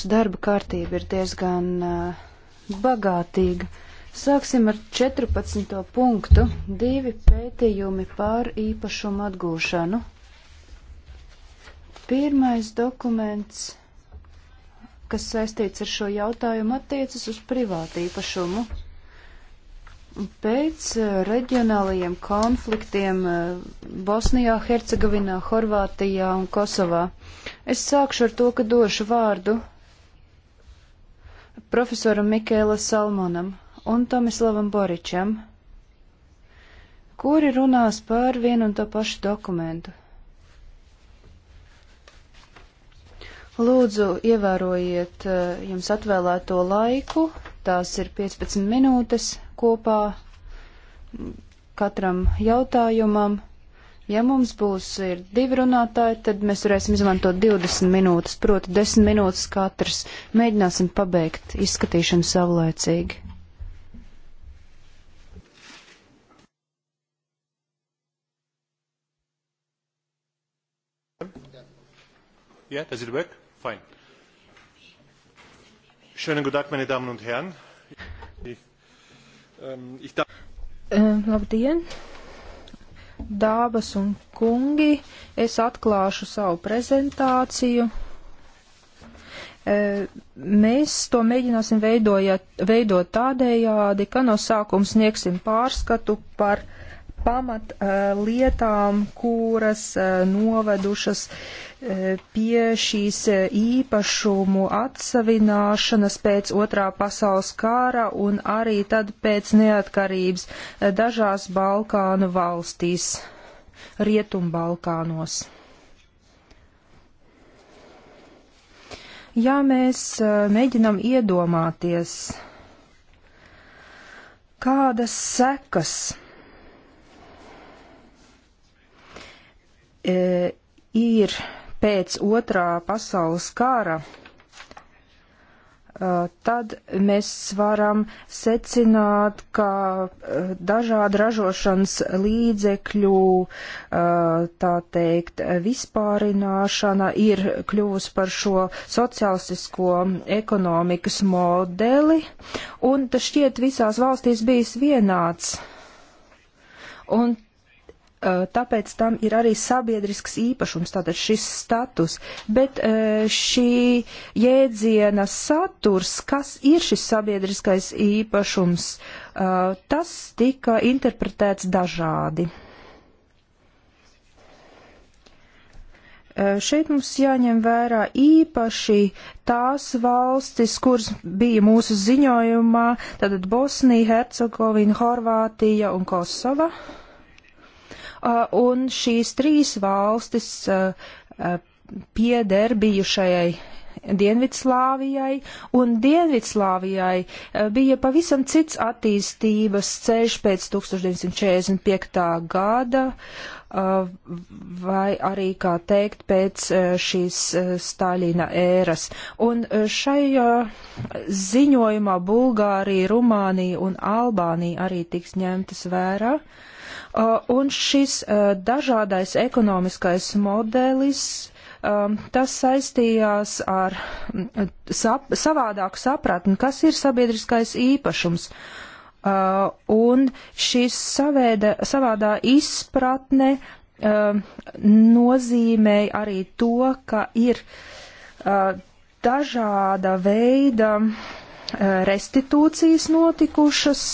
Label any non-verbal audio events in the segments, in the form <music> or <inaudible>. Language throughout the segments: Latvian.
Mūsu darba kārtība ir diezgan uh, bagātīga. Sāksim ar 14. punktu - divi pētījumi pār īpašumu atgūšanu. Pirmais dokuments, kas saistīts ar šo jautājumu, attiecas uz privātu īpašumu. Pēc eh, reģionālajiem konfliktiem eh, Bosnijā, Hercegovinā, Horvātijā un Kosovā es sākšu ar to, ka došu vārdu profesoram Mikēla Salmonam un Tomislavam Boričam, kuri runās par vienu un to pašu dokumentu. Lūdzu, ievērojiet eh, jums atvēlēto laiku, tās ir 15 minūtes kopā katram jautājumam. Ja mums būs ir divi runātāji, tad mēs varēsim izmantot 20 minūtes, proti 10 minūtes katrs. Mēģināsim pabeigt izskatīšanu savlaicīgi. Yeah, does it work? Fine. Schönen guten Tag, meine Damen und Herren. Ich, ähm, ich darf... Ähm, labdien. Uh, dāvas un kungi, es atklāšu savu prezentāciju. E, mēs to mēģināsim veidojot, veidot tādējādi, ka no sākuma sniegsim pārskatu par uh, pamat eh, lietām, kuras eh, novedušas eh, pie šīs īpašumu atsavināšanas pēc otrā pasaules kara un arī tad pēc neatkarības dažās Balkānu valstīs, Rietumbalkānos. ja mēs mēģinam iedomāties, kādas sekas E, ir pēc otrā pasaules kara, e, tad mēs varam secināt, ka e, dažādu ražošanas līdzekļu, tā teikt, vispārināšana ir kļuvusi par šo sociālistisko ekonomikas modeli, un tas šķiet visās valstīs bijis vienāds. Un Eh, tāpēc tam ir arī sabiedrisks īpašums, tātad šis status. Bet eh, šī jēdziena saturs, kas ir šis sabiedriskais īpašums, eh, tas tika interpretēts dažādi. Šeit mums jāņem vērā īpaši tās valstis, kuras bija mūsu ziņojumā, tātad Bosnija, Hercegovina, Horvātija un Kosova. Uh, Uh, un šīs trīs valstis uh, uh, pieder bijušajai Dienvidslāvijai, un Dienvidslāvijai bija pavisam cits attīstības ceļš pēc 1945. gada, vai arī, kā teikt, pēc šīs Staļina ēras. Un šajā ziņojumā Bulgārija, Rumānija un Albānija arī tiks ņemtas vērā. Uh, Uh, un šis uh, dažādais ekonomiskais modelis um, tas saistījās ar mm, sap, savādāku sapratni, kas ir sabiedriskais īpašums. Uh, un šī savādā izpratne uh, nozīmēja arī to, ka ir uh, dažāda veida uh, restitūcijas notikušas,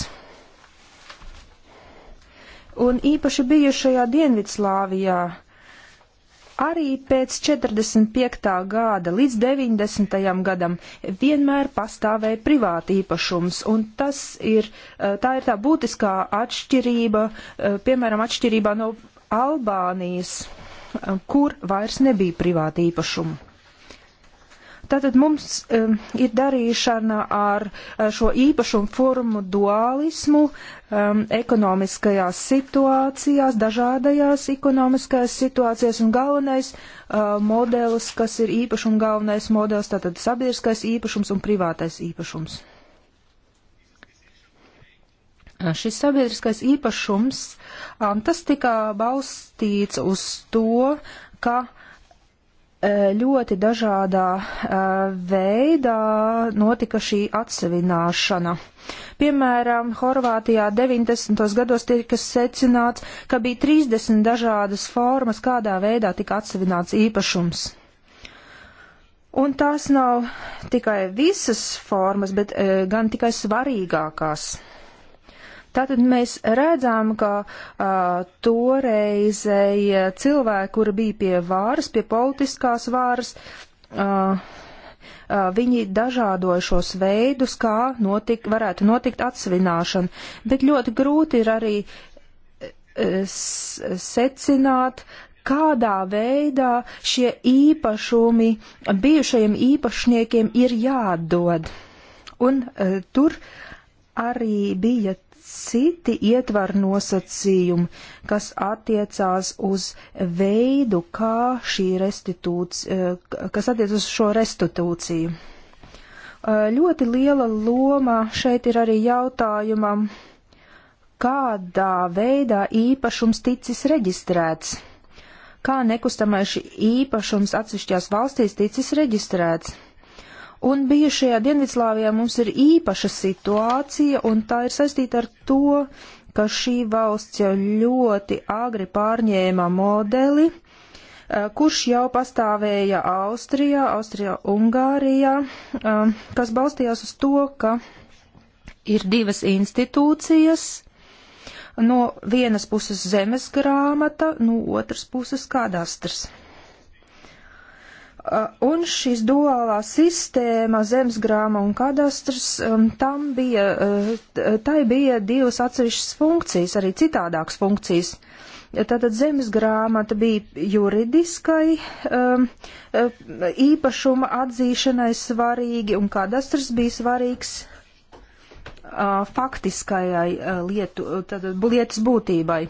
un īpaši bijušajā Dienvidslāvijā. Arī pēc 45. gada līdz 90. gadam vienmēr pastāvēja privāti īpašums, un tas ir, eh, tā ir tā būtiskā atšķirība, eh, piemēram, atšķirībā no Albānijas, eh, kur vairs nebija privāti īpašumu. Tātad mums um, ir darīšana ar šo īpašumu formu dualismu um, ekonomiskajās situācijās, dažādajās ekonomiskajās situācijās un galvenais uh, modelis, kas ir īpašuma galvenais modelis, tātad sabiedriskais īpašums un privātais īpašums. Uh, šis sabiedriskais īpašums, um, tas tika balstīts uz to, ka Eh, ļoti dažādā eh, veidā notika šī atsevināšana. Piemēram, Horvātijā 90. gados tika secināts, ka bija 30 dažādas formas, kādā veidā tika atsevināts īpašums. Un tās nav tikai visas formas, bet eh, gan tikai svarīgākās. Tātad mēs redzam, ka uh, toreizēji cilvēki, kuri bija pie vāras, pie politiskās vāras, uh, Uh, viņi dažādošos veidus, kā notik, varētu notikt atsvināšana, bet ļoti grūti ir arī uh, secināt, kādā veidā šie īpašumi bijušajiem īpašniekiem ir jāatdod. Un uh, tur arī bija citi ietvaru nosacījumi, kas attiecās uz veidu, kā šī restitūcija, eh, kas attiec uz šo restitūciju. Eh, ļoti liela loma šeit ir arī jautājumam, kādā veidā īpašums ticis reģistrēts, kā nekustamais īpašums atsevišķās valstīs ticis reģistrēts Un bijušajā Dienvidslāvijā mums ir īpaša situācija, un tā ir saistīta ar to, ka šī valsts jau ļoti agri pārņēma modeli, eh, kurš jau pastāvēja Austrijā, Austrijā, Ungārijā, eh, kas balstījās uz to, ka ir divas institūcijas, no vienas puses zemes grāmata, no otras puses kadastrs. Un šīs duālā sistēma, zemesgrāma un kadastrs, um, tam bija, uh, tai bija divas atsevišķas funkcijas, arī citādākas funkcijas. Tātad zemesgrāmata bija juridiskai um, uh, īpašuma atzīšanai svarīgi, un kadastrs bija svarīgs uh, faktiskajai lietu, tātad lietas būtībai.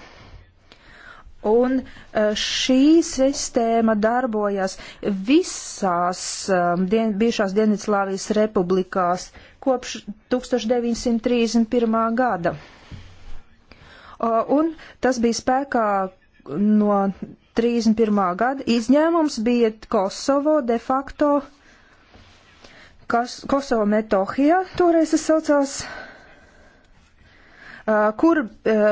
Un eh, šī sistēma darbojas visās um, dien, bijušās Dienvidslāvijas republikās kopš 1931. gada. Uh, un tas bija spēkā no 31. gada. Izņēmums bija Kosovo de facto, kas Kosovo Metohija toreiz tas saucās. Uh, Eh, kur eh,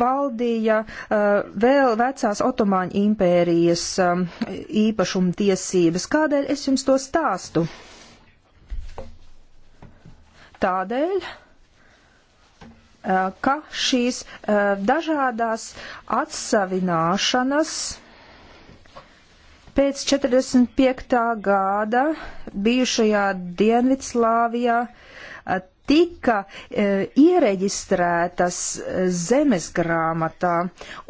valdīja eh, vēl vecās Otomāņu impērijas īpašuma tiesības. Kādēļ es jums to stāstu? Tādēļ, ka šīs dažādās atsavināšanas pēc 45. gada bijušajā Dienvidslāvijā uh, tika e, iereģistrētas e, zemes grāmatā.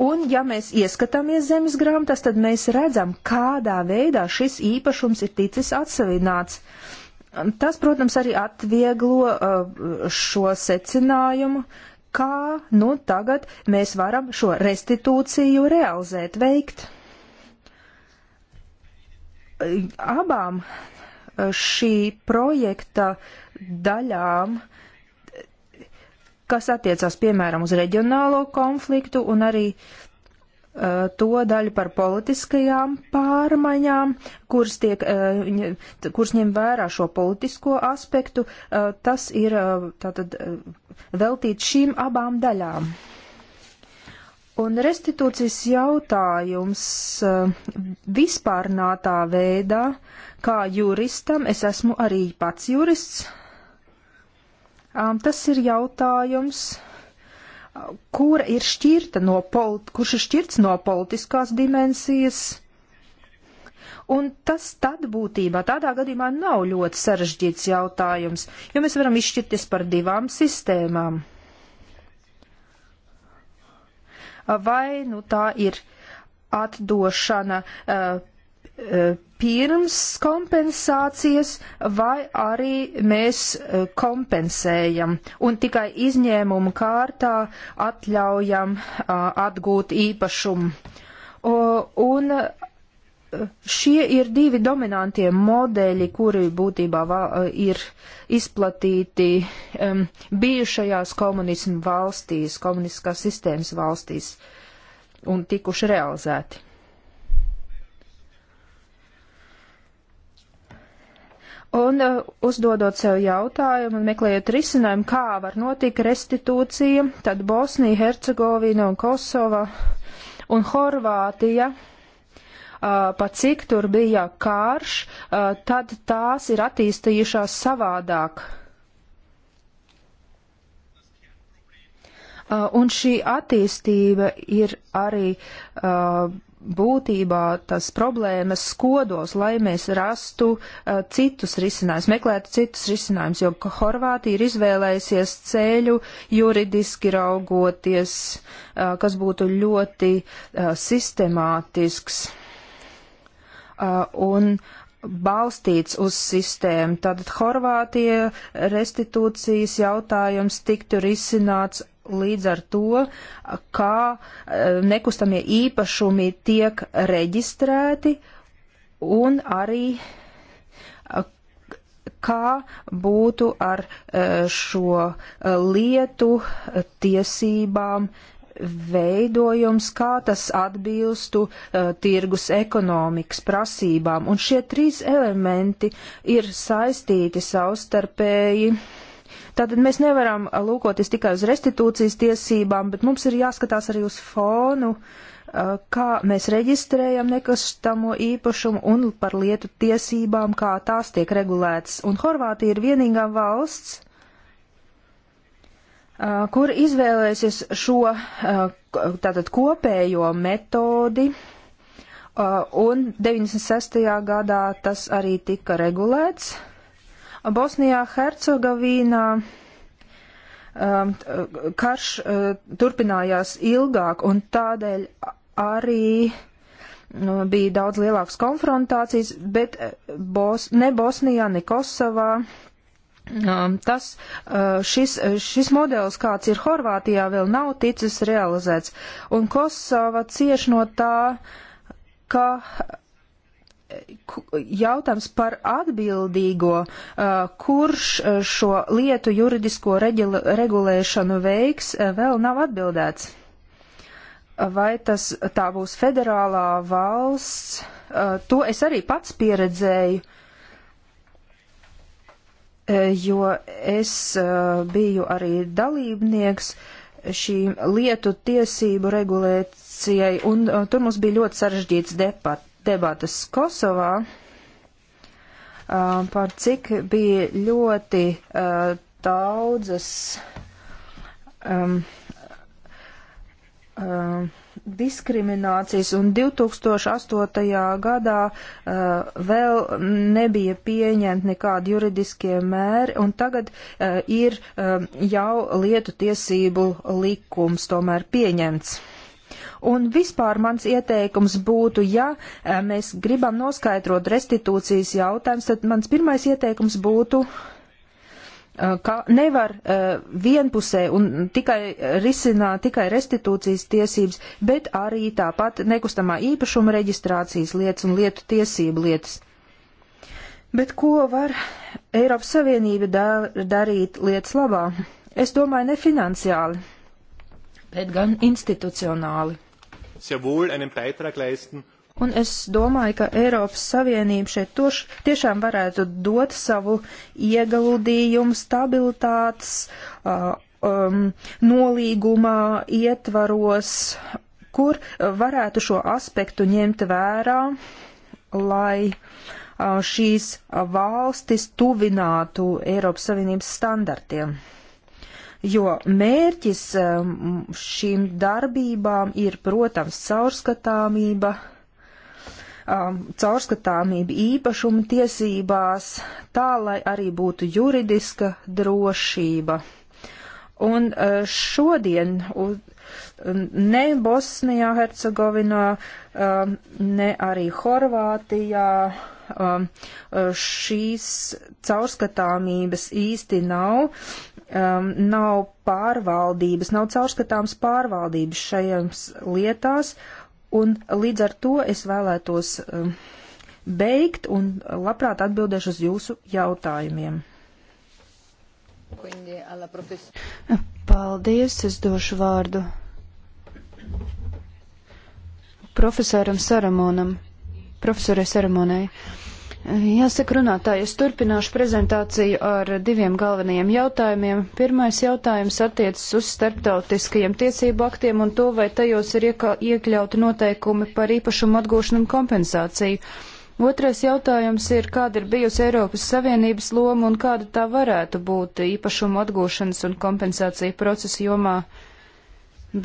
Un, ja mēs ieskatāmies zemes grāmatās, tad mēs redzam, kādā veidā šis īpašums ir ticis atsevināts. Tas, protams, arī atvieglo e, šo secinājumu, kā nu tagad mēs varam šo restitūciju realizēt, veikt. Abām e, šī projekta uh, daļām, kas attiecās piemēram uz reģionālo konfliktu un arī uh, to daļu par politiskajām pārmaiņām, kuras, tiek, uh, kuras ņem vērā šo politisko aspektu, uh, tas ir uh, tātad uh, veltīts šīm abām daļām. Un restitūcijas jautājums uh, vispārnātā veidā, kā juristam, es esmu arī pats jurists, Um, tas ir jautājums, kura ir šķirta no, polit, kurš ir šķirts no politiskās dimensijas. Un tas tad būtībā tādā gadījumā nav ļoti sarežģīts jautājums, jo mēs varam izšķirties par divām sistēmām. Vai nu tā ir atdošana uh, E, pirms kompensācijas, vai arī mēs e, kompensējam un tikai izņēmumu kārtā atļaujam atgūt īpašumu. Un e, šie ir divi dominantie modeļi, kuri būtībā ir izplatīti um, bijušajās komunismu valstīs, komunistiskās sistēmas valstīs un tikuši realizēti. un uh, uzdodot sev jautājumu un meklējot risinājumu, kā var notikt restitūcija, tad Bosnija, Hercegovina un Kosova un Horvātija, uh, pa cik tur bija kārš, uh, tad tās ir attīstījušās savādāk. Uh, un šī attīstība ir arī uh, būtībā tas problēmas skodos, lai mēs rastu uh, citus risinājumus, meklētu citus risinājumus, jo Horvātija ir izvēlējusies ceļu juridiski raugoties, uh, kas būtu ļoti uh, sistemātisks. Uh, un uh, balstīts uz sistēmu. Tātad Horvātija restitūcijas jautājums tiktu risināts līdz ar to, kā eh, nekustamie īpašumi tiek reģistrēti un arī eh, kā būtu ar eh, šo lietu tiesībām uh, veidojums, kā tas atbilstu uh, tirgus ekonomikas prasībām. Un šie trīs elementi ir saistīti savstarpēji. Tātad mēs nevaram lūkoties tikai uz restitūcijas tiesībām, bet mums ir jāskatās arī uz fonu, uh, kā mēs reģistrējam nekastamo īpašumu un par lietu tiesībām, kā tās tiek regulētas. Un Horvātija ir vienīgā valsts, Uh, kur izvēlēsies šo uh, tātad kopējo metodi, uh, un 96. gadā tas arī tika regulēts. Bosnijā, Hercegovīnā um, karš turpinājās ilgāk, un tādēļ arī nu, bija daudz lielākas konfrontācijas, bet bos, ne Bosnijā, ne Kosovā Um, tas, uh, šis, šis modelis, kāds ir Horvātijā, vēl nav ticis realizēts, un Kosova cieš no tā, ka jautājums par atbildīgo, uh, kurš uh, šo lietu juridisko regulēšanu veiks, vēl nav atbildēts. Vai tas tā būs federālā valsts, to es arī pats pieredzēju E, jo es e, biju arī dalībnieks šīm lietu tiesību regulēcijai, un e, tur mums bija ļoti sarežģīts debatas Kosovā par cik bija ļoti daudzas um, um, diskriminācijas, un 2008. gadā uh, vēl nebija pieņemti nekādi juridiskie mēri, un tagad uh, ir uh, jau lietu tiesību likums tomēr pieņemts. Un vispār mans ieteikums būtu, ja uh, mēs gribam noskaidrot restitūcijas jautājums, tad mans pirmais ieteikums būtu uh, Uh, ka nevar uh, vienpusē un tikai risināt tikai restitūcijas tiesības, bet arī tāpat nekustamā īpašuma reģistrācijas lietas un lietu tiesību lietas. Bet ko var Eiropas Savienība dar darīt lietas labā? Es domāju, ne finansiāli, bet gan institucionāli. Sehr wohl einen Beitrag leisten Un es domāju, ka Eiropas Savienība šeit toš, tiešām varētu dot savu ieguldījumu stabilitātes uh, um, nolīgumā, ietvaros, kur varētu šo aspektu ņemt vērā, lai uh, šīs valstis tuvinātu Eiropas Savienības standartiem. Jo mērķis um, šīm darbībām ir, protams, caurskatāmība um, caurskatāmību īpašuma tiesībās, tā lai arī būtu juridiska drošība. Un uh, šodien uz, ne Bosnijā, Hercegovinā, um, ne arī Horvātijā um, uh, šīs caurskatāmības īsti nav um, nav pārvaldības, nav caurskatāms pārvaldības šajās lietās, Un līdz ar to es vēlētos um, beigt un labprāt atbildēšu uz jūsu jautājumiem. Paldies, es došu vārdu profesoram Saramonam, profesorai Saramonai. Jāsaka, runātāji, es turpināšu prezentāciju ar diviem galvenajiem jautājumiem. Pirmais jautājums attiecas uz starptautiskajiem tiesību aktiem un to, vai tajos ir iekļauti noteikumi par īpašumu atgūšanu un kompensāciju. Otrais jautājums ir, kāda ir bijusi Eiropas Savienības loma un kāda tā varētu būt īpašumu atgūšanas un kompensāciju procesa jomā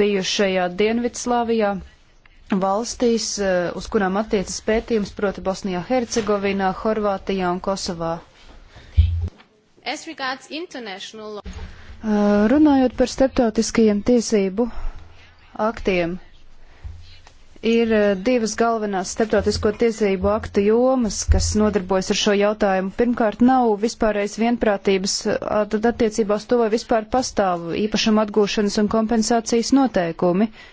bijušajā Dienvidslāvijā valstīs, eh, uz kurām attiecas pētījums, proti Bosnijā, Hercegovinā, Horvātijā un Kosovā. International... Eh, runājot par starptautiskajiem tiesību aktiem, ir eh, divas galvenās starptautisko tiesību aktu jomas, kas nodarbojas ar šo jautājumu. Pirmkārt, nav vispārreiz vienprātības attiecībā uz to, vai vispār pastāv īpašuma atgūšanas un kompensācijas noteikumi. Uh,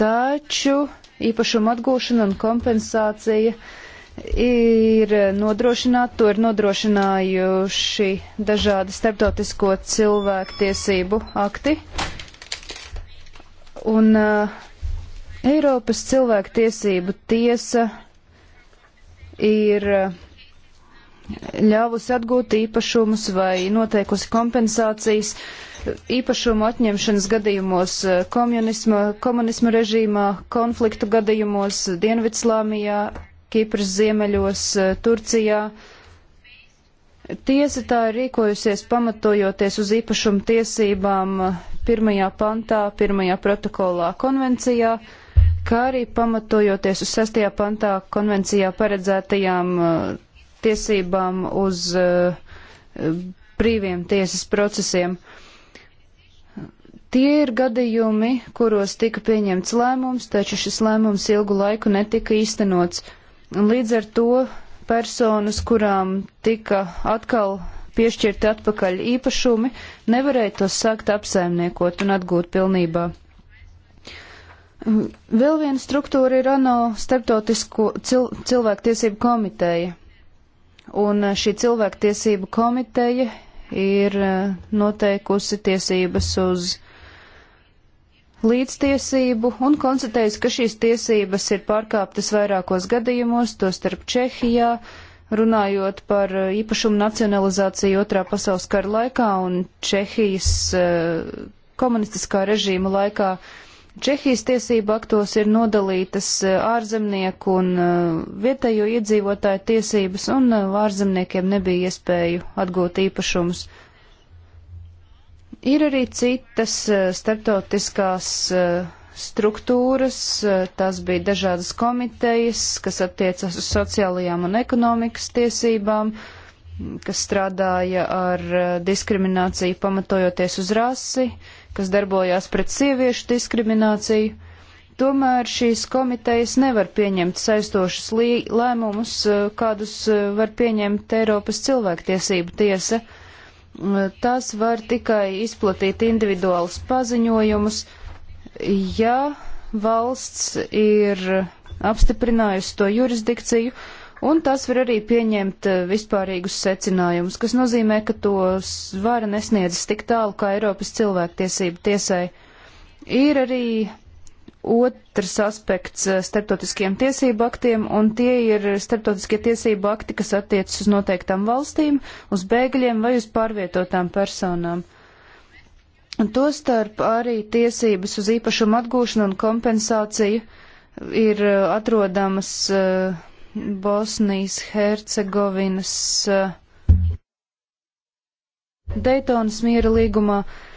taču īpašuma atgūšana un kompensācija ir nodrošināta, to ir nodrošinājuši dažādi starptautisko cilvēktiesību akti. Un uh, Eiropas cilvēktiesību tiesa ir uh, ļāvusi atgūt īpašumus vai noteikusi kompensācijas uh, īpašumu atņemšanas gadījumos, eh, komunisma, komunisma režīmā, konfliktu gadījumos, Dienvidslāmijā, Kipras ziemeļos, eh, Turcijā. Tiesa tā ir rīkojusies pamatojoties uz īpašumu tiesībām eh, pirmajā pantā, pirmajā protokolā konvencijā, kā arī pamatojoties uz sastajā pantā konvencijā paredzētajām tiesībām uz brīviem tiesas procesiem. Uh, Tie ir gadījumi, kuros tika pieņemts lēmums, taču šis lēmums ilgu laiku netika īstenots. Un līdz ar to personas, kurām tika atkal piešķirti atpakaļ īpašumi, nevarēja tos sākt apsaimniekot un atgūt pilnībā. Vēl viena struktūra ir ANO starptautisko cil cilvēktiesību komiteja. Un eh, šī cilvēktiesību komiteja ir eh, noteikusi tiesības uz līdztiesību un konstatējis, ka šīs tiesības ir pārkāptas vairākos gadījumos, tostarp Čehijā, runājot par uh, īpašumu nacionalizāciju otrā pasaules kara laikā un Čehijas uh, komunistiskā režīma laikā. Čehijas tiesība aktos ir nodalītas uh, ārzemnieku un vietējo iedzīvotāju tiesības, un ārzemniekiem nebija iespēju atgūt īpašumus Ir arī citas eh, starptautiskās eh, struktūras, eh, tās bija dažādas komitejas, kas attiecas uz sociālajām un ekonomikas tiesībām, kas strādāja ar diskrimināciju pamatojoties uz rasi, kas darbojās pret sieviešu diskrimināciju. Tomēr šīs komitejas nevar pieņemt saistošus lēmumus, kādus var pieņemt Eiropas cilvēktiesību tiesa tās var tikai izplatīt individuālus paziņojumus, ja valsts ir apstiprinājusi to jurisdikciju, un tas var arī pieņemt eh, vispārīgus secinājumus, kas nozīmē, ka to svara nesniedzas tik tālu kā Eiropas cilvēktiesību tiesai. Ir arī otrs aspekts eh, starptautiskiem tiesību aktiem, un tie ir starptautiskie tiesību akti, kas attiecas uz noteiktām valstīm, uz bēgļiem vai uz pārvietotām personām. Un tostarp arī tiesības uz īpašumu atgūšanu un kompensāciju ir eh, atrodamas eh, Bosnijas, Hercegovinas, Daytonas miera līgumā, uh,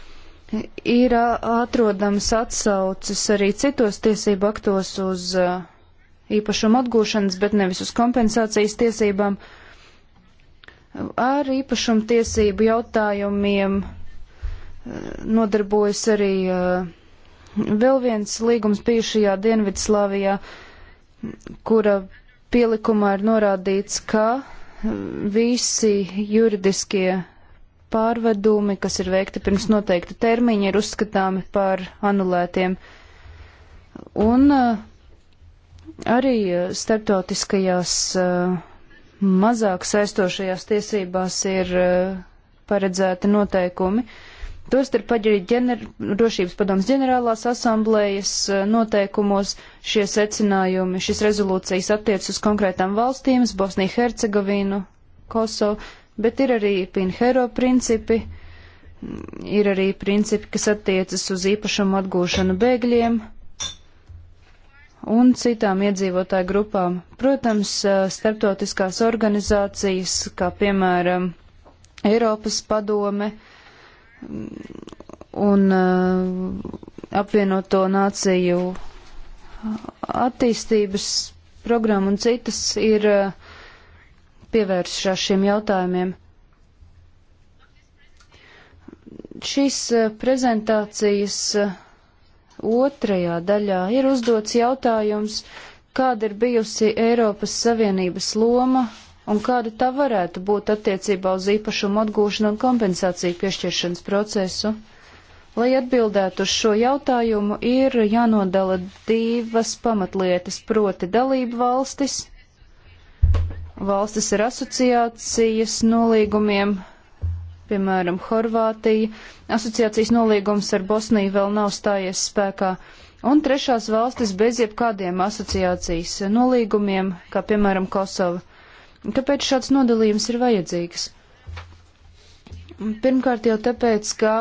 ir uh, atrodams atsaucas arī citos tiesību aktos uz uh, īpašumu atgūšanas, bet nevis uz kompensācijas tiesībām. Ar īpašumu tiesību jautājumiem uh, nodarbojas arī vēl viens līgums bijušajā Dienvidslāvijā, kura pielikumā ir norādīts, ka visi juridiskie pārvedumi, kas ir veikti pirms noteikta termiņa, ir uzskatāmi par anulētiem. Un eh, arī eh, starptautiskajās eh, mazāk saistošajās tiesībās ir paredzēti noteikumi. Tostarp arī ģener... drošības padomas ģenerālās asamblējas noteikumos šie secinājumi, šis rezolūcijas attiec uz konkrētām valstīm, Bosniju, Hercegovinu, Kosovu, bet ir arī Pinhero principi, ir arī principi, kas attiecas uz īpašumu atgūšanu bēgļiem un citām iedzīvotāju grupām. Protams, eh, starptautiskās organizācijas, kā piemēram Eiropas padome un eh, apvienoto nāciju attīstības programma un citas ir uh, pievēršās šiem jautājumiem. Šīs eh, prezentācijas eh, otrajā daļā ir uzdots jautājums, kāda ir bijusi Eiropas Savienības loma un kāda tā varētu būt attiecībā uz īpašumu atgūšanu un kompensāciju piešķiršanas procesu. Lai atbildētu uz šo jautājumu, ir jānodala divas pamatlietas, proti dalību valstis valstis ar asociācijas nolīgumiem, piemēram, Horvātija. Asociācijas nolīgums ar Bosniju vēl nav stājies spēkā. Un trešās valstis bez jebkādiem asociācijas nolīgumiem, kā piemēram Kosova. Kāpēc šāds nodalījums ir vajadzīgs? Pirmkārt jau tāpēc, ka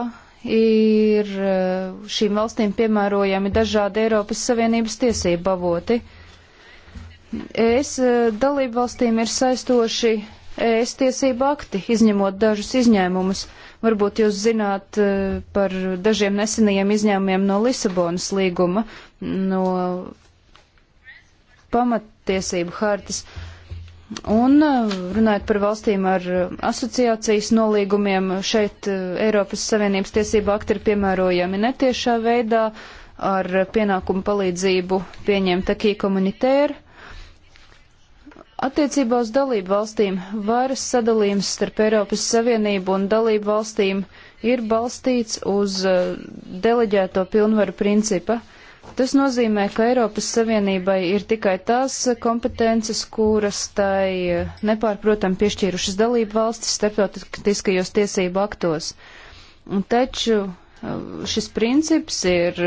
ir eh, šīm valstīm piemērojami dažādi Eiropas Savienības tiesība avoti. Uh, Es e, dalību valstīm ir saistoši ES tiesību akti, izņemot dažus izņēmumus. Varbūt jūs zināt e, par dažiem nesenajiem izņēmumiem no Lisabonas līguma, no pamattiesību hartas. Un e, runājot par valstīm ar asociācijas nolīgumiem, šeit Eiropas Savienības tiesība akti ir piemērojami netiešā veidā ar pienākumu palīdzību pieņemt akī komunitēru. Attiecībā uz dalību valstīm varas sadalījums starp Eiropas Savienību un dalību valstīm ir balstīts uz uh, deleģēto pilnvaru principa. Tas nozīmē, ka Eiropas Savienībai ir tikai tās kompetences, kuras tai uh, nepārprotam piešķīrušas dalību valstis starptautiskajos tiesību aktos. Taču uh, šis princips ir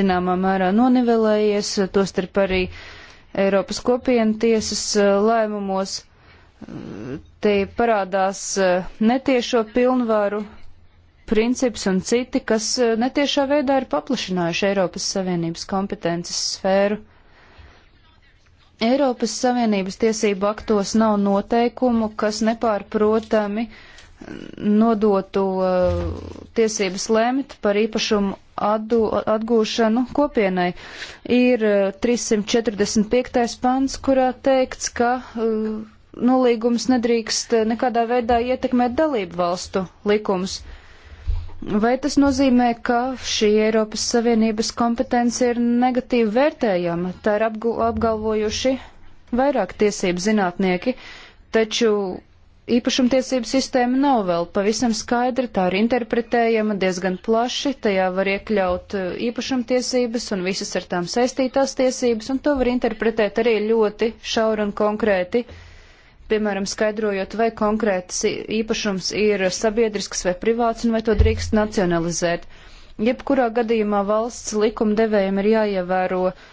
zināmā mērā nonivelējies, tostarp arī uh, Eiropas kopienu tiesas eh, lēmumos. Eh, te parādās eh, netiešo pilnvaru princips un citi, kas netiešā veidā ir paplašinājuši Eiropas Savienības kompetences sfēru. Eiropas Savienības tiesību aktos nav noteikumu, kas nepārprotami nodotu tiesības lemt par īpašumu atdu, atgūšanu kopienai. Ir 345. Eh, pants, kurā teikts, ka eh, nolīgums nedrīkst eh, nekādā veidā ietekmēt dalību valstu likumus. Vai tas nozīmē, ka šī Eiropas Savienības kompetence ir negatīvi vērtējama? Tā ir apgalvojuši vairāk tiesību zinātnieki, taču īpašumtiesību sistēma nav vēl pavisam skaidra, tā ir interpretējama diezgan plaši, tajā var iekļaut uh, īpašumtiesības un visas ar tām saistītās tiesības, un to var interpretēt arī ļoti šauri un konkrēti, piemēram, skaidrojot, vai konkrēts īpašums ir sabiedrisks vai privāts, un vai to drīkst nacionalizēt. Jebkurā gadījumā valsts likumdevējiem ir jāievēro uh,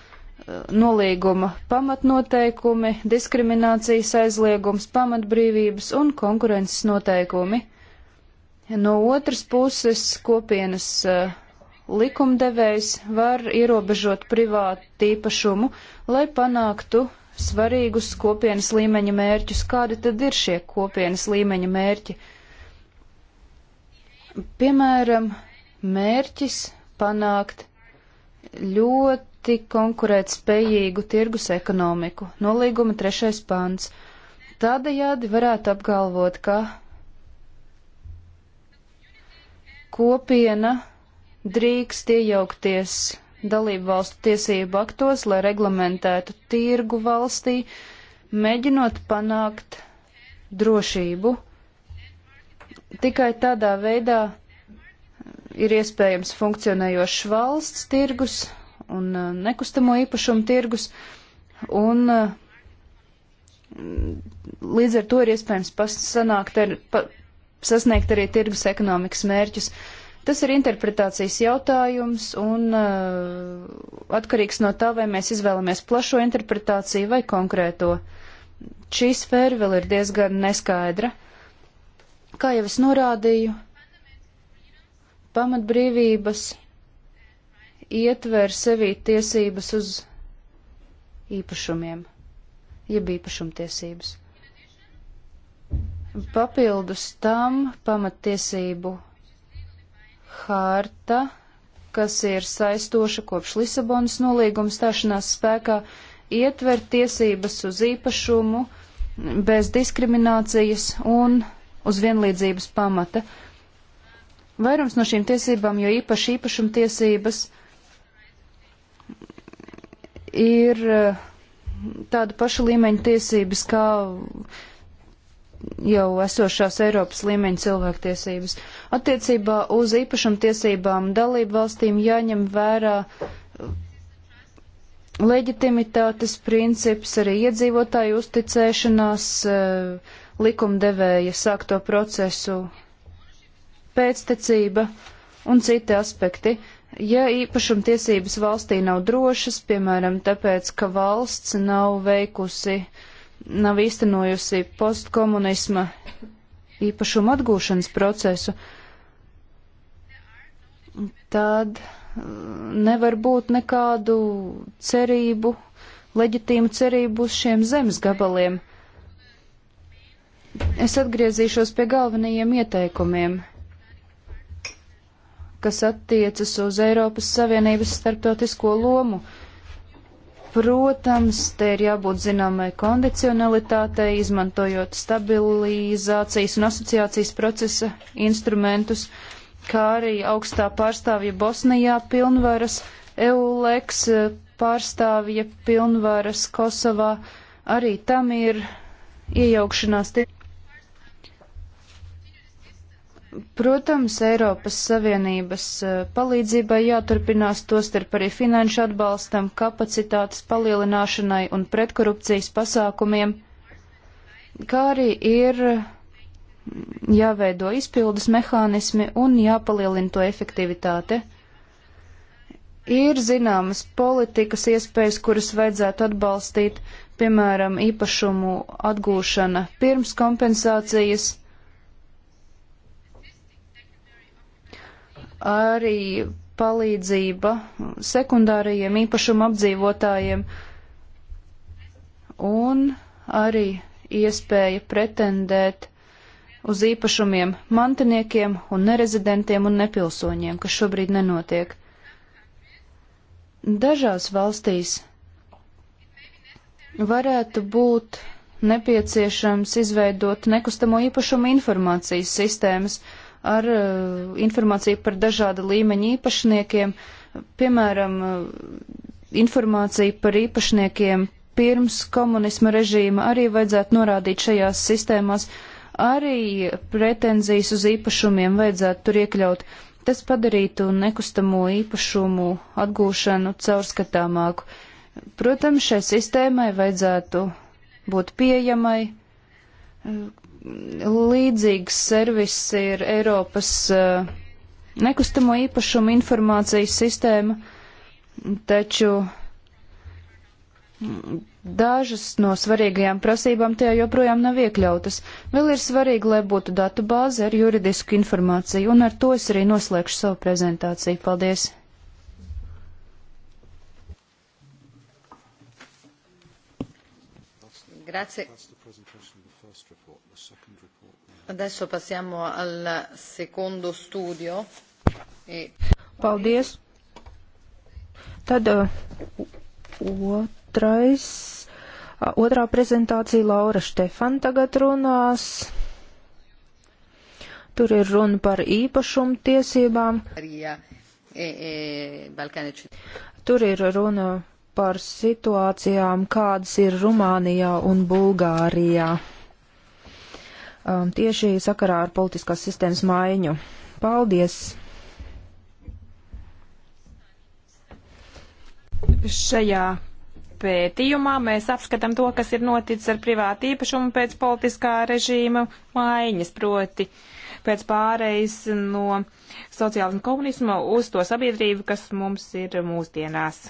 nolīguma pamatnoteikumi, diskriminācijas aizliegums, pamatbrīvības un konkurences noteikumi. No otras puses, kopienas eh, likumdevējs var ierobežot privātu tīpašumu, lai panāktu svarīgus kopienas līmeņa mērķus. Kādi tad ir šie kopienas līmeņa mērķi? Piemēram, mērķis panākt ļoti ļoti konkurēt spējīgu tirgus ekonomiku. Nolīguma trešais pants. Tādējādi varētu apgalvot, ka kopiena drīkst iejaukties dalību valstu tiesību aktos, lai reglamentētu tirgu valstī, mēģinot panākt drošību. Tikai tādā veidā ir iespējams funkcionējošs valsts tirgus, un uh, nekustamo īpašumu tirgus, un uh, līdz ar to ir iespējams ar, pa, sasniegt arī tirgus ekonomikas mērķus. Tas ir interpretācijas jautājums un uh, atkarīgs no tā, vai mēs izvēlamies plašo interpretāciju vai konkrēto. Šī sfēra vēl ir diezgan neskaidra. Kā jau es norādīju, pamatbrīvības ietver sevī tiesības uz īpašumiem, jeb īpašumtiesības. Papildus tam pamatiesību hārta, kas ir saistoša kopš Lisabonas nolīguma stāšanās spēkā, ietver tiesības uz īpašumu bez diskriminācijas un uz vienlīdzības pamata. Vairums no šīm tiesībām, jo īpaši īpašumtiesības tiesības, ir e, tāda paša līmeņa tiesības kā jau esošās Eiropas līmeņa cilvēktiesības. Attiecībā uz īpašumtiesībām dalību valstīm jāņem vērā leģitimitātes princips, arī iedzīvotāju uzticēšanās e, likumdevēja sākto procesu pēctecība un citi aspekti. Ja īpašumtiesības valstī nav drošas, piemēram, tāpēc, ka valsts nav veikusi, nav īstenojusi postkomunisma īpašuma atgūšanas procesu, tad mm, nevar būt nekādu cerību, leģitīmu cerību uz šiem zemes gabaliem. Es atgriezīšos pie galvenajiem ieteikumiem kas attiecas uz Eiropas Savienības starptautisko lomu. Protams, te ir jābūt zināmai kondicionalitātei, izmantojot stabilizācijas un asociācijas procesa instrumentus, kā arī augstā pārstāvja Bosnijā pilnvaras, EULEX eh, pārstāvja pilnvaras Kosovā. Arī tam ir iejaukšanās. Tie Protams, Eiropas Savienības eh, palīdzībai jāturpinās tostarp arī finanšu atbalstam, kapacitātes palielināšanai un pretkorupcijas pasākumiem, kā arī ir mm, jāveido izpildes mehānismi un jāpalielina to efektivitāte. Ir zināmas politikas iespējas, kuras vajadzētu atbalstīt, piemēram, īpašumu atgūšana pirms kompensācijas arī palīdzība sekundārajiem īpašuma apdzīvotājiem un arī iespēja pretendēt uz īpašumiem mantiniekiem un nerezidentiem un nepilsoņiem, kas šobrīd nenotiek. Dažās valstīs varētu būt nepieciešams izveidot nekustamo īpašumu informācijas sistēmas, uh, ar eh, informāciju par dažāda līmeņa īpašniekiem, piemēram, eh, informāciju par īpašniekiem pirms komunisma režīma arī vajadzētu norādīt šajās sistēmās, arī pretenzijas uz īpašumiem vajadzētu tur iekļaut. Tas padarītu nekustamo īpašumu atgūšanu caurskatāmāku. Protams, šai sistēmai vajadzētu būt pieejamai eh, līdzīgs servis ir Eiropas uh, nekustamo īpašumu informācijas sistēma, taču mm, dažas no svarīgajām prasībām tajā joprojām nav iekļautas. Vēl ir svarīgi, lai būtu datu bāze ar juridisku informāciju, un ar to es arī noslēgšu savu prezentāciju. Paldies! Grazie. Adesso passiamo al secondo studio. E... Paldies. Tad uh, otrais, uh, otrā prezentācija Laura Štefan tagad runās. Tur ir runa par īpašumu tiesībām. E, e, Tur ir runa par situācijām, kādas ir Rumānijā un Bulgārijā um, tieši sakarā ar politiskās sistēmas maiņu. Paldies! Šajā pētījumā mēs apskatām to, kas ir noticis ar privātu īpašumu pēc politiskā režīma maiņas, proti pēc pārejas no sociālismu komunismu uz to sabiedrību, kas mums ir mūsdienās.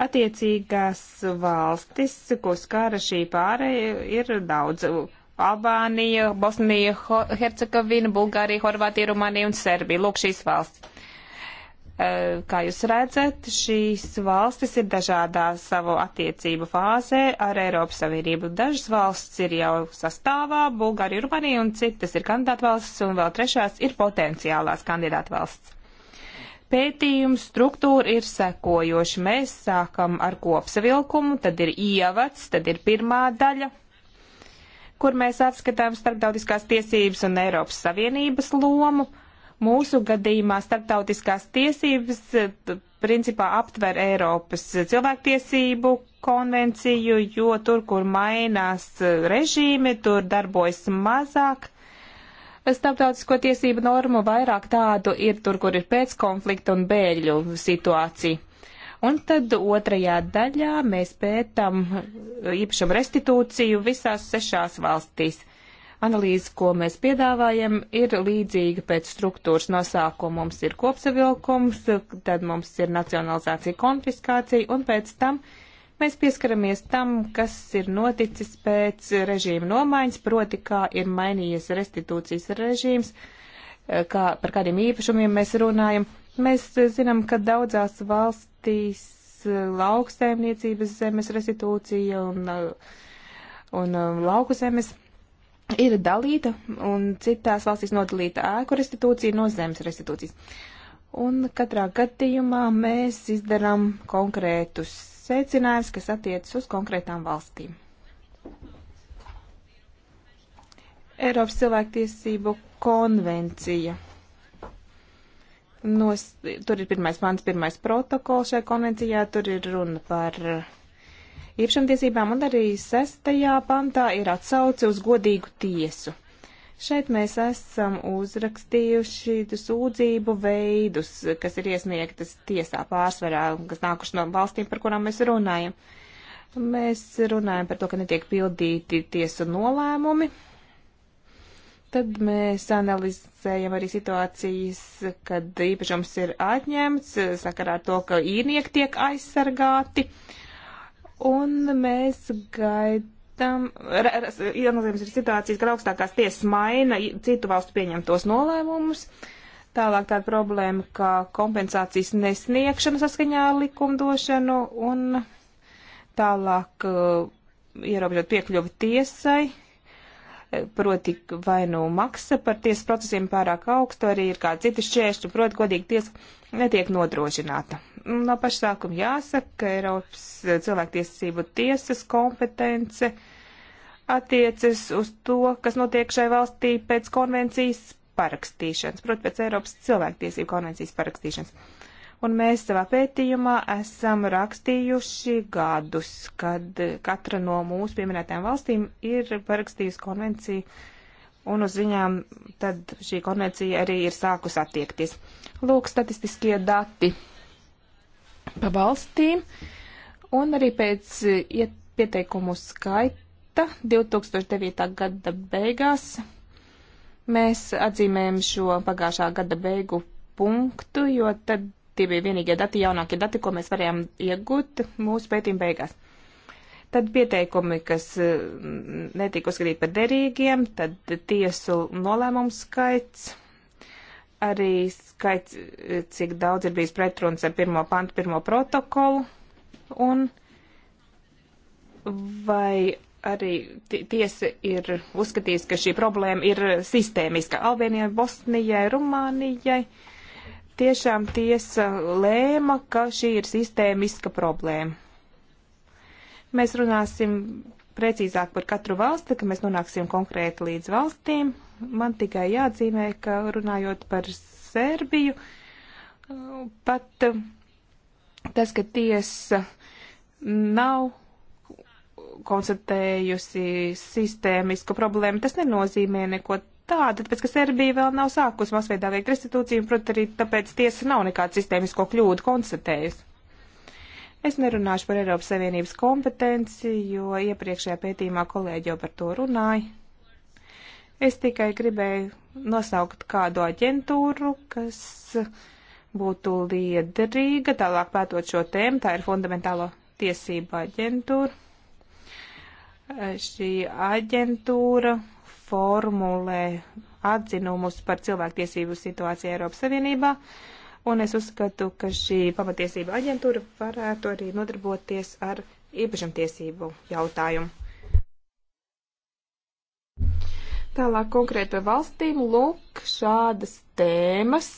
Attiecīgās valstis, ko skara šī pāreja, ir daudz Albānija, Bosnija, Hercegovina, Bulgārija, Horvātija, Rumānija un Serbija. Lūk, šīs valsts. Eh, kā jūs redzat, šīs valstis ir dažādā savu attiecību fāzē ar Eiropas Savienību. Dažas valsts ir jau sastāvā, Bulgārija, Rumānija un citas ir kandidāta valsts un vēl trešās ir potenciālās kandidāta valsts. Pētījuma struktūra ir sekojoša. Mēs sākam ar kopsavilkumu, tad ir ievads, tad ir pirmā daļa, kur mēs apskatām starptautiskās tiesības un Eiropas Savienības lomu. Mūsu gadījumā starptautiskās tiesības eh, principā aptver Eiropas cilvēktiesību konvenciju, jo tur, kur mainās eh, režīmi, tur darbojas mazāk starptautisko tiesību normu, vairāk tādu ir tur, kur ir pēckonflikta un bēļu situācija. Un tad otrajā daļā mēs pētam īpašumu restitūciju visās sešās valstīs. Analīze, ko mēs piedāvājam, ir līdzīga pēc struktūras nosākuma. Mums ir kopsavilkums, tad mums ir nacionalizācija, konfiskācija, un pēc tam mēs pieskaramies tam, kas ir noticis pēc režīma nomaiņas, proti, kā ir mainījies restitūcijas režīms, kā, par kādiem īpašumiem mēs runājam. Mēs zinām, ka daudzās valsts Baltijas eh, lauksaimniecības zemes restitūcija un, eh, un eh, lauku zemes ir dalīta un citās valstīs nodalīta ēku restitūcija no zemes restitūcijas. Un katrā gadījumā mēs izdarām konkrētus secinājumus, kas attiecas uz konkrētām valstīm. Eiropas cilvēktiesību konvencija Nos, tur ir pirmais pants, pirmais protokols šajā konvencijā, tur ir runa par īpašumtiesībām, un arī sestajā pantā ir atsauce uz godīgu tiesu. Šeit mēs esam uzrakstījuši sūdzību veidus, kas ir iesniegtas tiesā pārsvarā, kas nākuši no valstīm, par kurām mēs runājam. Mēs runājam par to, ka netiek pildīti tiesu nolēmumi, Tad mēs analizējam arī situācijas, kad īpašums ir atņemts, sakarā ar to, ka īrnieki tiek aizsargāti. Un mēs gaidām, ienozījums ir situācijas, kad augstākās tiesas maina citu valstu pieņemtos nolēmumus. Tālāk tāda problēma, kā kompensācijas nesniegšana saskaņā ar likumdošanu un tālāk uh, ierobežot piekļuvi tiesai proti vai nu maksa par tiesas procesiem pārāk augstu, arī ir kādi citi šķēršļi, proti godīgi tiesa netiek nodrošināta. No paša sākuma jāsaka, ka Eiropas cilvēktiesību tiesas kompetence attiecas uz to, kas notiek šai valstī pēc konvencijas parakstīšanas, proti pēc Eiropas cilvēktiesību konvencijas parakstīšanas Un mēs savā pētījumā esam rakstījuši gadus, kad katra no mūsu pieminētajām valstīm ir parakstījusi konvenciju, un uz viņām tad šī konvencija arī ir sākus attiekties. Lūk, statistiskie dati pa valstīm, un arī pēc pieteikumu skaita 2009. gada beigās mēs atzīmējam šo pagājušā gada beigu punktu, jo tad tie bija vienīgie dati, jaunākie dati, ko mēs varējām iegūt mūsu pētījuma beigās. Tad pieteikumi, kas mm, netika uzskatīti par derīgiem, tad tiesu nolēmumu skaits, arī skaits, cik daudz ir bijis pretruns ar pirmo pantu, pirmo protokolu, un vai arī tiesa ir uzskatījusi, ka šī problēma ir sistēmiska Albānijai, Bosnijai, Rumānijai. Uh, tiešām tiesa lēma, ka šī ir sistēmiska problēma. Mēs runāsim precīzāk par katru valsti, ka mēs nonāksim konkrēti līdz valstīm. Man tikai jāatzīmē, ka runājot par Serbiju, pat tas, ka tiesa nav konstatējusi sistēmisku problēmu, tas nenozīmē neko tāda, tāpēc, ka Serbija vēl nav sākus masveidā veikt restitūciju, un, protams, arī tāpēc tiesa nav nekādu sistēmisko kļūdu konstatējusi. Es nerunāšu par Eiropas Savienības kompetenci, jo iepriekšējā pētījumā kolēģi jau par to runāja. Es tikai gribēju nosaukt kādu aģentūru, kas būtu liederīga, tālāk pētot šo tēmu, tā ir fundamentālo tiesību aģentūra. Šī aģentūra formulē atzinumus par cilvēktiesību situāciju Eiropas Savienībā, un es uzskatu, ka šī pamatiesība aģentūra varētu arī nodarboties ar īpašumtiesību jautājumu. Tālāk konkrēti par valstīm, lūk, šādas tēmas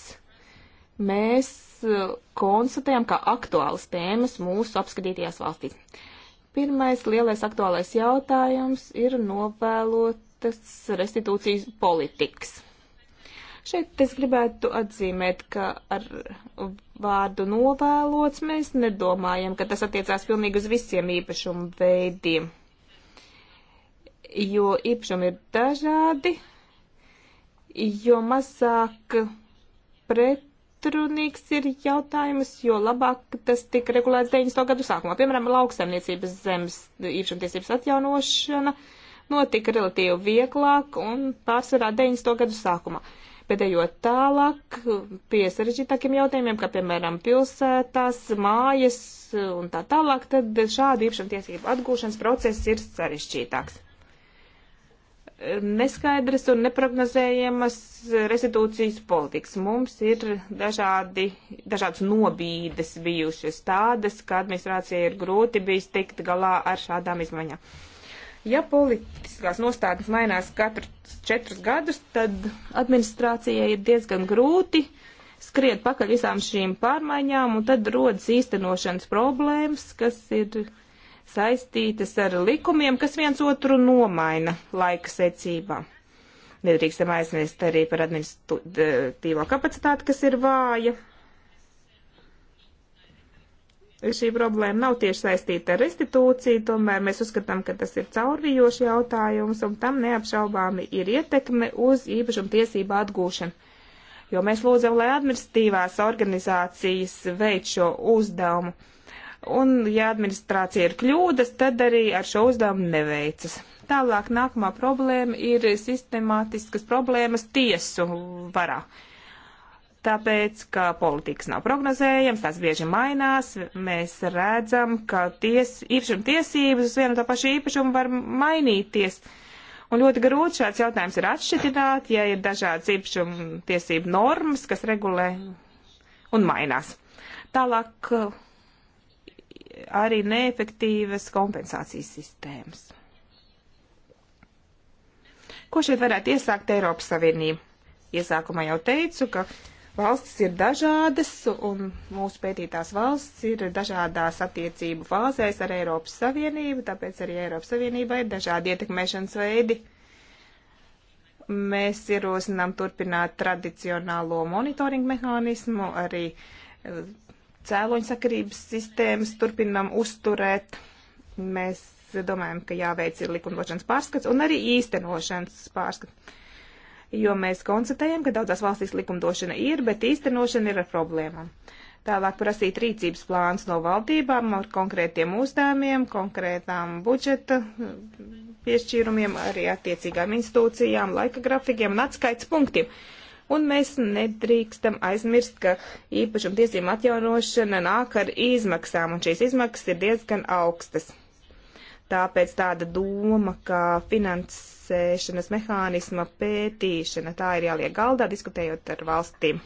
mēs uh, konstatējam kā aktuālas tēmas mūsu apskatītajās valstīs. Pirmais lielais aktuālais jautājums ir novēlot tas restitūcijas politikas. Šeit es gribētu atzīmēt, ka ar vārdu novēlots mēs nedomājam, ka tas attiecās pilnīgi uz visiem īpašumu veidiem, jo īpašumi ir dažādi, jo mazāk pretrunīgs ir jautājums, jo labāk tas tika regulēts 90. gadu sākumā. Piemēram, lauksaimniecības zemes īpašumtiesības atjaunošana. Uh, notika relatīvi vieglāk un pārsvarā 90. gadu sākumā. Bet ejot tālāk pie sarežģītākiem jautājumiem, kā piemēram pilsētās, mājas un tā tālāk, tad šāda īpašuma tiesību atgūšanas process ir sarežģītāks. Neskaidras un neprognozējamas restitūcijas politikas. Mums ir dažādi, dažādas nobīdes bijušas tādas, ka administrācija ir grūti bijis tikt galā ar šādām izmaiņām Ja politiskās nostādnes mainās katru četrus gadus, tad administrācijai ir diezgan grūti skriet pakaļ visām šīm pārmaiņām, un tad rodas īstenošanas problēmas, kas ir saistītas ar likumiem, kas viens otru nomaina laika secībā. Nedrīkstam aizmirst arī par administratīvo kapacitāti, kas ir vāja, šī problēma nav tieši saistīta ar restitūciju, tomēr mēs uzskatām, ka tas ir caurvijošs jautājums, un tam neapšaubāmi ir ietekme uz īpašuma tiesību atgūšanu. Jo mēs lūdzam, lai administratīvās organizācijas veic šo uzdevumu. Un, ja administrācija ir kļūdas, tad arī ar šo uzdevumu neveicas. Tālāk nākamā problēma ir sistemātiskas problēmas tiesu varā. Uh, tāpēc, ka politikas nav prognozējams, tās bieži mainās, mēs redzam, ka ties, īpašuma tiesības uz vienu tā pašu īpašumu var mainīties. Un ļoti grūti šāds jautājums ir atšķitināt, ja ir dažādas īpašuma tiesību normas, kas regulē un mainās. Tālāk eh, arī neefektīvas kompensācijas sistēmas. Ko šeit varētu iesākt Eiropas Savienība? Iesākumā jau teicu, ka valstis ir dažādas, un mūsu pētītās valsts ir dažādās attiecību fāzēs ar Eiropas Savienību, tāpēc arī Eiropas Savienībā ir dažādi ietekmēšanas veidi. Mēs ierosinām turpināt tradicionālo monitoringu mehānismu, arī eh, cēloņsakarības sistēmas turpinām uzturēt. Mēs domājam, ka jāveic ir likumdošanas pārskats un arī īstenošanas pārskats jo mēs konstatējam, ka daudzās valstīs likumdošana ir, bet īstenošana ir ar problēmām. Tālāk prasīt rīcības plāns no valdībām ar konkrētiem uzdevumiem, konkrētām budžeta piešķīrumiem, arī attiecīgām institūcijām, laika grafikiem un atskaits punktiem. Un mēs nedrīkstam aizmirst, ka īpašumtiesību atjaunošana nāk ar izmaksām, un šīs izmaksas ir diezgan augstas. Tāpēc tāda doma, ka finanses finansēšanas mehānisma pētīšana. Tā ir jāliek galdā, diskutējot ar valstīm.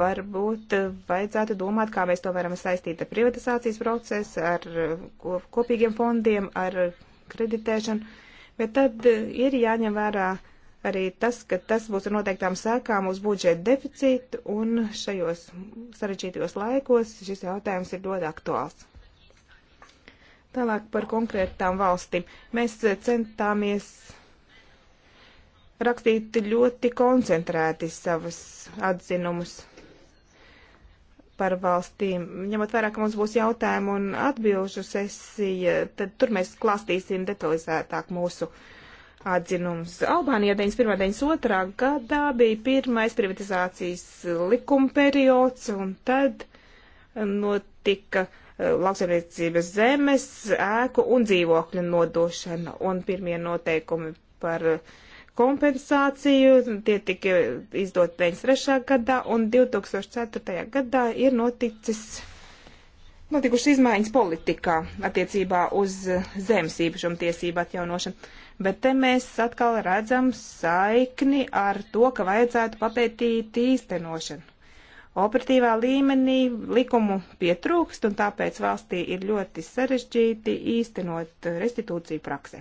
Varbūt vajadzētu domāt, kā mēs to varam saistīt ar privatizācijas procesu, ar kopīgiem fondiem, ar kreditēšanu, bet tad ir jāņem vērā arī tas, ka tas būs ar noteiktām sēkām uz budžeta deficītu, un šajos sarežģītajos laikos šis jautājums ir ļoti aktuāls. Tālāk par konkrētām valstīm. Mēs eh, centāmies rakstīt ļoti koncentrēti savas atzinumus par valstīm. Ņemot vērā, ka mums būs jautājumu un atbilžu sesija, tad tur mēs klāstīsim detalizētāk mūsu atzinums. Albānija 91. 92. gadā bija pirmais privatizācijas likuma periods, un tad notika uh, lauksaimniecības zemes, ēku un dzīvokļu nodošana. Un pirmie noteikumi par kompensāciju tie tika izdot 93. gadā un 2004. gadā ir noticis. Notikušas izmaiņas politikā attiecībā uz zemes īpašumu tiesību atjaunošanu, bet te mēs atkal redzam saikni ar to, ka vajadzētu papētīt īstenošanu Operatīvā līmenī likumu pietrūkst, un tāpēc valstī ir ļoti sarežģīti īstenot restitūciju praksē.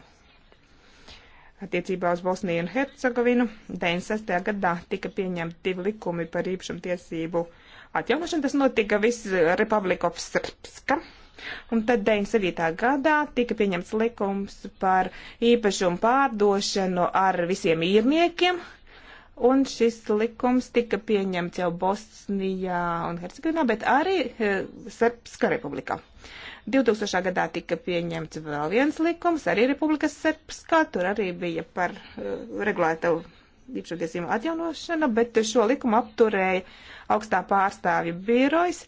Attiecībā uz Bosniju un Hercegovinu 96. gadā tika pieņemti divi likumi par īpašumtiesību atjaunošanu. Tas notika viss Republika of Srpska. Un tad 97. gadā tika pieņemts likums par īpašumu pārdošanu ar visiem īrniekiem, Un šis likums tika pieņemts jau Bosnijā un Hercegovinā, bet arī eh, Serbska republikā. 2000. gadā tika pieņemts vēl viens likums, arī Republikas Serbskā, tur arī bija par uh, eh, regulēta īpašumtiesību atjaunošana, bet šo likumu apturēja augstā pārstāvja birojs.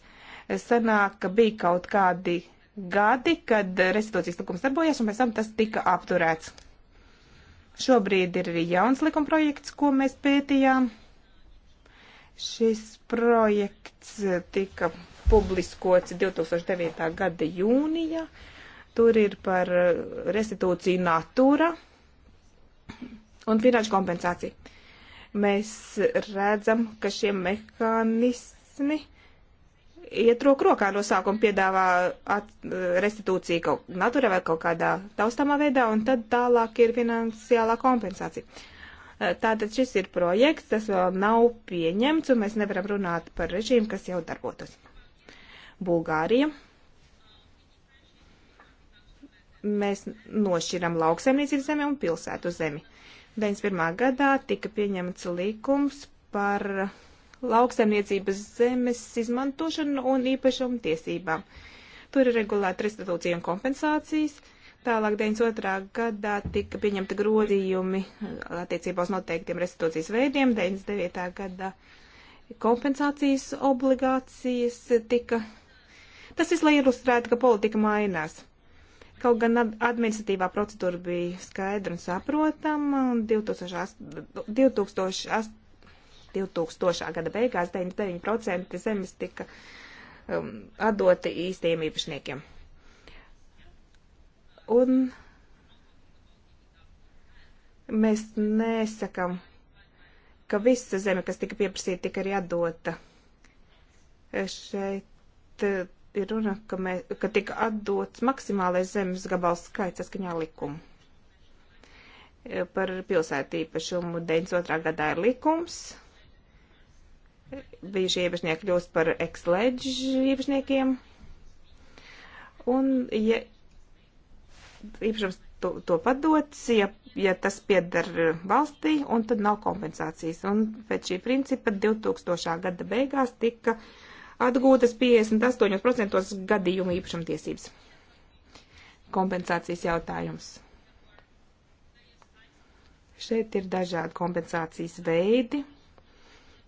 Sanāk, ka bija kaut kādi gadi, kad restitūcijas likums darbojas, un pēc tam tas tika apturēts. Šobrīd ir arī jauns likumprojekts, ko mēs pētījām. Šis projekts tika publiskots 2009. gada jūnijā. Tur ir par restitūciju natūra un finanšu kompensāciju. Mēs redzam, ka šie mehānismi iet roku rokā no sākuma piedāvā at, eh, restitūciju kaut naturē vai kaut kādā taustāmā veidā, un tad tālāk ir finansiālā kompensācija. Eh, tātad šis ir projekts, tas vēl nav pieņemts, un mēs nevaram runāt par režīmu, kas jau darbotos. Bulgārija. Mēs nošķiram lauksaimniecības zemi un pilsētu zemi. 91. gadā tika pieņemts līkums par lauksaimniecības zemes izmantošanu un īpašumu tiesībām. Tur ir regulēta restitūcija un kompensācijas. Tālāk 92. gadā tika pieņemta grozījumi attiecībā uz noteiktiem restitūcijas veidiem. 99. gadā kompensācijas obligācijas tika. Tas viss, lai ilustrētu, ka politika mainās. Kaut gan administratīvā procedūra bija skaidra un saprotama, un 2008. 2008 2000. gada beigās 99% zemes tika um, atdoti īstiem īpašniekiem. Un mēs nesakam, ka visa zeme, kas tika pieprasīta, tika arī atdota. Šeit uh, ir runa, ka, mē, ka tika atdots maksimālais zemes gabals skaits saskaņā likumu. Uh, par pilsētu īpašumu 92. gadā ir likums, bijušie īpašnieki kļūst par ekslēdžu īpašniekiem. Un, ja īpašums to, to padots, ja, ja tas pieder valstī, un tad nav kompensācijas. Un pēc šī principa 2000. gada beigās tika atgūtas 58% gadījumu īpašumtiesības. Kompensācijas jautājums. Šeit ir dažādi kompensācijas veidi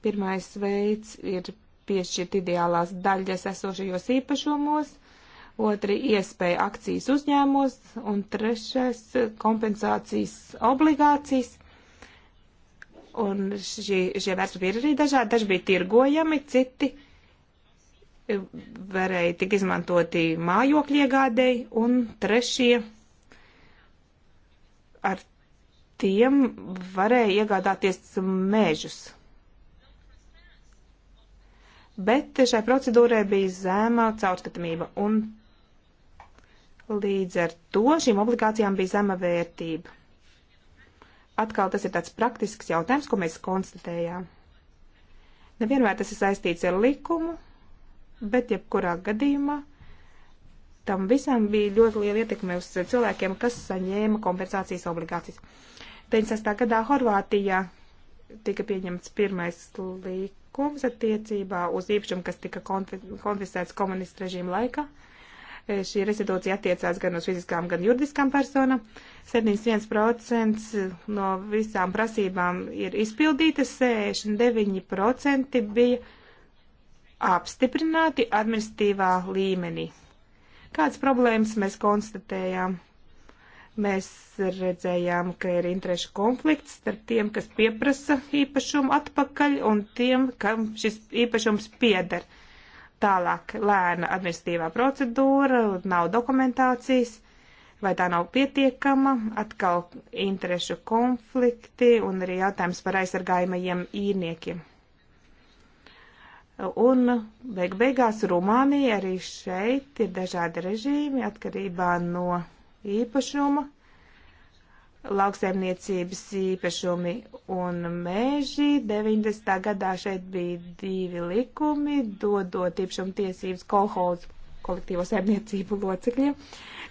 Pirmais veids ir piešķirt ideālās daļas esošajos īpašumos, otri iespēja akcijas uzņēmos un trešais kompensācijas obligācijas. Un šī, šie vērtspapīri arī dažādi, daži bija tirgojami, citi e, varēja tik izmantoti mājokļu iegādēji un trešie ar tiem varēja iegādāties mežus bet šai procedūrai bija zēma caurskatamība, un līdz ar to šīm obligācijām bija zema vērtība. Atkal tas ir tāds praktisks jautājums, ko mēs konstatējām. Nevienmēr tas ir saistīts ar likumu, bet jebkurā gadījumā tam visam bija ļoti liela ietekme uz cilvēkiem, kas saņēma kompensācijas obligācijas. 96. gadā Horvātijā tika pieņemts pirmais līk likums attiecībā uz īpašumu, kas tika konfiscēts komunistu režīmu laikā. E, šī restitūcija attiecās gan uz fiziskām, gan juridiskām personām. 71% no visām prasībām ir izpildītas, 69% bija apstiprināti administratīvā līmenī. Kādas problēmas mēs konstatējām? Mēs redzējām, ka ir interešu konflikts starp tiem, kas pieprasa īpašumu atpakaļ un tiem, kam šis īpašums pieder. Tālāk lēna administratīvā procedūra, nav dokumentācijas, vai tā nav pietiekama, atkal interešu konflikti un arī jautājums par aizsargājumajiem īrniekiem. Un beig beigās Rumānija arī šeit ir dažādi režīmi atkarībā no īpašuma, lauksaimniecības īpašumi un mēži. 90. gadā šeit bija divi likumi, dodot īpašumu tiesības kolhozu kolektīvo saimniecību locekļiem,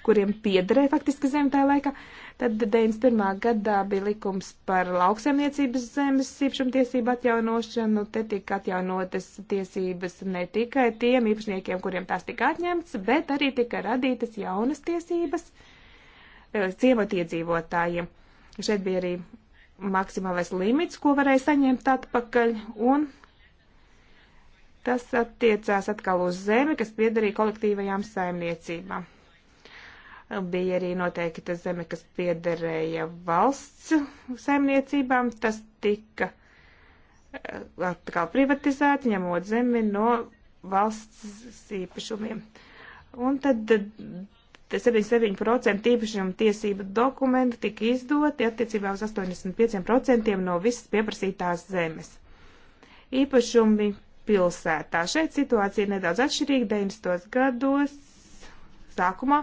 kuriem piederēja faktiski zem tajā laikā. Tad 91. gadā bija likums par lauksaimniecības zemes īpašumtiesību atjaunošanu. Te tika atjaunotas tiesības ne tikai tiem īpašniekiem, kuriem tās tika atņemts, bet arī tika radītas jaunas tiesības. Uh, Eh, ciematiedzīvotājiem. Šeit bija arī maksimālais limits, ko varēja saņemt atpakaļ, un tas attiecās atkal uz zemi, kas piederīja kolektīvajām saimniecībām. Bija arī noteikta zeme, kas piederēja valsts saimniecībām, tas tika eh, atkal privatizēta, ņemot zemi no valsts īpašumiem. Un tad 77% īpašuma tiesību dokumentu tika izdoti attiecībā uz 85% no visas pieprasītās zemes. Īpašumi pilsētā. Šeit situācija ir nedaudz atšķirīga. 90. gados sākumā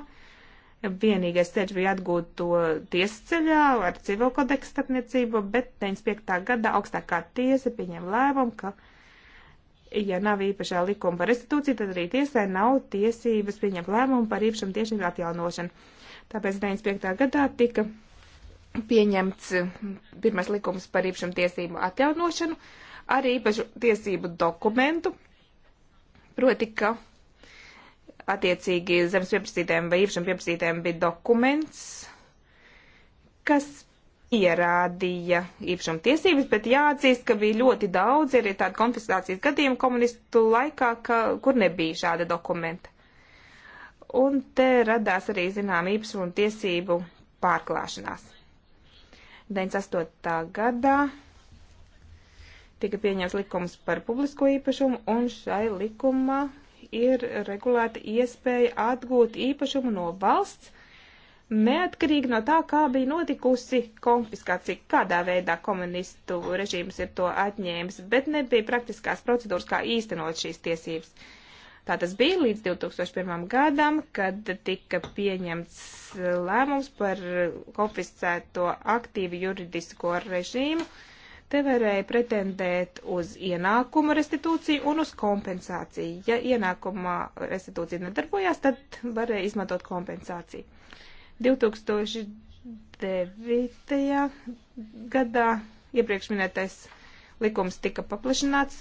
vienīgais ceļš bija atgūt to tiesceļā ar civilkodeksu starpniecību, bet 95. gadā augstākā tiesa pieņem lēmumu, ka ja nav īpašā likuma par restitūciju, tad arī tiesai nav tiesības pieņemt lēmumu par īpašam tiešām atjaunošanu. Tāpēc 95. gadā tika pieņemts eh, pirmais likums par īpašam tiesību atjaunošanu ar īpašu tiesību dokumentu, proti, ka attiecīgi zemes pieprasītēm vai īpašam pieprasītēm bija dokuments, kas pierādīja īpašuma tiesības, bet jāatzīst, ka bija ļoti daudz arī tādu konfiscācijas gadījumu komunistu laikā, ka, kur nebija šāda dokumenta. Un te radās arī, zinām, īpašuma tiesību pārklāšanās. 98. gadā tika pieņemts likums par publisko īpašumu, un šai likumā ir regulēta iespēja atgūt īpašumu no valsts, neatkarīgi no tā, kā bija notikusi konfiskācija, kādā veidā komunistu režīms ir to atņēmis, bet nebija praktiskās procedūras, kā īstenot šīs tiesības. Tā tas bija līdz 2001. gadam, kad tika pieņemts lēmums par konfiscēto aktīvu juridisko režīmu. Te varēja pretendēt uz ienākumu restitūciju un uz kompensāciju. Ja ienākuma restitūcija nedarbojās, tad varēja izmantot kompensāciju. 2009. gadā iepriekš minētais likums tika paplašināts.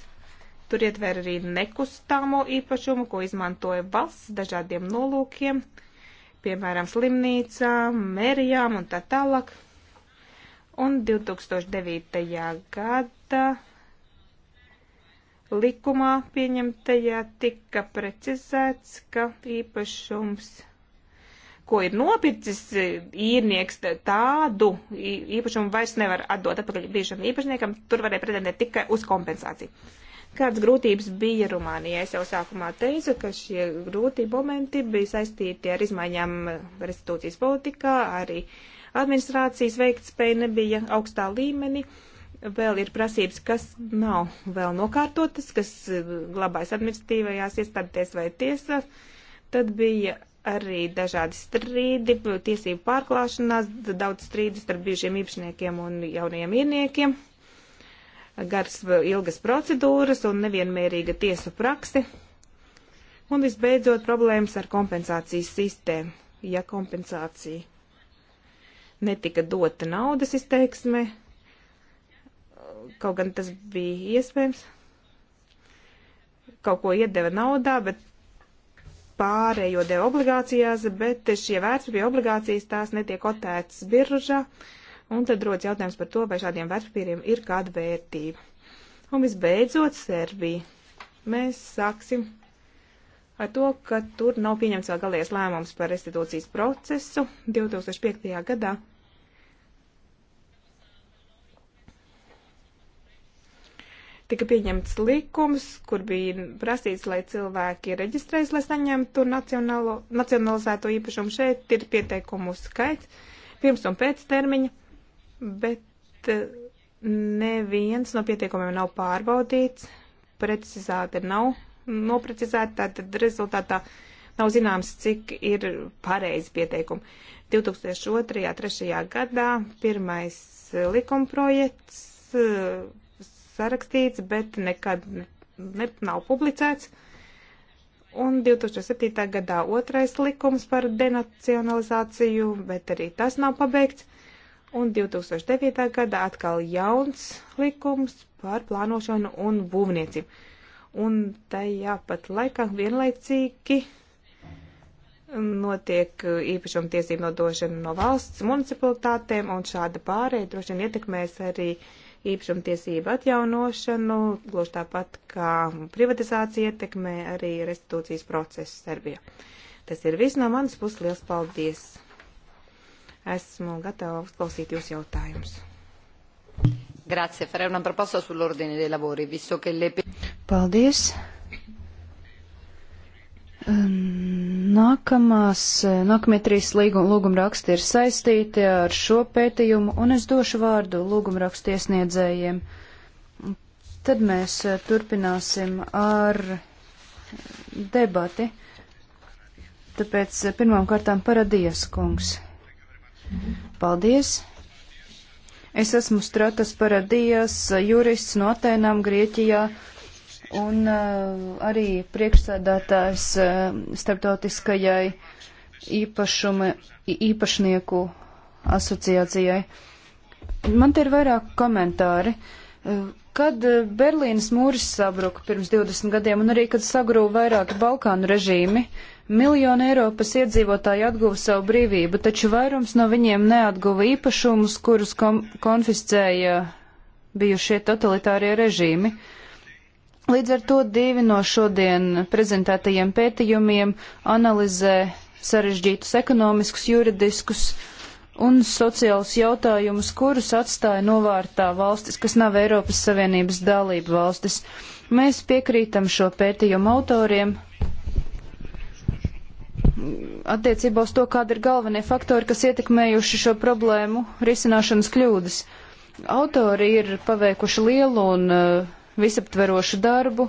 Tur ietver arī nekustāmo īpašumu, ko izmantoja valsts dažādiem nolūkiem, piemēram, slimnīcām, mērijām un tā tālāk. Un 2009. gada likumā pieņemtajā tika precizēts, ka īpašums ko ir nopircis īrnieks, tādu īpašumu vairs nevar atdot atpakaļ bijušam īpašniekam, tur varēja pretendēt tikai uz kompensāciju. Kādas grūtības bija Rumānijā? Es jau sākumā teicu, ka šie grūti momenti bija saistīti ar izmaiņām restitūcijas politikā, arī administrācijas veiktspēja nebija augstā līmenī vēl ir prasības, kas nav vēl nokārtotas, kas eh, glabājas administratīvajās iestādēs vai tiesās, tad bija arī dažādi strīdi, tiesību pārklāšanās, daudz strīdu starp bijušiem īpašniekiem un jaunajiem īrniekiem, garas ilgas procedūras un nevienmērīga tiesu praksi, un visbeidzot problēmas ar kompensācijas sistēmu, ja kompensācija netika dota naudas izteiksme, kaut gan tas bija iespējams, kaut ko iedeva naudā, bet pārējo deva obligācijās, bet šie vērtspapīra obligācijas tās netiek kotētas biržā, un tad rodas jautājums par to, vai šādiem vērtspapīriem ir kāda vērtība. Un visbeidzot, Serbija. Mēs sāksim ar to, ka tur nav pieņemts vēl galējais lēmums par restitūcijas procesu 2005. gadā. tika pieņemts likums, kur bija prasīts, lai cilvēki reģistrējas, lai saņemtu nacionālo, nacionalizēto īpašumu. Šeit ir pieteikumu skaits pirms un pēc termiņa, bet eh, neviens no pieteikumiem nav pārbaudīts, precizēti nav noprecizēti, tātad rezultātā nav zināms, cik ir pareizi pieteikumi. 2002. 3. gadā pirmais eh, likumprojekts eh, sarakstīts, bet nekad ne, nav publicēts. Un 2007. gadā otrais likums par denacionalizāciju, bet arī tas nav pabeigts. Un 2009. gadā atkal jauns likums par plānošanu un būvniecību. Un tajā pat laikā vienlaicīgi notiek īpašuma tiesību nodošana no valsts municipalitātēm, un šāda pārēja droši vien ietekmēs arī uh, īpašumtiesību atjaunošanu, gluži tāpat kā privatizācija ietekmē arī restitūcijas procesu Serbijā. Tas ir viss no manas puses. Liels paldies! Esmu gatava uzklausīt jūsu jautājumus. Grazie, farei una proposta sull'ordine dei lavori, visto che le... Paldies! Ehm, nākamās, nākamie trīs lūgumraksti ir saistīti ar šo pētījumu, un es došu vārdu lūgumrakstu iesniedzējiem. Tad mēs eh, turpināsim ar debati. Tāpēc eh, pirmām kārtām paradijas kungs. Paldies! Es esmu Stratas paradijas eh, jurists no Atēnām, Grieķijā un uh, arī priekšsēdētājs uh, starptautiskajai īpašuma, īpašnieku asociācijai. Man te ir vairāk komentāri. Uh, kad uh, Berlīnas mūris sabruka pirms 20 gadiem un arī, kad sagrūva vairāki Balkānu režīmi, miljoni Eiropas iedzīvotāji atguva savu brīvību, taču vairums no viņiem neatguva īpašumus, kurus konfiscēja bijušie totalitārie režīmi. Uh, Līdz ar to divi no šodien prezentētajiem pētījumiem analizē sarežģītus ekonomiskus, juridiskus un sociālus jautājumus, kurus atstāja novārtā valstis, kas nav Eiropas Savienības dalība valstis. Mēs piekrītam šo pētījumu autoriem attiecībā uz to, kāda ir galvenie faktori, kas ietekmējuši šo problēmu risināšanas kļūdas. Autori ir paveikuši lielu un uh, visaptverošu darbu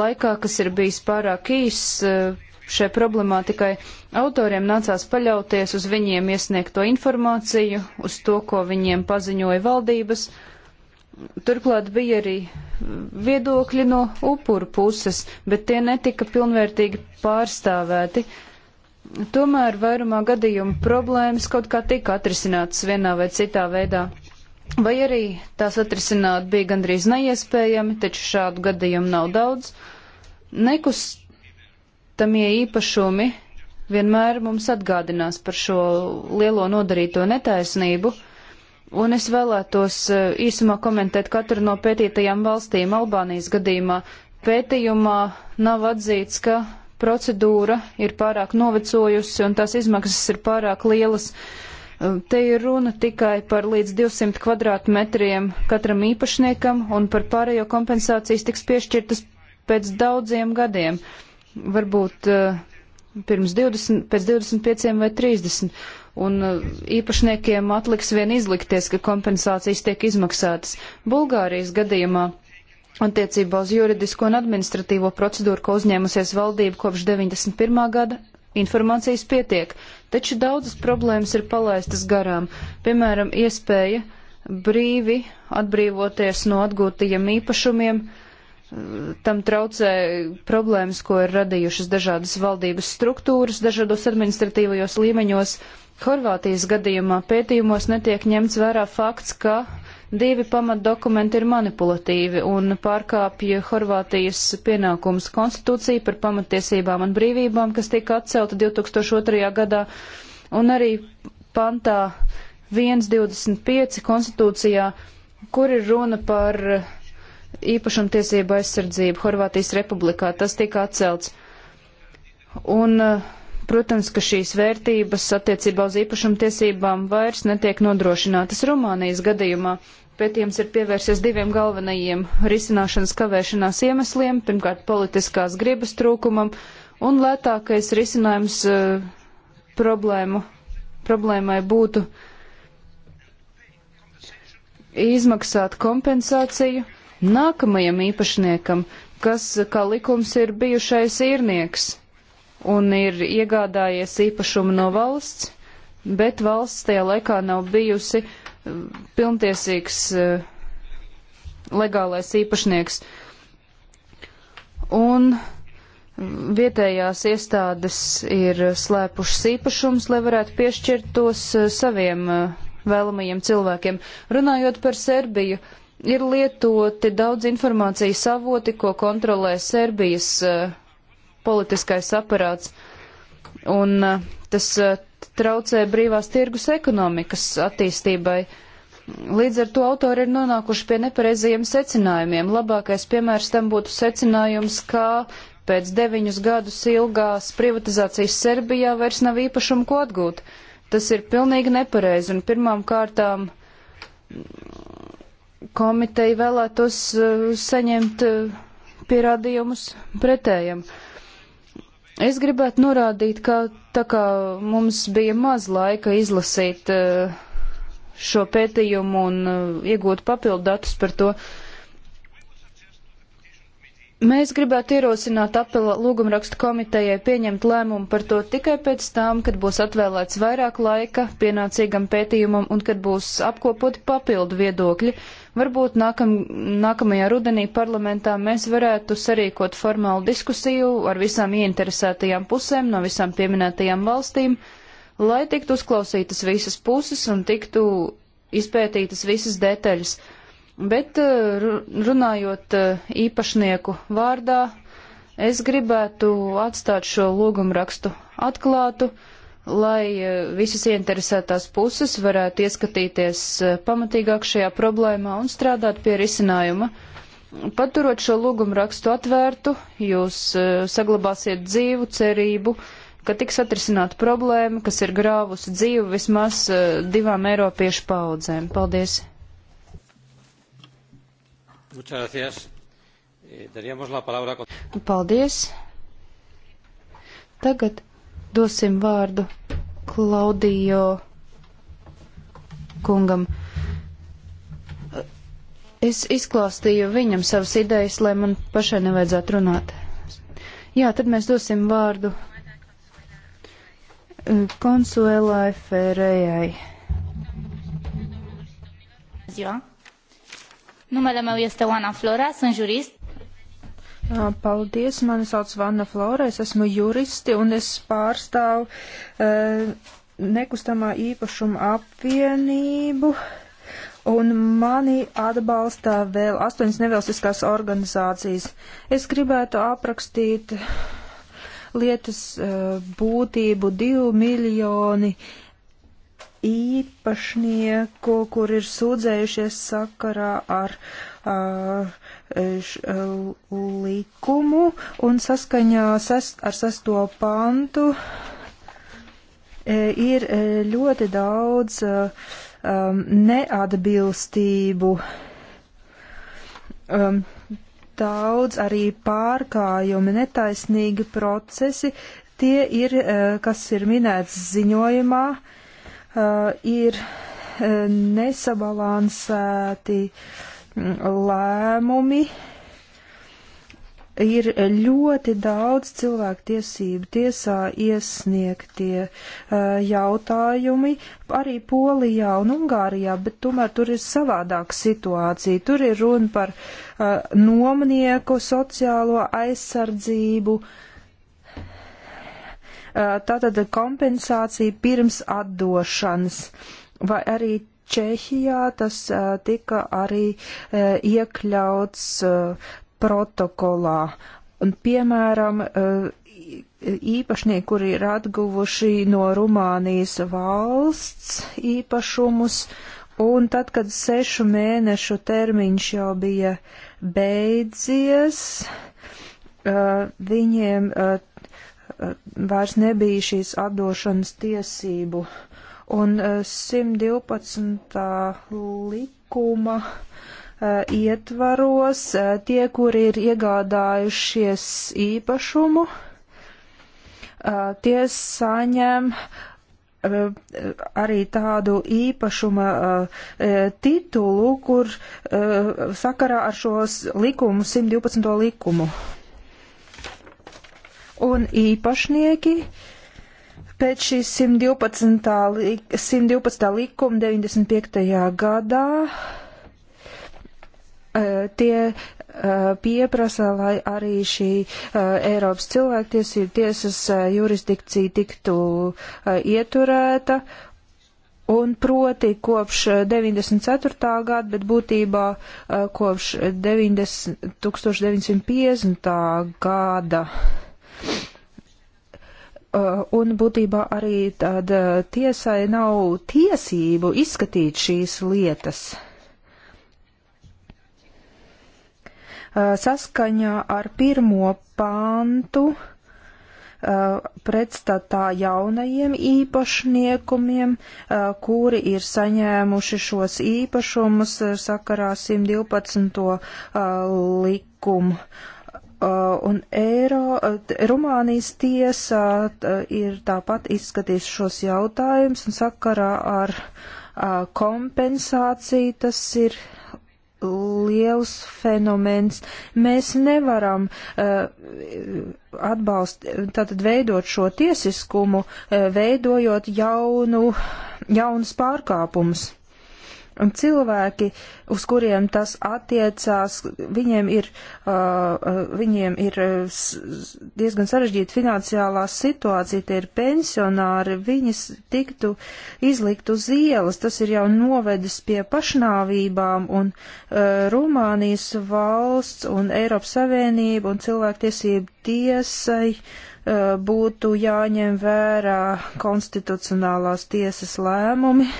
laikā, kas ir bijis pārāk īss eh, šai problemātikai. Autoriem nācās paļauties uz viņiem iesniegto informāciju, uz to, ko viņiem paziņoja valdības. Turklāt bija arī viedokļi no upuru puses, bet tie netika pilnvērtīgi pārstāvēti. Tomēr vairumā gadījumu problēmas kaut kā tika atrisinātas vienā vai citā veidā. Vai arī tās atrisināt bija gandrīz neiespējami, taču šādu gadījumu nav daudz. Nekustamie īpašumi vienmēr mums atgādinās par šo lielo nodarīto netaisnību, un es vēlētos e, īsumā komentēt katru no pētītajām valstīm Albānijas gadījumā. Pētījumā nav atzīts, ka procedūra ir pārāk novecojusi un tās izmaksas ir pārāk lielas. Uh, Um, te ir runa tikai par līdz 200 kvadrātmetriem katram īpašniekam, un par pārējo kompensācijas tiks piešķirtas pēc daudziem gadiem, varbūt uh, pirms 20, pēc 25 vai 30, un uh, īpašniekiem atliks vien izlikties, ka kompensācijas tiek izmaksātas. Bulgārijas gadījumā attiecībā uz juridisko un administratīvo procedūru, ko uzņēmusies valdība kopš 91. gada, informācijas pietiek taču daudzas problēmas ir palaistas garām, piemēram, iespēja brīvi atbrīvoties no atgūtajiem īpašumiem, tam traucē problēmas, ko ir radījušas dažādas valdības struktūras, dažādos administratīvajos līmeņos. Horvātijas gadījumā pētījumos netiek ņemts vērā fakts, ka Divi pamatdokumenti ir manipulatīvi un pārkāpja Horvātijas pienākums konstitūcija par pamatiesībām un brīvībām, kas tika atcelta 2002. gadā, un arī pantā 1.25 konstitūcijā, kur ir runa par īpašumtiesību aizsardzību Horvātijas republikā. Tas tika atcelts. Un uh, Protams, ka šīs vērtības attiecībā uz īpašumtiesībām vairs netiek nodrošinātas Rumānijas gadījumā. Pētījums ir pievērsies diviem galvenajiem risināšanas kavēšanās iemesliem - pirmkārt politiskās gribas trūkumam un lētākais risinājums uh, problēmu, problēmai būtu izmaksāt kompensāciju nākamajam īpašniekam, kas, kā likums, ir bijušais īrnieks un ir iegādājies īpašumu no valsts, bet valsts tajā laikā nav bijusi uh, pilntiesīgs uh, legālais īpašnieks. Un vietējās iestādes ir slēpušas īpašums, lai varētu piešķirt tos uh, saviem vēlamajiem cilvēkiem. Runājot par Serbiju, ir lietoti daudz informācijas avoti, ko kontrolē Serbijas uh, politiskais aparāts, un eh, tas eh, traucē brīvās tirgus ekonomikas attīstībai. Līdz ar to autori ir nonākuši pie nepareizajiem secinājumiem. Labākais piemērs tam būtu secinājums, kā pēc deviņus gadus ilgās privatizācijas Serbijā vairs nav īpašumu ko atgūt. Tas ir pilnīgi nepareizi, un pirmām kārtām komiteja vēlētos eh, saņemt pierādījumus pretējiem. Uh, Es gribētu norādīt, ka tā kā mums bija maz laika izlasīt eh, šo pētījumu un eh, iegūt papildu datus par to, mēs gribētu ierosināt apela lūgumrakstu komitejai pieņemt lēmumu par to tikai pēc tam, kad būs atvēlēts vairāk laika pienācīgam pētījumam un kad būs apkopoti papildu viedokļi. Uh, Varbūt nākam, nākamajā rudenī parlamentā mēs varētu sarīkot formālu diskusiju ar visām ieinteresētajām pusēm no visām pieminētajām valstīm, lai tiktu uzklausītas visas puses un tiktu izpētītas visas detaļas. Bet eh, runājot eh, īpašnieku vārdā, es gribētu atstāt šo lūgumrakstu atklātu lai e, visas ieinteresētās puses varētu ieskatīties e, pamatīgāk šajā problēmā un strādāt pie risinājuma. Paturot šo lūgumu rakstu atvērtu, jūs e, saglabāsiet dzīvu cerību, ka tiks atrisināta problēma, kas ir grāvusi dzīvi vismaz divām eiropiešu paudzēm. Paldies! Eh, Paldies! Tagad dosim vārdu Klaudijo kungam. Es izklāstīju viņam savas idejas, lai man pašai nevajadzētu runāt. Jā, tad mēs dosim vārdu Konsuelai eh, Ferejai. Ziua. Numele meu este Oana Flora, sunt jurist. Paldies, mani sauc Vanna Flora, es esmu juristi un es pārstāvu uh, nekustamā īpašuma apvienību. Un mani atbalsta vēl astoņas nevalstiskās organizācijas. Es gribētu aprakstīt lietas uh, būtību divu miljoni īpašnieku, kur ir sūdzējušies sakarā ar uh, E, likumu un saskaņā ar sesto pantu e, ir e, ļoti daudz um, neatbilstību. Um, daudz arī pārkājumi, netaisnīgi procesi, tie ir, kas ir minēts ziņojumā, ir nesabalansēti uh, lēmumi ir ļoti daudz cilvēktiesību tiesā iesniegtie uh, jautājumi, arī Polijā un Ungārijā, bet tomēr tur ir savādāka situācija. Tur ir runa par uh, nomnieku sociālo aizsardzību, uh, tātad kompensāciju pirms atdošanas, vai arī Čehijā tas tika arī iekļauts protokolā. Un, piemēram, īpašnieki, kuri ir atguvuši no Rumānijas valsts īpašumus, un tad, kad sešu mēnešu termiņš jau bija beidzies, viņiem vairs nebija šīs atdošanas tiesību. Uh, un 112. E, likuma e, ietvaros e, tie, kuri ir iegādājušies īpašumu, tie saņem arī tādu īpašuma titulu, kur sakarā ar šos likumu, 112. likumu. Un īpašnieki uh, Pēc šīs 112. 112. likuma 95. gadā e, tie e, pieprasa, lai arī šī e, Eiropas cilvēktiesību tiesas jurisdikcija tiktu ieturēta Un proti kopš 94. gada, bet būtībā kopš 90, 1950. gada Eh, un būtībā arī tad eh, tiesai nav tiesību izskatīt šīs lietas. Eh, saskaņā ar pirmo pantu pretstatā jaunajiem īpašniekumiem, kuri ir saņēmuši šos īpašumus sakarā 112. likumu. Uh, un Eiro, uh, Rumānijas tiesā uh, ir tāpat izskatījis šos jautājumus un sakarā ar kompensāciju tas ir liels fenomens. Mēs nevaram uh, atbalst, tātad veidot šo tiesiskumu, uh, veidojot jaunu, jaunas pārkāpumus. Un cilvēki, uz kuriem tas attiecās, viņiem ir, uh, uh viņiem ir uh, diezgan sarežģīta finansiālā situācija, tie ir pensionāri, viņas tiktu izlikt uz ielas, tas ir jau novedis pie pašnāvībām, un uh, Rumānijas valsts un Eiropas Savienība un cilvēktiesība tiesai uh, būtu jāņem vērā konstitucionālās tiesas lēmumi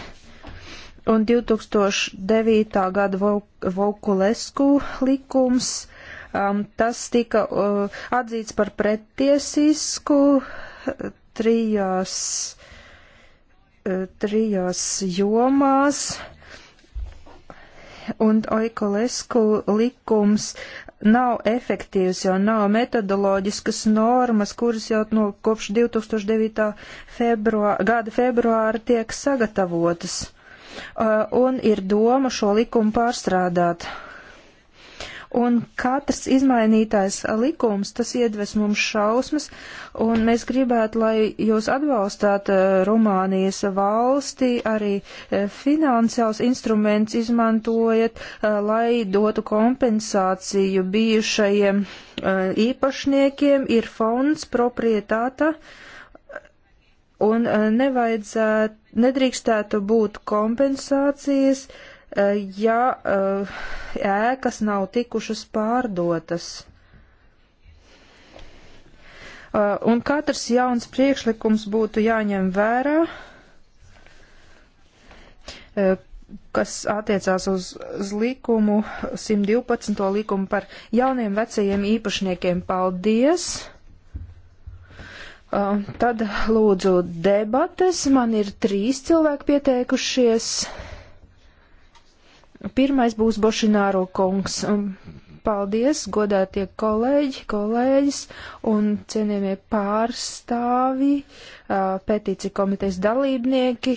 un 2009. gada Vaukulesku likums. Um, tas tika uh, atzīts par pretiesisku trijās, uh, trijās jomās, un Oikolesku likums nav efektīvs, jo nav metodoloģiskas normas, kuras jau no kopš 2009. Februā, gada februāra tiek sagatavotas Uh, un ir doma šo likumu pārstrādāt. Un katrs izmainītais likums, tas iedves mums šausmas, un mēs gribētu, lai jūs atbalstāt uh, Rumānijas valstī, arī uh, finansiāls instruments izmantojat, lai dotu kompensāciju bijušajiem īpašniekiem, ir fonds proprietāta. Uh, un eh, nevajadzētu, nedrīkstētu būt kompensācijas, eh, ja eh, ēkas nav tikušas pārdotas. Un katrs jauns priekšlikums būtu jāņem vērā, kas attiecās uz, uz likumu 112. likumu par jauniem vecajiem īpašniekiem. Paldies! Tad lūdzu debates. Man ir trīs cilvēki pieteikušies. Pirmais būs Bošināro kungs. Paldies, godātie kolēģi, kolēģis un cienījamie pārstāvi, petīci komitejas dalībnieki.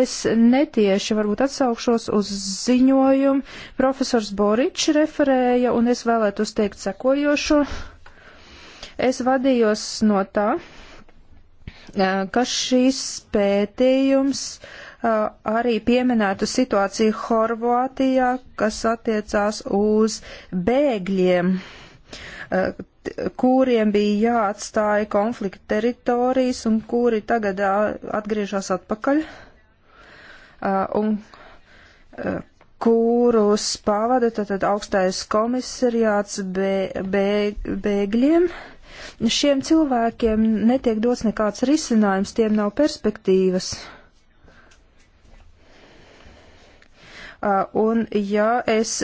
Es netieši varbūt atsaukšos uz ziņojumu. Profesors Boričs referēja, un es vēlētos teikt sekojošo. Es vadījos no tā, ka šīs pētījums arī pieminētu situāciju Horvātijā, kas attiecās uz bēgļiem, kuriem bija jāatstāja konflikta teritorijas un kuri tagad atgriežas atpakaļ un kurus pavada tātad augstais komisariāts bē, bē, bēgļiem. Bē, Šiem cilvēkiem netiek dots nekāds risinājums, tiem nav perspektīvas. Un ja es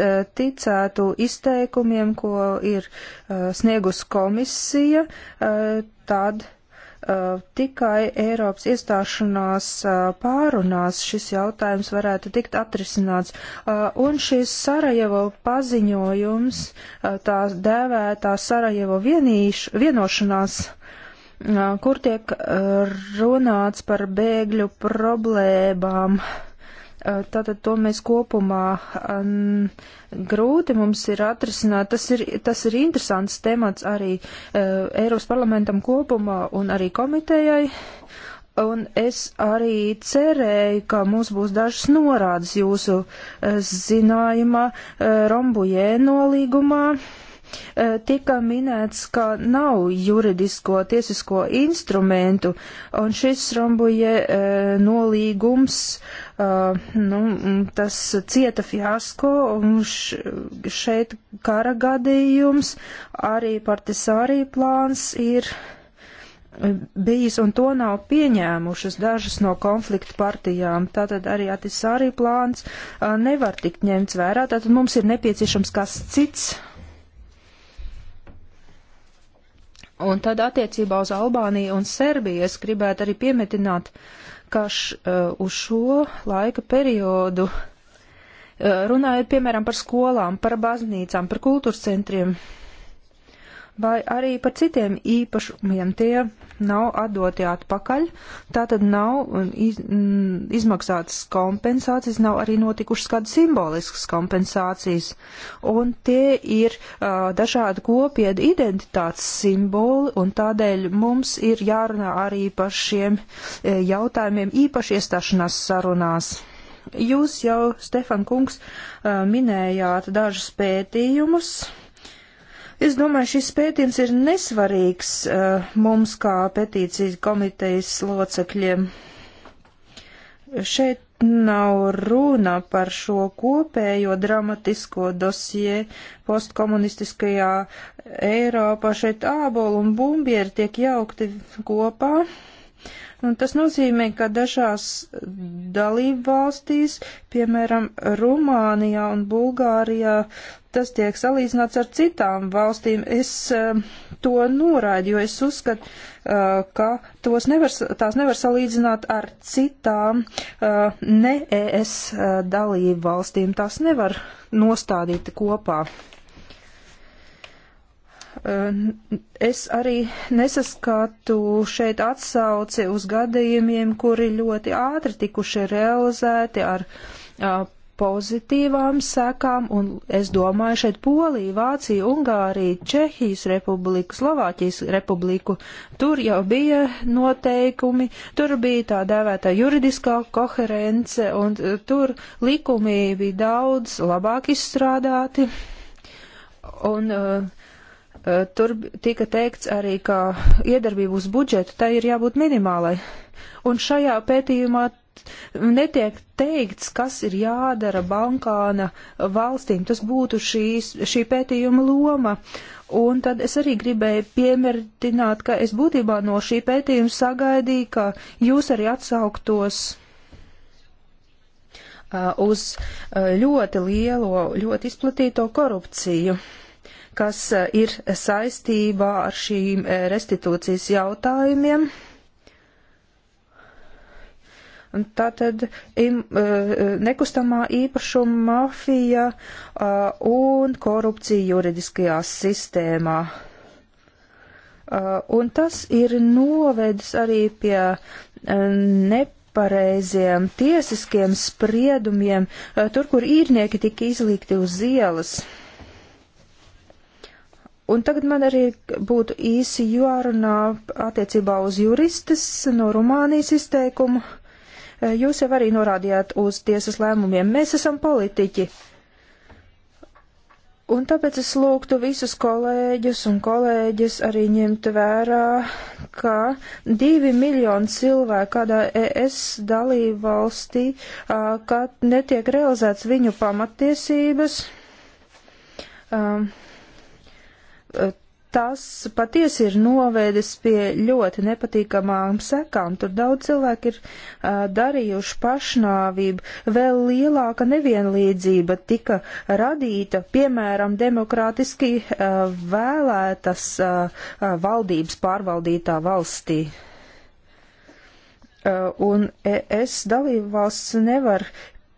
ticētu izteikumiem, ko ir sniegus komisija, tad Uh, tikai Eiropas iestāšanās uh, pārunās šis jautājums varētu tikt atrisināts. Uh, un šis Sarajevo paziņojums, tā dēvētā Sarajevo vienīš, vienošanās, kur tiek runāts par bēgļu problēmām Tātad to mēs kopumā um, grūti mums ir atrisināt. Tas ir, tas ir interesants temats arī uh, Eiropas parlamentam kopumā un arī komitejai. Un es arī cerēju, ka mums būs dažas norādes jūsu uh, zinājumā uh, Rombujē nolīgumā. Uh, Tika minēts, ka nav juridisko tiesisko instrumentu, un šis Rombuje nolīgums, nu, tas cieta fiasko, un šeit kara gadījums, arī partisārī plāns ir bijis, un to nav pieņēmušas dažas no konflikta partijām. Tātad arī atisārī plāns nevar tikt ņemts vērā, tātad mums ir nepieciešams kas cits Un tad attiecībā uz Albāniju un Serbiju es gribētu arī piemetināt, ka š, uh, uz šo laika periodu uh, runājot piemēram par skolām, par baznīcām, par kultūras centriem, uh, vai arī par citiem īpašumiem tie nav atdoti atpakaļ, tā tad nav um, iz, m, mm, izmaksātas kompensācijas, nav arī notikušas kādas simboliskas kompensācijas, un tie ir uh, dažādi kopiedu identitātes simboli, un tādēļ mums ir jārunā arī par šiem e, jautājumiem īpaši iestāšanās sarunās. Jūs jau, Stefan Kungs, uh, minējāt dažus pētījumus Es domāju, šis pētījums ir nesvarīgs uh, mums kā petīcijas komitejas locekļiem. Šeit nav runa par šo kopējo dramatisko dosie postkomunistiskajā Eiropā. Šeit ābolu un bumbieri tiek jaukti kopā. Uh, Un nu, tas nozīmē, ka dažās dalību valstīs, piemēram, Rumānijā un Bulgārijā, tas tiek salīdzināts ar citām valstīm. Es eh, to noraidu, jo es uzskatu, eh, ka tos nevar, tās nevar salīdzināt ar citām eh, ne ES dalību valstīm. Tās nevar nostādīt kopā. Es arī nesaskatu šeit atsauci uz gadījumiem, kuri ļoti ātri tikuši realizēti ar pozitīvām sekām, un es domāju šeit Poliju, Vāciju, Ungāriju, Čehijas republiku, Slovāķijas republiku. Tur jau bija noteikumi, tur bija tā dēvēta juridiskā koherence, un e, tur likumi bija daudz labāk izstrādāti. Un, uh, Eh, tur tika teikts arī, ka iedarbību uz budžetu tai ir jābūt minimālai. Un šajā pētījumā netiek teikts, kas ir jādara bankāna valstīm. Tas būtu šīs, šī pētījuma loma. Un tad es arī gribēju piemērtināt, ka es būtībā no šī pētījuma sagaidīju, ka jūs arī atsauktos uh, uz uh, ļoti lielo, ļoti izplatīto korupciju. Uh, kas e, ir saistībā ar šīm e, restitūcijas jautājumiem. Tātad im, e, nekustamā īpašuma mafija un korupcija juridiskajā sistēmā. Un tas ir novedis arī pie nepareiziem tiesiskiem spriedumiem, tur, kur īrnieki tika izlikti uz ielas. Un tagad man arī būtu īsi jārunā attiecībā uz juristes no Rumānijas izteikumu. Eh, jūs jau arī norādījāt uz tiesas lēmumiem. Mēs esam politiķi. Un tāpēc es lūgtu visus kolēģus un kolēģis arī ņemt vērā, ka divi miljoni cilvēku kādā ES dalību valstī, eh, ka netiek realizēts viņu pamatiesības. Um, tas patiesi ir novēdis pie ļoti nepatīkamām sekām. Tur daudz cilvēku ir uh, darījuši pašnāvību. Vēl lielāka nevienlīdzība tika radīta, piemēram, demokrātiski uh, vēlētas uh, valdības pārvaldītā valstī. Uh, un es dalību valsts nevar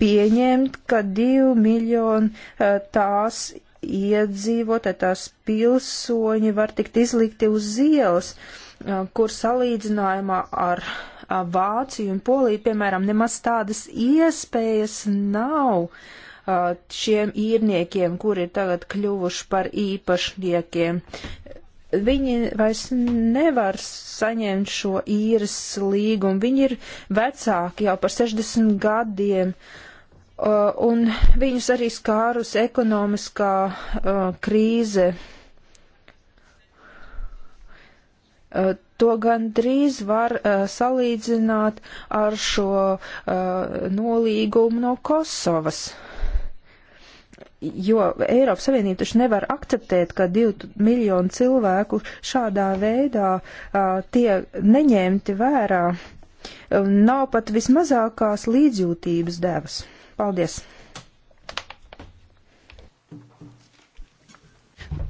pieņemt, ka divi miljoni uh, tās iedzīvotāji, tās pilsoņi var tikt izlikti uz ielas, kur salīdzinājumā ar Vāciju un Poliju, piemēram, nemaz tādas iespējas nav šiem īrniekiem, kuri ir tagad kļuvuši par īpašniekiem. Viņi vairs nevar saņemt šo īres līgumu. Viņi ir vecāki jau par 60 gadiem. Uh, Uh, un viņus arī skārus ekonomiskā uh, krīze. Uh, to gan drīz var uh, salīdzināt ar šo uh, nolīgumu no Kosovas. Jo Eiropas Savienība taču nevar akceptēt, ka divu miljonu cilvēku šādā veidā uh, tie neņemti vērā. Nav pat vismazākās līdzjūtības devas. Paldies!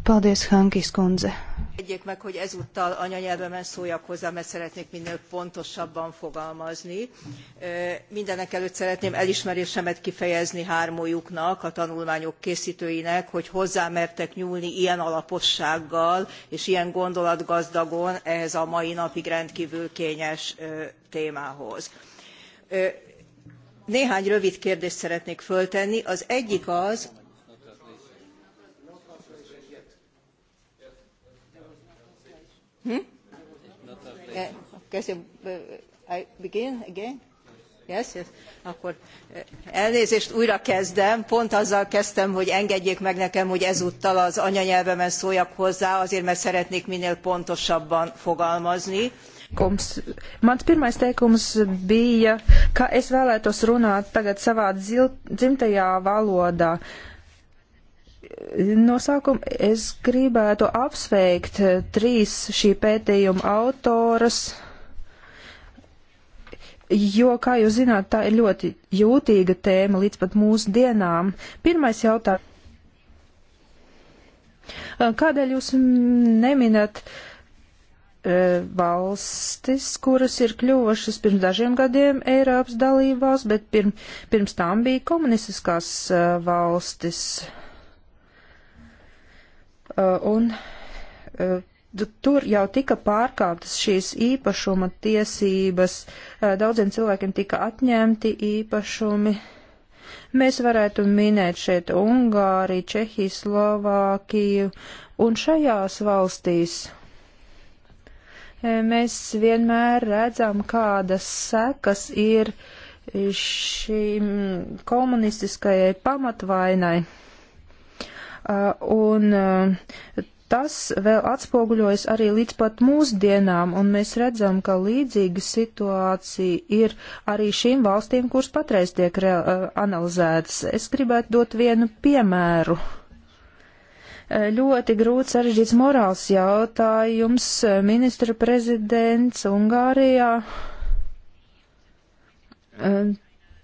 Paldies, Hankis kundze! Egyék meg, hogy ezúttal anyanyelvemen szóljak hozzá, mert szeretnék minél pontosabban fogalmazni. Mindenek előtt szeretném elismerésemet kifejezni hármójuknak, a tanulmányok készítőinek, hogy hozzámertek nyúlni ilyen alapossággal és ilyen gondolatgazdagon ehhez a mai napig rendkívül kényes témához néhány rövid kérdést szeretnék föltenni. Az egyik az, hm? Eh, eh, begin again? Yes, yes. Akkor eh, elnézést újra kezdem. Pont azzal kezdtem, hogy engedjék meg nekem, hogy ezúttal az anyanyelvemen szóljak hozzá, azért mert szeretnék minél pontosabban fogalmazni. Uh, teikums. Mans pirmais teikums bija, ka es vēlētos runāt tagad savā dzil, dzimtajā valodā. No sākuma es gribētu apsveikt trīs šī pētījuma autoras, jo, kā jūs zināt, tā ir ļoti jūtīga tēma līdz pat mūsu dienām. Pirmais jautājums. Kādēļ jūs neminat uh, E, valstis, kuras ir kļuvušas pirms dažiem gadiem Eiropas dalībās, bet pirm, pirms tām bija komunistiskās e, valstis. E, un tur jau tika pārkāptas šīs īpašuma tiesības, daudziem cilvēkiem tika atņemti īpašumi. Mēs varētu minēt šeit Ungāriju, Čehiju, Slovākiju un šajās valstīs mēs vienmēr redzam, kādas sekas ir šīm komunistiskajai pamatvainai. Un tas vēl atspoguļojas arī līdz pat mūsdienām, un mēs redzam, ka līdzīga situācija ir arī šīm valstīm, kuras patreiz tiek analizētas. Es gribētu dot vienu piemēru. Uh, ļoti grūts sarežģīts morāls jautājums ministra prezidents Ungārijā e,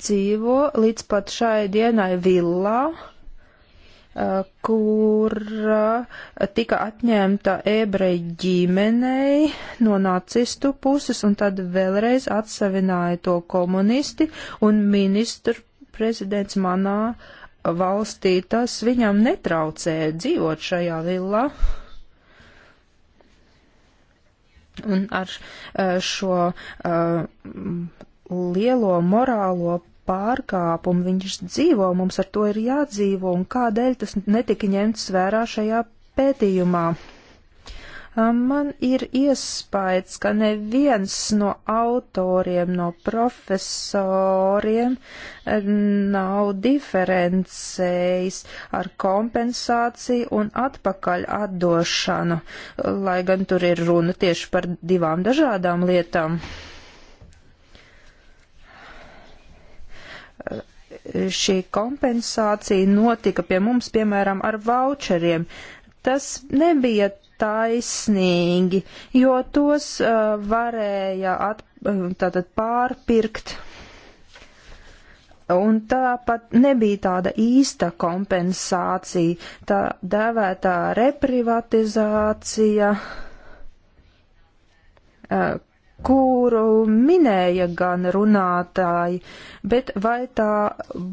dzīvo līdz pat šai dienai villā, e, kur e, tika atņemta ebreju ģimenei no nacistu puses un tad vēlreiz atsavināja to komunisti un ministru prezidents manā uh, valstī, tas viņam netraucē dzīvot šajā villā. Un ar eh, šo eh, lielo morālo pārkāpumu viņš dzīvo, mums ar to ir jādzīvo, un kādēļ tas netika ņemts vērā šajā pētījumā. Ah, man ir iespējas, ka neviens no autoriem, no profesoriem eh, nav diferencējis ar kompensāciju un atpakaļ atdošanu, lai gan tur ir runa tieši par divām dažādām lietām. Eh, šī kompensācija notika pie mums, piemēram, ar voucheriem. Tas nebija taisnīgi, jo tos uh, varēja at, uh, tātad pārpirkt. Un tāpat nebija tāda īsta kompensācija, tā dēvētā reprivatizācija, uh, kuru minēja gan runātāji, bet vai tā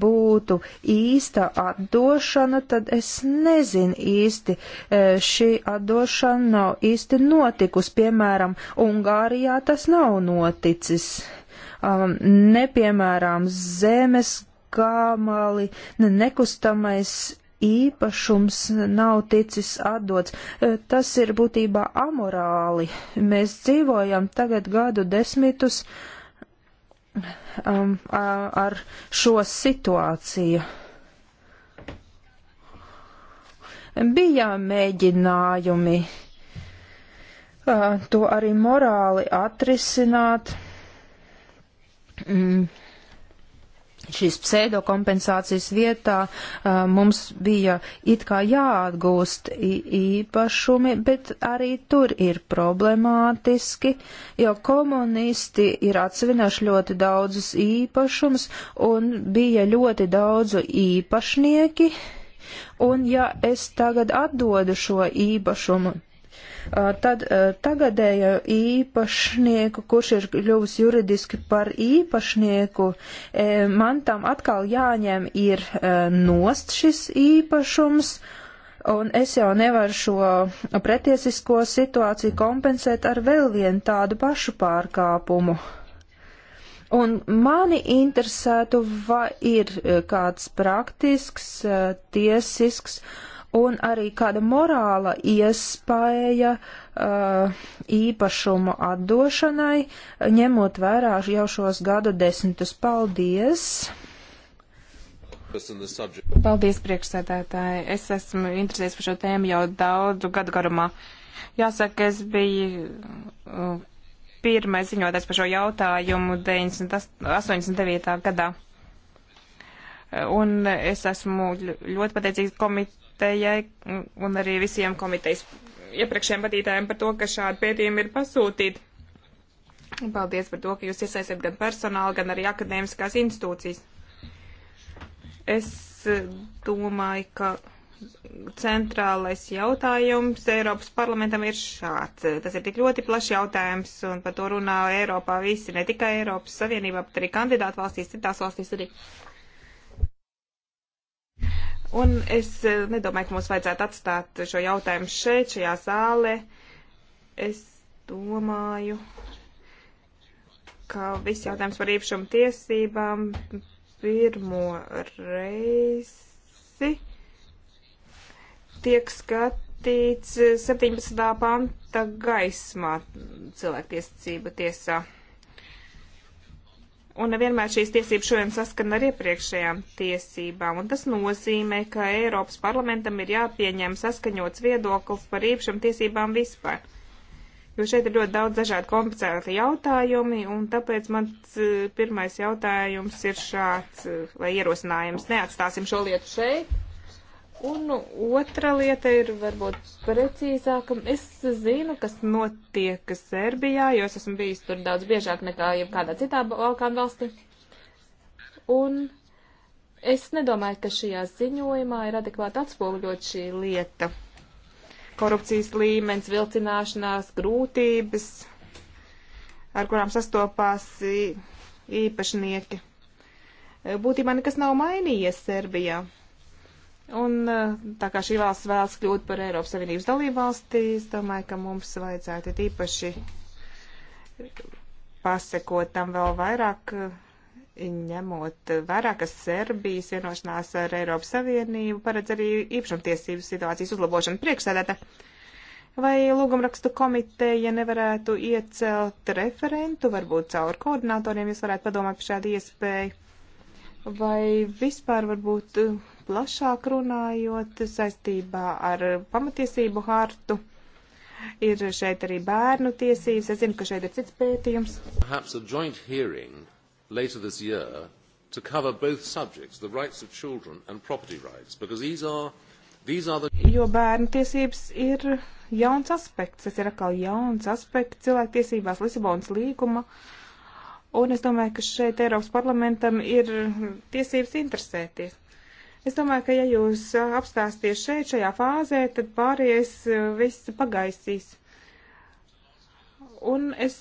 būtu īsta atdošana, tad es nezinu īsti. E, šī atdošana nav īsti notikusi, piemēram, Ungārijā tas nav noticis. Um, nepiemēram, zemes kāmali, ne nekustamais īpašums nav ticis atdots. E, tas ir būtībā amorāli. Mēs dzīvojam tagad gadu desmitus um, ar šo situāciju. Bija mēģinājumi uh, to arī morāli atrisināt. Mm šīs pseidokompensācijas vietā uh, mums bija it kā jāatgūst īpašumi, bet arī tur ir problemātiski, jo komunisti ir atsevināši ļoti daudzus īpašumus un bija ļoti daudzu īpašnieki. Un ja es tagad atdodu šo īpašumu Uh, tad uh, tagadēja īpašnieku, kurš ir kļuvis juridiski par īpašnieku, e, man tam atkal jāņem ir e, nost šis īpašums. Un es jau nevaru šo pretiesisko situāciju kompensēt ar vēl vienu tādu pašu pārkāpumu. Un mani interesētu, vai ir e, kāds praktisks, tiesisks uh, un arī kāda morāla iespēja uh, īpašumu atdošanai, ņemot vērā jau šos gadu desmitus. Paldies! Paldies, priekšsēdētāji. Es esmu interesējies par šo tēmu jau daudzu gadu garumā. Jāsaka, es biju uh, pirmais ziņotājs par šo jautājumu 89. gadā. Un es esmu ļoti pateicīgs komit komitejai un arī visiem komitejas iepriekšējiem vadītājiem par to, ka šādi pētījumi ir pasūtīti. Paldies par to, ka jūs iesaistat gan personālu, gan arī akadēmiskās institūcijas. Es eh, domāju, ka centrālais jautājums Eiropas parlamentam ir šāds. Tas ir tik ļoti plašs jautājums, un par to runā Eiropā visi, ne tikai Eiropas Savienībā, bet arī kandidātu valstīs, citās valstīs arī. Uh, Un es eh, nedomāju, ka mums vajadzētu atstāt šo jautājumu šeit, šajā zālē. Es domāju, ka viss jautājums par īpašumu tiesībām pirmo reizi tiek skatīts 17. Eh, panta gaismā cilvēktiesība tiesā. Un nevienmēr šīs tiesības šodien saskana ar iepriekšējām tiesībām, un tas nozīmē, ka Eiropas parlamentam ir jāpieņem saskaņots viedoklis par īpašam tiesībām vispār. Jo šeit ir ļoti daudz dažādu komplicētu jautājumi, un tāpēc mans eh, pirmais jautājums ir šāds, eh, vai ierosinājums neatstāsim šo lietu šeit, Un otra lieta ir varbūt precīzāka. Es zinu, kas notiek Serbijā, jo es esmu bijis tur daudz biežāk nekā jebkādā citā Balkānu valstī. Un es nedomāju, ka šajā ziņojumā ir adekvāti atspoguļot šī lieta. Korupcijas līmenis, vilcināšanās, grūtības, ar kurām sastopās īpašnieki. Būtībā nekas nav mainījies Serbijā. Un eh, tā kā šī valsts vēlas kļūt par Eiropas Savienības dalību valstī, es domāju, ka mums vajadzētu īpaši pasekot tam vēl vairāk, eh, ņemot vērā, ka Serbijas vienošanās ar Eiropas Savienību paredz arī īpašumtiesību situācijas uzlabošanu priekšsēdētā. Vai lūgumrakstu komiteja nevarētu iecelt referentu, varbūt caur koordinatoriem, jūs varētu padomāt par šādu iespēju? Vai vispār varbūt plašāk runājot saistībā ar pamatiesību hartu. Ir šeit arī bērnu tiesības. Es zinu, ka šeit ir cits pētījums. To cover both subjects, the rights of children and property rights, because these are, these are the. Jo bērnu tiesības ir jauns aspekts, tas ir atkal jauns aspekts cilvēktiesībās Lisabonas līguma, un es domāju, ka šeit Eiropas parlamentam ir tiesības interesēties. Es domāju, ka ja jūs uh, apstāsties šeit, šajā fāzē, tad pārējais uh, viss pagaisīs. Un es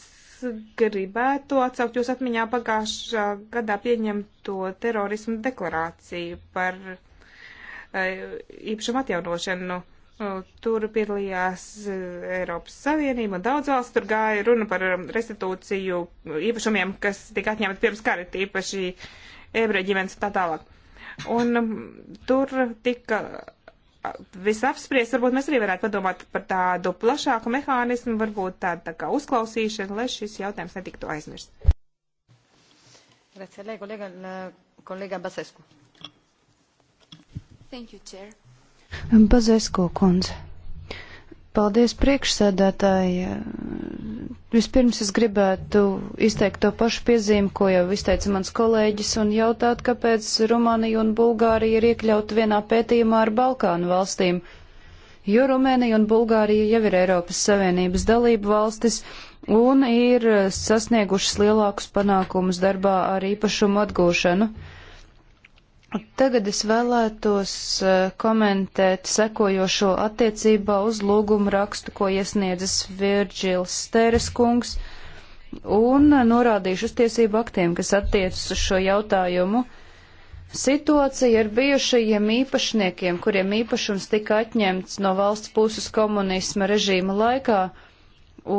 gribētu atsaukt jūs atmiņā pagājušā gadā pieņemto terorismu deklarāciju par uh, īpašumu atjaunošanu. Tur piedalījās Eiropas Savienība un daudz valsts. Tur gāja runa par um, restitūciju īpašumiem, kas tika atņemti pirms kara, īpaši ebreju ģimenes un tā tālāk. Un um, tur tika viss apspriests, varbūt mēs arī varētu padomāt par tādu plašāku mehānismu, varbūt tādu tā kā uzklausīšanu, lai šis jautājums netiktu aizmirsts. Grazie a lei, collega, collega Basescu. Thank you, Chair. Bazesko kundze. Paldies priekšsēdētāji. Vispirms es gribētu izteikt to pašu piezīmi, ko jau izteica mans kolēģis, un jautāt, kāpēc Rumānija un Bulgārija ir iekļauta vienā pētījumā ar Balkānu valstīm. Jo Rumānija un Bulgārija jau ir Eiropas Savienības dalību valstis un ir sasniegušas lielākus panākumus darbā ar īpašumu atgūšanu. Uh, Tagad es vēlētos eh, komentēt sekojošo attiecībā uz lūgumu rakstu, ko iesniedzis Virģils Stēres kungs, un norādīšu uz tiesību aktiem, kas attiecas uz šo jautājumu. Situācija ar bijušajiem īpašniekiem, kuriem īpašums tika atņemts no valsts puses komunisma režīma laikā,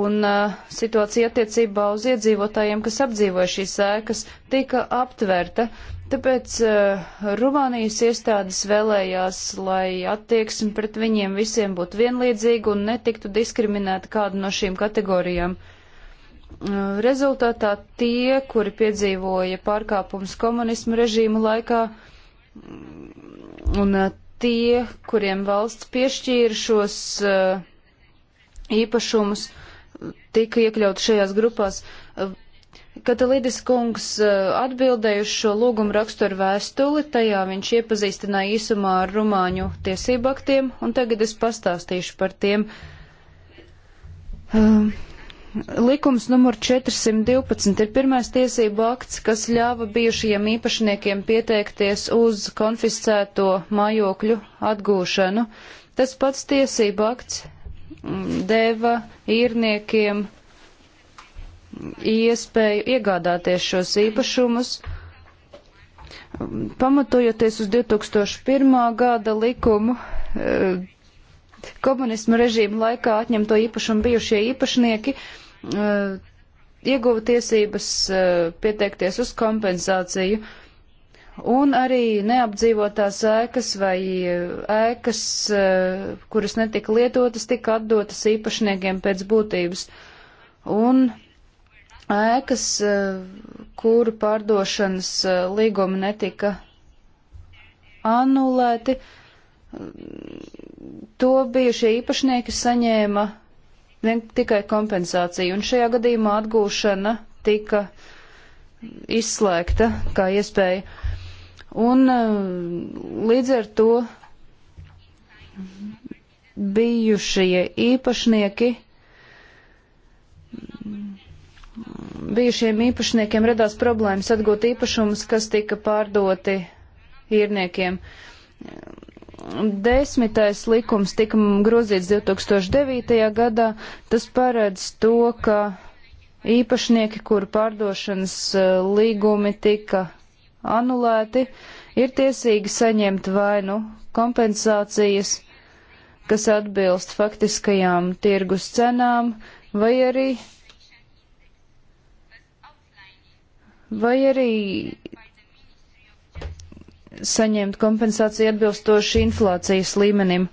un uh, situācija attiecībā uz iedzīvotājiem, kas apdzīvoja šīs ēkas, tika aptverta. Tāpēc uh, Rumānijas iestādes vēlējās, lai attieksme pret viņiem visiem būtu vienlīdzīga un netiktu diskriminēta kādu no šīm kategorijām. Uh, rezultātā tie, kuri piedzīvoja pārkāpums komunismu režīmu laikā, un uh, tie, kuriem valsts piešķīra šos īpašumus, tika iekļauti šajās grupās. Uh, Katalīdis kungs eh, atbildēja uz šo lūgumu raksturu vēstuli, tajā viņš iepazīstināja īsumā ar rumāņu tiesību aktiem, un tagad es pastāstīšu par tiem. Um, likums numur 412 ir pirmais tiesību akts, kas ļāva bijušajiem īpašniekiem pieteikties uz konfiscēto mājokļu atgūšanu. Tas pats tiesību akts mm, deva īrniekiem iespēju iegādāties šos īpašumus, pamatojoties uz 2001. gada likumu. Eh, komunismu režīmu laikā atņemto īpašumu bijušie īpašnieki eh, ieguva tiesības eh, pieteikties uz kompensāciju, un arī neapdzīvotās ēkas vai ēkas, kuras netika lietotas, tika atdotas īpašniekiem pēc būtības. Un ēkas, eh, kuru pārdošanas eh, līgumi netika anulēti, to bijušie īpašnieki saņēma tikai kompensāciju, un šajā gadījumā atgūšana tika izslēgta kā iespēja. Un eh, līdz ar to bijušie īpašnieki bijušiem īpašniekiem radās problēmas atgūt īpašumus, kas tika pārdoti īrniekiem. Desmitais likums tika grozīts 2009. gadā. Tas paredz to, ka īpašnieki, kuru pārdošanas e, līgumi tika anulēti, ir tiesīgi saņemt vainu kompensācijas, kas atbilst faktiskajām tirgus cenām, vai arī vai arī saņemt kompensāciju atbilstoši inflācijas līmenim.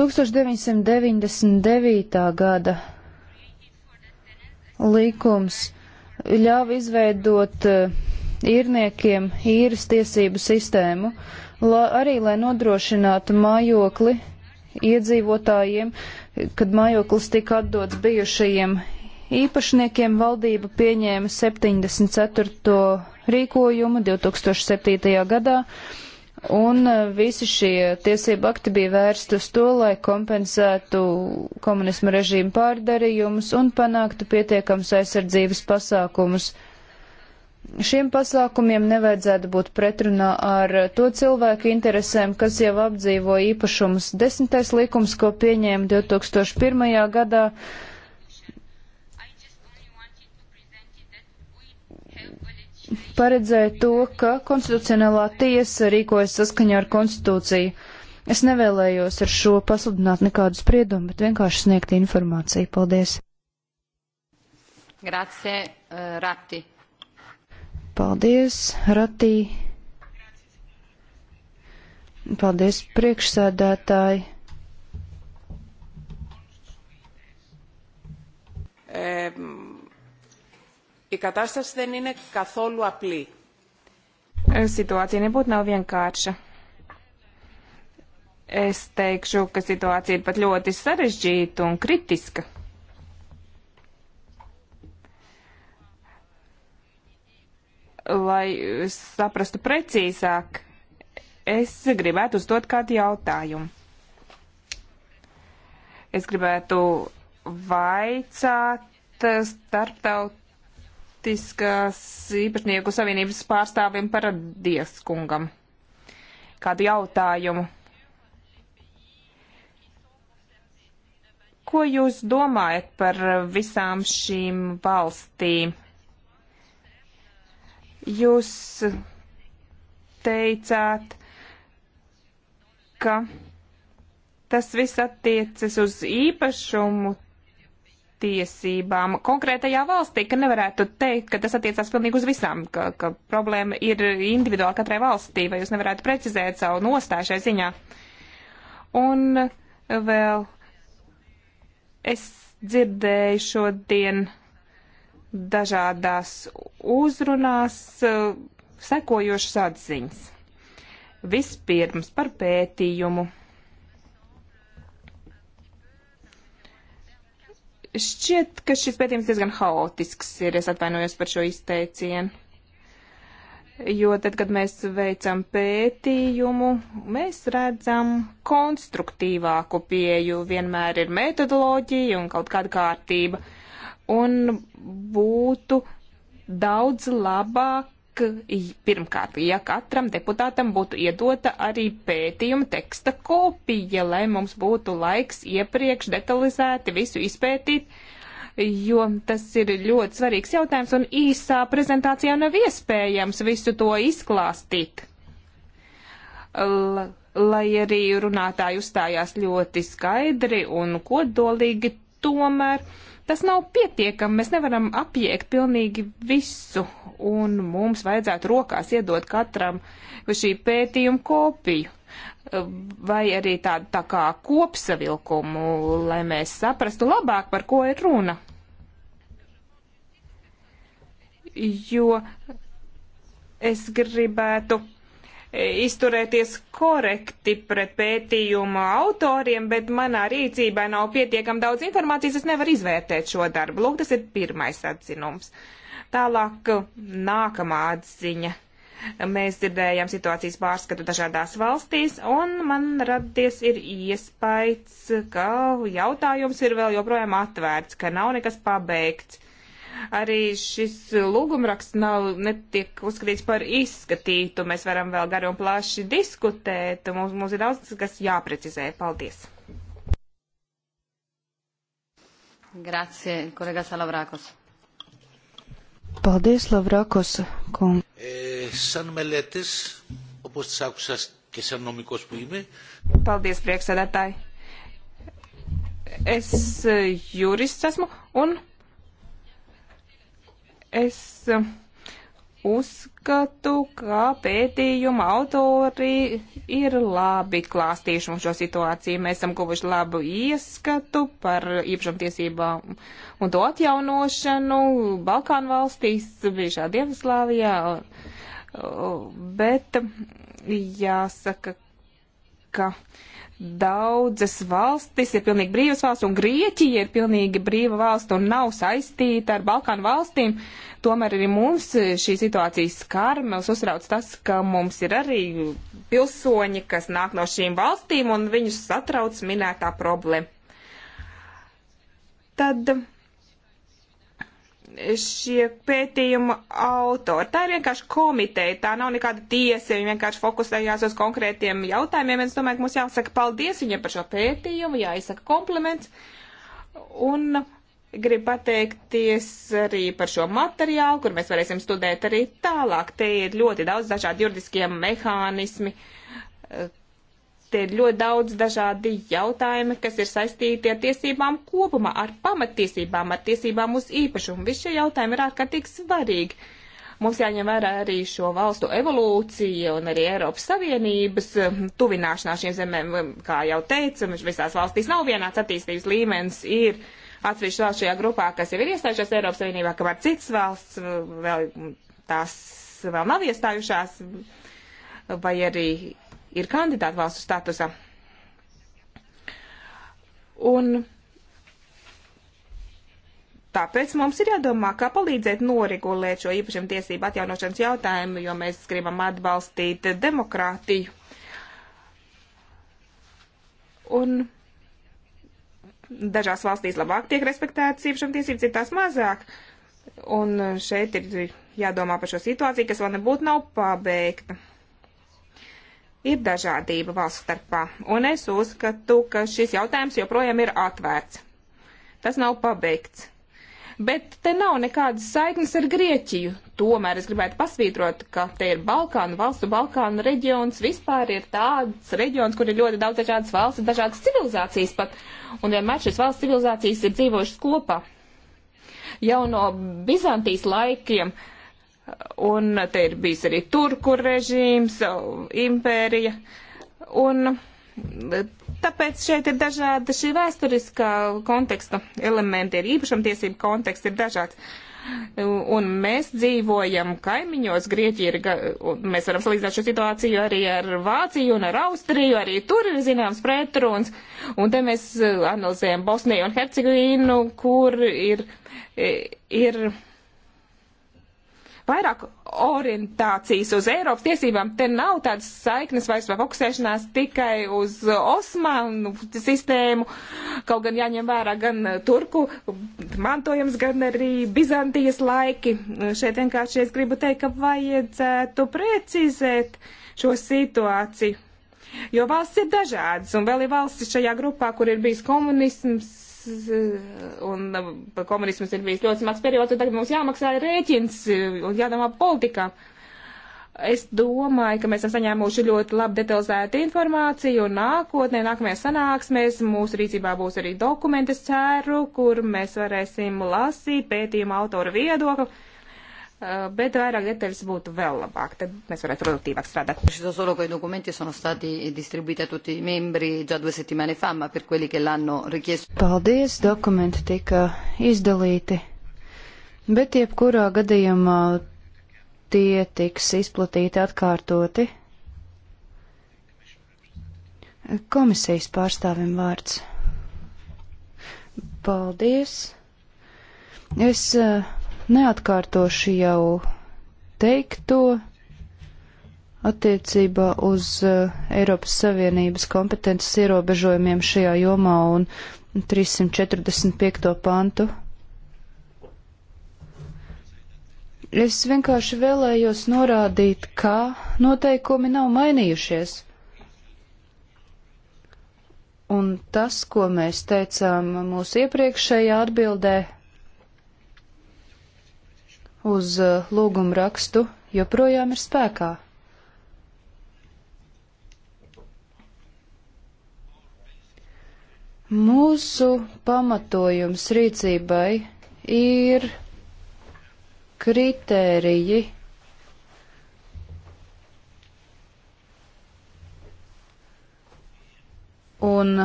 Tūkstoš deviņsimt deviņdesmit devītā gada likums ļāva izveidot eh, īrniekiem īras tiesību sistēmu, la, arī lai nodrošinātu mājokli iedzīvotājiem, uh, kad mājoklis tika atdots bijušajiem īpašniekiem, valdība pieņēma 74. rīkojumu 2007. gadā, un e, visi šie tiesību akti bija vērsti uz to, lai kompensētu komunismu režīmu pārdarījumus un panāktu pietiekams aizsardzības pasākumus šiem pasākumiem nevajadzētu būt pretrunā ar to cilvēku interesēm, kas jau apdzīvo īpašumus. Desmitais likums, ko pieņēma 2001. gadā, paredzēja to, ka konstitucionālā tiesa rīkojas saskaņā ar konstitūciju. Es nevēlējos ar šo pasludināt nekādu spriedumu, bet vienkārši sniegt informāciju. Paldies! Grazie, uh, eh, Rapti. Paldies, Ratī. Paldies, priekšsēdētāji. Η κατάσταση δεν είναι καθόλου απλή. Situācija nebūtu nav vienkārša. Es teikšu, ka situācija ir pat ļoti sarežģīta un kritiska. lai eh, saprastu precīzāk, es gribētu uzdot kādu jautājumu. Es gribētu vaicāt eh, starptautiskās īpašnieku savienības pārstāvim paradies kungam kādu jautājumu. Ko jūs domājat par visām šīm valstīm? Jūs teicāt, ka tas viss attiecas uz īpašumu tiesībām konkrētajā valstī, ka nevarētu teikt, ka tas attiecās pilnīgi uz visām, ka, ka problēma ir individuāli katrai valstī, vai jūs nevarētu precizēt savu nostāju šai ziņā. Un vēl es dzirdēju šodien dažādās uzrunās eh, sekojošas atziņas. Vispirms par pētījumu. Šķiet, ka šis pētījums diezgan haotisks ir, es atvainojos par šo izteicienu. Jo tad, kad mēs veicam pētījumu, mēs redzam konstruktīvāku pieju. Vienmēr ir metodoloģija un kaut kāda kārtība. Uh, un būtu daudz labāk, pirmkārt, ja katram deputātam būtu iedota arī pētījuma teksta kopija, lai mums būtu laiks iepriekš detalizēti visu izpētīt, jo tas ir ļoti svarīgs jautājums un īsā prezentācijā nav iespējams visu to izklāstīt. L lai arī runātāji uzstājās ļoti skaidri un kodolīgi, tomēr uh, Tas nav pietiekami, mēs nevaram apiet pilnīgi visu, un mums vajadzētu rokās iedot katram šī pētījuma kopiju, vai arī tādu tā kā kopsavilkumu, lai mēs saprastu labāk, par ko ir runa. Jo es gribētu izturēties korekti pret pētījuma autoriem, bet manā rīcībā nav pietiekam daudz informācijas, es nevaru izvērtēt šo darbu. Lūk, tas ir pirmais atzinums. Tālāk nākamā atziņa. Mēs dzirdējām situācijas pārskatu dažādās valstīs, un man radies ir iespējas, ka jautājums ir vēl joprojām atvērts, ka nav nekas pabeigts. Arī šis lūgumraksts nav netiek uzskatīts par izskatītu. Mēs varam vēl gari un plaši diskutēt. Mums, mums ir daudz, kas jāprecizē. Paldies! Grazie, kolega Salavrakos. Paldies, Lavrakos kungs. E, san meletes, opos tas akusas, ka san nomikos που είμαι. Paldies, priekšsēdētāji. Es jurists esmu un Es eh, uzskatu, ka pētījuma autori ir labi klāstījuši mums šo situāciju. Mēs esam guvuši labu ieskatu par īpašumtiesībām un to atjaunošanu Balkānu valstīs, bijušā Dienvidslāvijā. Bet jāsaka, ka daudzas valstis ir pilnīgi brīvas valsts, un Grieķija ir pilnīgi brīva valsts un nav saistīta ar Balkānu valstīm. Tomēr arī mums šī situācija skar, mums uzrauc tas, ka mums ir arī pilsoņi, kas nāk no šīm valstīm, un viņus satrauc minētā problēma. Tad šie pētījuma autori. Tā ir vienkārši komiteja, tā nav nekāda tiesa, viņi vienkārši fokusējās uz konkrētiem jautājumiem. Es domāju, ka mums jāsaka paldies viņiem par šo pētījumu, jāizsaka kompliments. Un gribu pateikties arī par šo materiālu, kur mēs varēsim studēt arī tālāk. Te ir ļoti daudz dažādi juridiskie mehānismi, Te ir ļoti daudz dažādi jautājumi, kas ir saistīti ar tiesībām kopumā, ar pamatiesībām, ar tiesībām uz īpašumu. Visi šie jautājumi ir ārkārtīgi svarīgi. Mums jāņem vērā arī šo valstu evolūcija un arī Eiropas Savienības eh, tuvināšanās šiem zemēm, kā jau teicu, visās valstīs nav vienāds attīstības līmenis, ir atsevišķi valsts šajā grupā, kas jau ir iestājušās Eiropas Savienībā, kamēr citas valsts eh, vēl tās vēl nav iestājušās, vai arī ir kandidātu valstu statusā. Un Tāpēc mums ir jādomā, kā palīdzēt noregulēt šo īpašumu tiesību atjaunošanas jautājumu, jo mēs gribam atbalstīt demokrātiju. Un dažās valstīs labāk tiek respektētas īpašumu tiesības, citās mazāk. Un šeit ir jādomā par šo situāciju, kas vēl nebūtu nav pabeigta ir dažādība valsts starpā, un es uzskatu, ka šis jautājums joprojām ir atvērts. Tas nav pabeigts. Bet te nav nekādas saiknes ar Grieķiju. Tomēr es gribētu pasvītrot, ka te ir Balkānu valstu, Balkānu reģions vispār ir tāds reģions, kur ir ļoti daudz dažādas valsts, dažādas civilizācijas pat. Un vienmēr šīs valsts civilizācijas ir dzīvojušas kopā. Jau no Bizantijas laikiem uh, un te ir bijis arī turku režīms, impērija, un tāpēc šeit ir dažāda šī vēsturiskā konteksta elementi, ir īpašumtiesība konteksts ir dažāds. Un mēs dzīvojam kaimiņos, Grieķija ir, mēs varam salīdzināt šo situāciju arī ar Vāciju un ar Austriju, arī tur ir zināms pretruns. Un te mēs eh, analizējam Bosniju un Hercegovinu, kur ir, eh, ir vairāk orientācijas uz Eiropas tiesībām. Te nav tādas saiknes vairs vai fokusēšanās tikai uz Osmanu sistēmu, kaut gan jāņem vērā gan turku mantojums, gan arī Bizantijas laiki. Šeit vienkārši es gribu teikt, ka vajadzētu precizēt šo situāciju. Jo valsts ir dažādas, un vēl ir valstis šajā grupā, kur ir bijis komunisms, un e, komunisms ir bijis ļoti smags periods, un tagad mums jāmaksā rēķins e, un jādomā politikā. Es domāju, ka mēs esam saņēmuši ļoti labi detalizētu informāciju, un nākotnē, nākamajā sanāksmēs, mūsu rīcībā būs arī dokumenti, es ceru, kur mēs varēsim lasīt pētījuma autora viedokli Eh, bet vairāk detaļas būtu vēl labāk, tad mēs varētu produktīvāk strādāt. Preciso solo che i documenti sono stati distribuiti a tutti i membri già due settimane fa, ma per quelli che l'hanno richiesto. Paldies, dokumenti tika izdalīti, bet jebkurā gadījumā tie tiks izplatīti atkārtoti. Komisijas pārstāvim vārds. Paldies. Es uh, neatkārtošu jau teikto attiecībā uz eh, Eiropas Savienības kompetences ierobežojumiem šajā jomā un 345. pantu. Es vienkārši vēlējos norādīt, ka noteikumi nav mainījušies. Un tas, ko mēs teicām mūsu iepriekšējā atbildē, uz uh, lūgumu rakstu joprojām ir spēkā. Mūsu pamatojums rīcībai ir kritēriji, un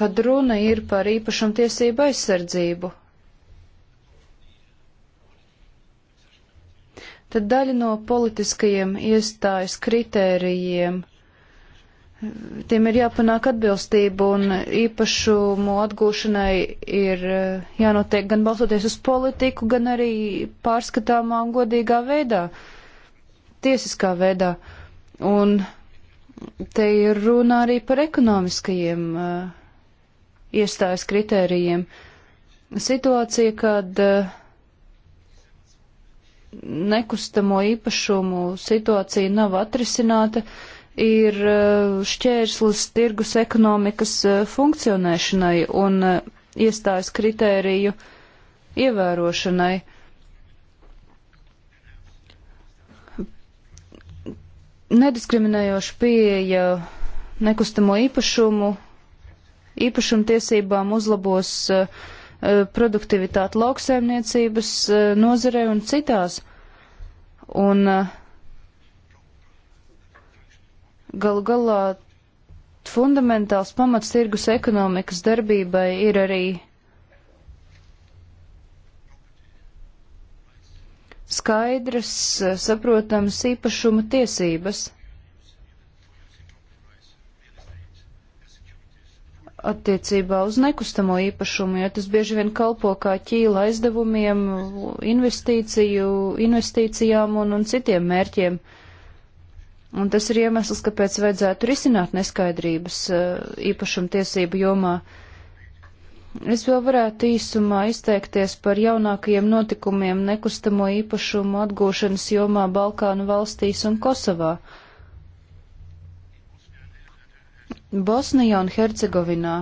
kad runa ir par īpašumtiesību aizsardzību, tad daļa no politiskajiem iestājas kritērijiem, tiem ir jāpanāk atbilstība un īpašumu atgūšanai ir eh, jānotiek gan balsoties uz politiku, gan arī pārskatāmā un godīgā veidā, tiesiskā veidā. Un te ir runa arī par ekonomiskajiem uh, iestājas kritērijiem. Situācija, kad uh, nekustamo īpašumu situācija nav atrisināta, ir eh, šķērslis tirgus ekonomikas eh, funkcionēšanai un eh, iestājas kritēriju ievērošanai. Nediskriminējoša pieeja nekustamo īpašumu, īpašumtiesībām uzlabos uh, Eh, produktivitāti lauksaimniecības eh, nozarē un citās. Un eh, galu galā fundamentāls pamats tirgus ekonomikas darbībai ir arī skaidras, saprotamas īpašuma tiesības. attiecībā uz nekustamo īpašumu, jo tas bieži vien kalpo kā ķīla aizdevumiem, investīciju, investīcijām un, un citiem mērķiem. Un tas ir iemesls, kāpēc vajadzētu risināt neskaidrības eh, īpašuma tiesību jomā. Es vēl varētu īsumā izteikties par jaunākajiem notikumiem nekustamo īpašumu atgūšanas jomā Balkānu valstīs un Kosovā. Uh, Bosnijā un Hercegovinā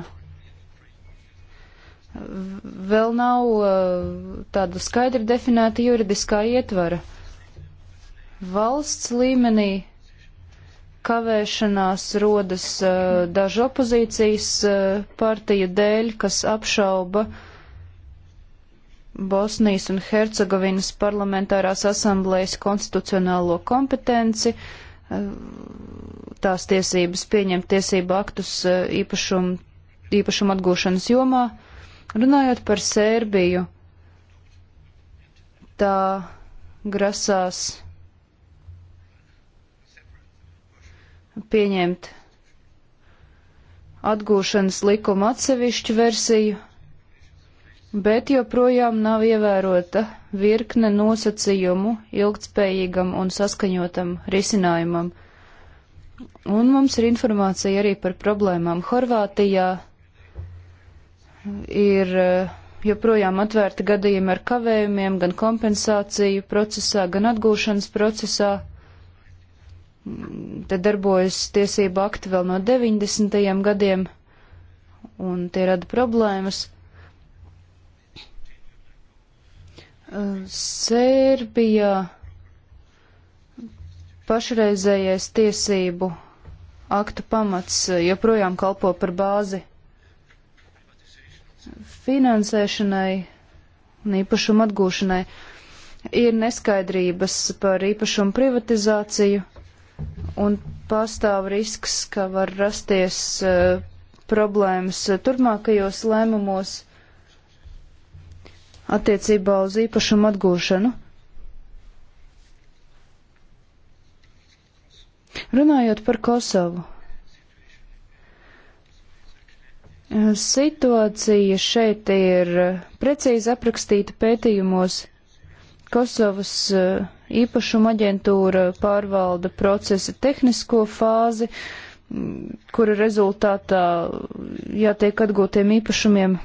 vēl nav uh, tāda skaidri definēta juridiskā ietvara. Valsts līmenī kavēšanās rodas uh, dažu opozīcijas uh, partiju dēļ, kas apšauba Bosnijas un Hercegovinas parlamentārās asamblējas konstitucionālo kompetenci, tās tiesības pieņemt tiesību aktus e, īpašumu īpašuma atgūšanas jomā. Runājot par Sērbiju, tā grasās pieņemt atgūšanas likuma atsevišķu versiju, bet joprojām nav ievērota virkne nosacījumu ilgtspējīgam un saskaņotam risinājumam. Un mums ir informācija arī par problēmām Horvātijā. Ir eh, joprojām atvērti gadījumi ar kavējumiem gan kompensāciju procesā, gan atgūšanas procesā. Te darbojas tiesība akti vēl no 90. gadiem, un tie rada problēmas. Eh, Sērbijā pašreizējais tiesību aktu pamats eh, joprojām kalpo par bāzi finansēšanai un īpašumu atgūšanai. Ir neskaidrības par īpašumu privatizāciju un pastāv risks, ka var rasties uh, problēmas turpmākajos lēmumos attiecībā uz īpašumu atgūšanu. Runājot par Kosovu. Situācija šeit ir precīzi aprakstīta pētījumos. Kosovas eh, īpašuma aģentūra pārvalda procesa tehnisko fāzi, kura rezultātā jātiek atgūtiem īpašumiem.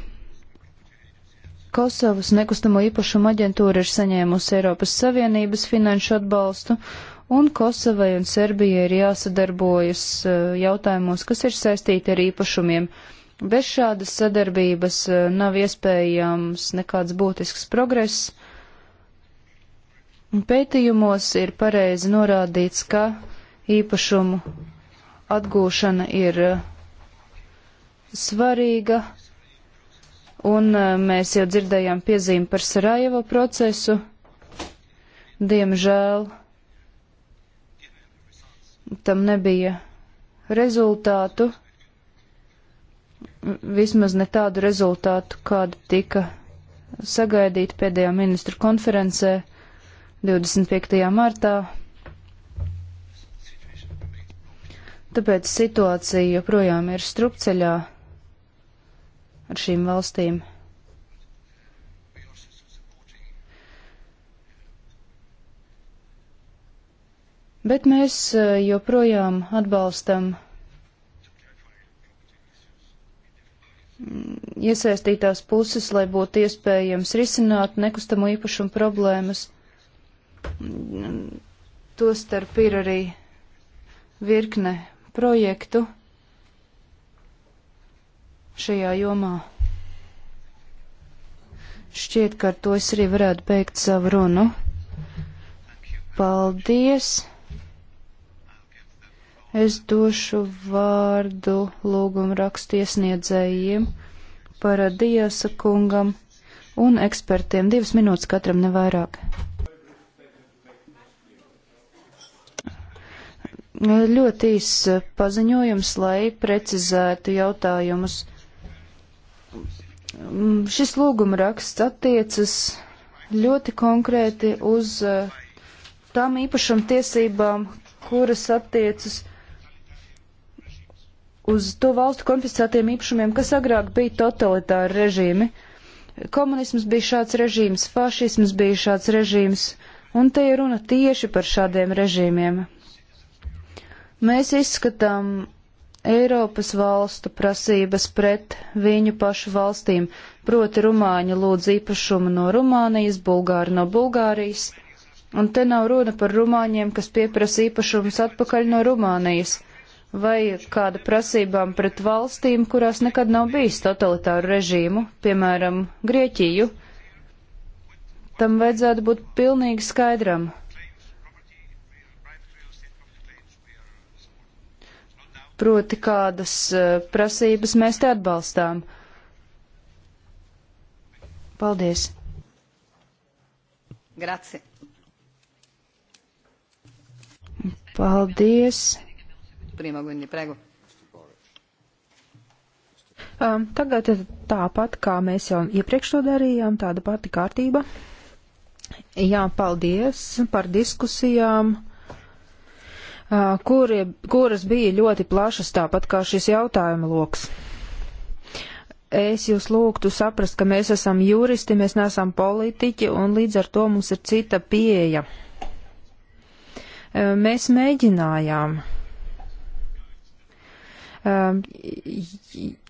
Kosovas nekustamo īpašuma aģentūra ir saņēmusi Eiropas Savienības finanšu atbalstu. Uh, un Kosovai un Serbijai ir jāsadarbojas eh, jautājumos, kas ir saistīti ar īpašumiem. Bez šādas sadarbības eh, nav iespējams nekāds būtisks progress. Pētījumos ir pareizi norādīts, ka īpašumu atgūšana ir eh, svarīga, un mēs jau dzirdējām piezīmi par Sarajevo procesu. Diemžēl tam nebija rezultātu, vismaz ne tādu rezultātu, kāda tika sagaidīta pēdējā ministru konferencē 25. martā. Tāpēc situācija joprojām ir strupceļā ar šīm valstīm. bet mēs eh, joprojām atbalstam mm, iesaistītās puses, lai būtu iespējams risināt nekustamo īpašumu problēmas. Mm, tostarp ir arī virkne projektu šajā jomā. Šķiet, ka ar to es arī varētu beigt savu runu. Paldies! Es došu vārdu lūgumu rakstu iesniedzējiem par Diasa kungam un ekspertiem. Divas minūtes katram nevairāk. Ļoti īs paziņojums, lai precizētu jautājumus. Mm, šis lūguma raksts attiecas ļoti konkrēti uz eh, tām īpašam tiesībām, kuras attiecas uz to valstu konfiscētiem īpašumiem, kas agrāk bija totalitāri režīmi. Komunisms bija šāds režīms, fašisms bija šāds režīms, un te ir runa tieši par šādiem režīmiem. Mēs izskatām Eiropas valstu prasības pret viņu pašu valstīm, proti Rumāņa lūdz īpašumu no Rumānijas, Bulgāri no Bulgārijas, un te nav runa par Rumāņiem, kas pieprasa īpašumus atpakaļ no Rumānijas vai kāda prasībām pret valstīm, kurās nekad nav bijis totalitāru režīmu, piemēram, Grieķiju. Tam vajadzētu būt pilnīgi skaidram. Proti, kādas eh, prasības mēs te atbalstām. Paldies! Grazie! Paldies! prima, quindi prego. Um, tagad tāpat, kā mēs jau iepriekš to darījām, tāda pati kārtība. Jā, paldies par diskusijām uh, kuri, kuras bija ļoti plašas, tāpat kā šis jautājuma lokus. Es jūs lūgtu saprast, ka mēs esam juristi, mēs neesam politiķi, un līdz ar to mums ir cita pieeja. Uh, mēs mēģinājām um,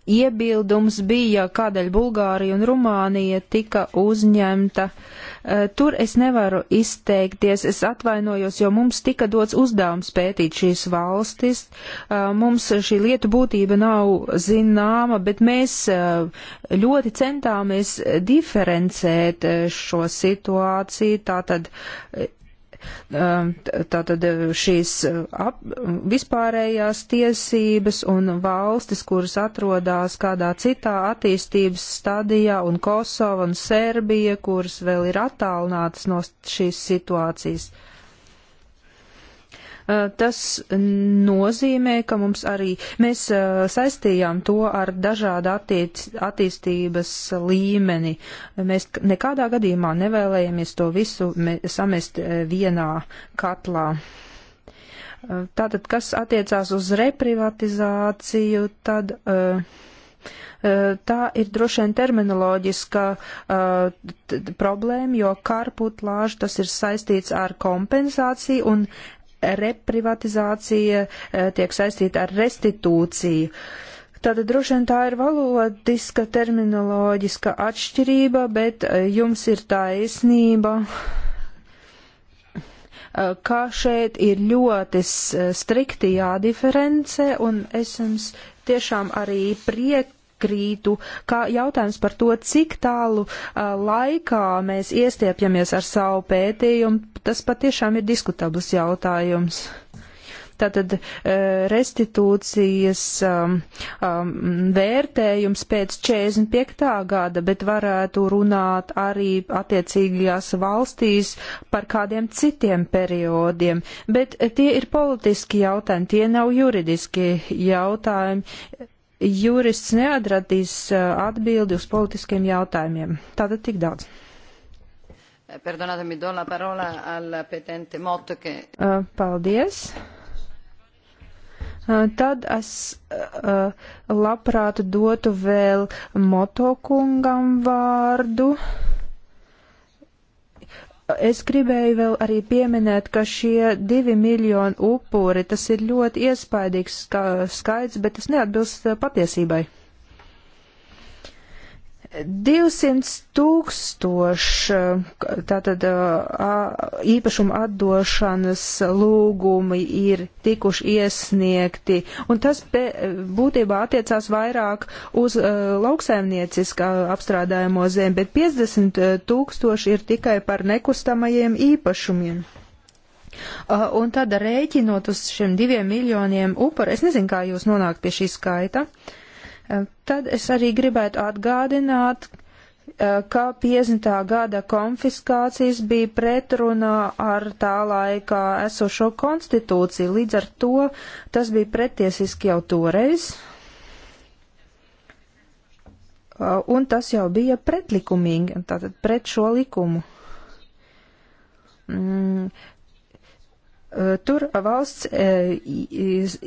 iebildums bija, kādēļ Bulgārija un Rumānija tika uzņemta. Uh, tur es nevaru izteikties, es atvainojos, jo mums tika dots uzdevums pētīt šīs valstis. Uh, mums šī lietu būtība nav zināma, bet mēs uh, ļoti centāmies diferencēt šo situāciju. Tātad Um, tātad uh, šīs uh, ap, vispārējās tiesības un valstis, kuras atrodās kādā citā attīstības stadijā, un Kosova un Serbija, kuras vēl ir attālinātas no šīs situācijas. Uh, Eh, tas nozīmē, ka mums arī mēs eh, saistījām to ar dažādu attiec, attīstības līmeni. Mēs nekādā gadījumā nevēlējamies to visu samest eh, vienā katlā. Tātad, kas attiecās uz reprivatizāciju, tad uh, tā ir droši vien terminoloģiska uh, problēma, jo karputlāža tas ir saistīts ar kompensāciju un reprivatizācija eh, tiek saistīta ar restitūciju. Tātad droši vien tā ir valodiska terminoloģiska atšķirība, bet eh, jums ir taisnība, eh, ka šeit ir ļoti strikti jādiferencē, un es jums tiešām arī priek piekrītu, kā jautājums par to, cik tālu uh, laikā mēs iestiepjamies ar savu pētījumu, tas patiešām ir diskutabls jautājums. Tātad uh, restitūcijas um, um, vērtējums pēc 45. gada, bet varētu runāt arī attiecīgajās valstīs par kādiem citiem periodiem. Bet tie ir politiski jautājumi, tie nav juridiski jautājumi jurists neatradīs uh, atbildi uz politiskiem jautājumiem. Tātad tik daudz. Eh, perdonatemi, do la parola al petente Motto, che... Eh, paldies. Eh, tad es labprāt dotu vēl Moto kungam vārdu. Es gribēju vēl arī pieminēt, ka šie divi miljoni upuri, tas ir ļoti iespaidīgs skaits, bet tas neatbilst uh, patiesībai. 200 tūkstoši tātad īpašuma atdošanas lūgumi ir tikuši iesniegti, un tas be, būtībā attiecās vairāk uz uh, lauksaimnieciskā apstrādājamo zemi, bet 50 tūkstoši ir tikai par nekustamajiem īpašumiem. Uh, un tad rēķinot uz šiem diviem miljoniem upuru, es nezinu, kā jūs nonākt pie šī skaita. Uh, Eh, tad es arī gribētu atgādināt, eh, ka 50. gada konfiskācijas bija pretrunā ar tā laikā esošo konstitūciju, līdz ar to tas bija pretiesiski jau toreiz, eh, un tas jau bija pretlikumīgi, tātad pret šo likumu. Mm, Eh, tur valsts eh,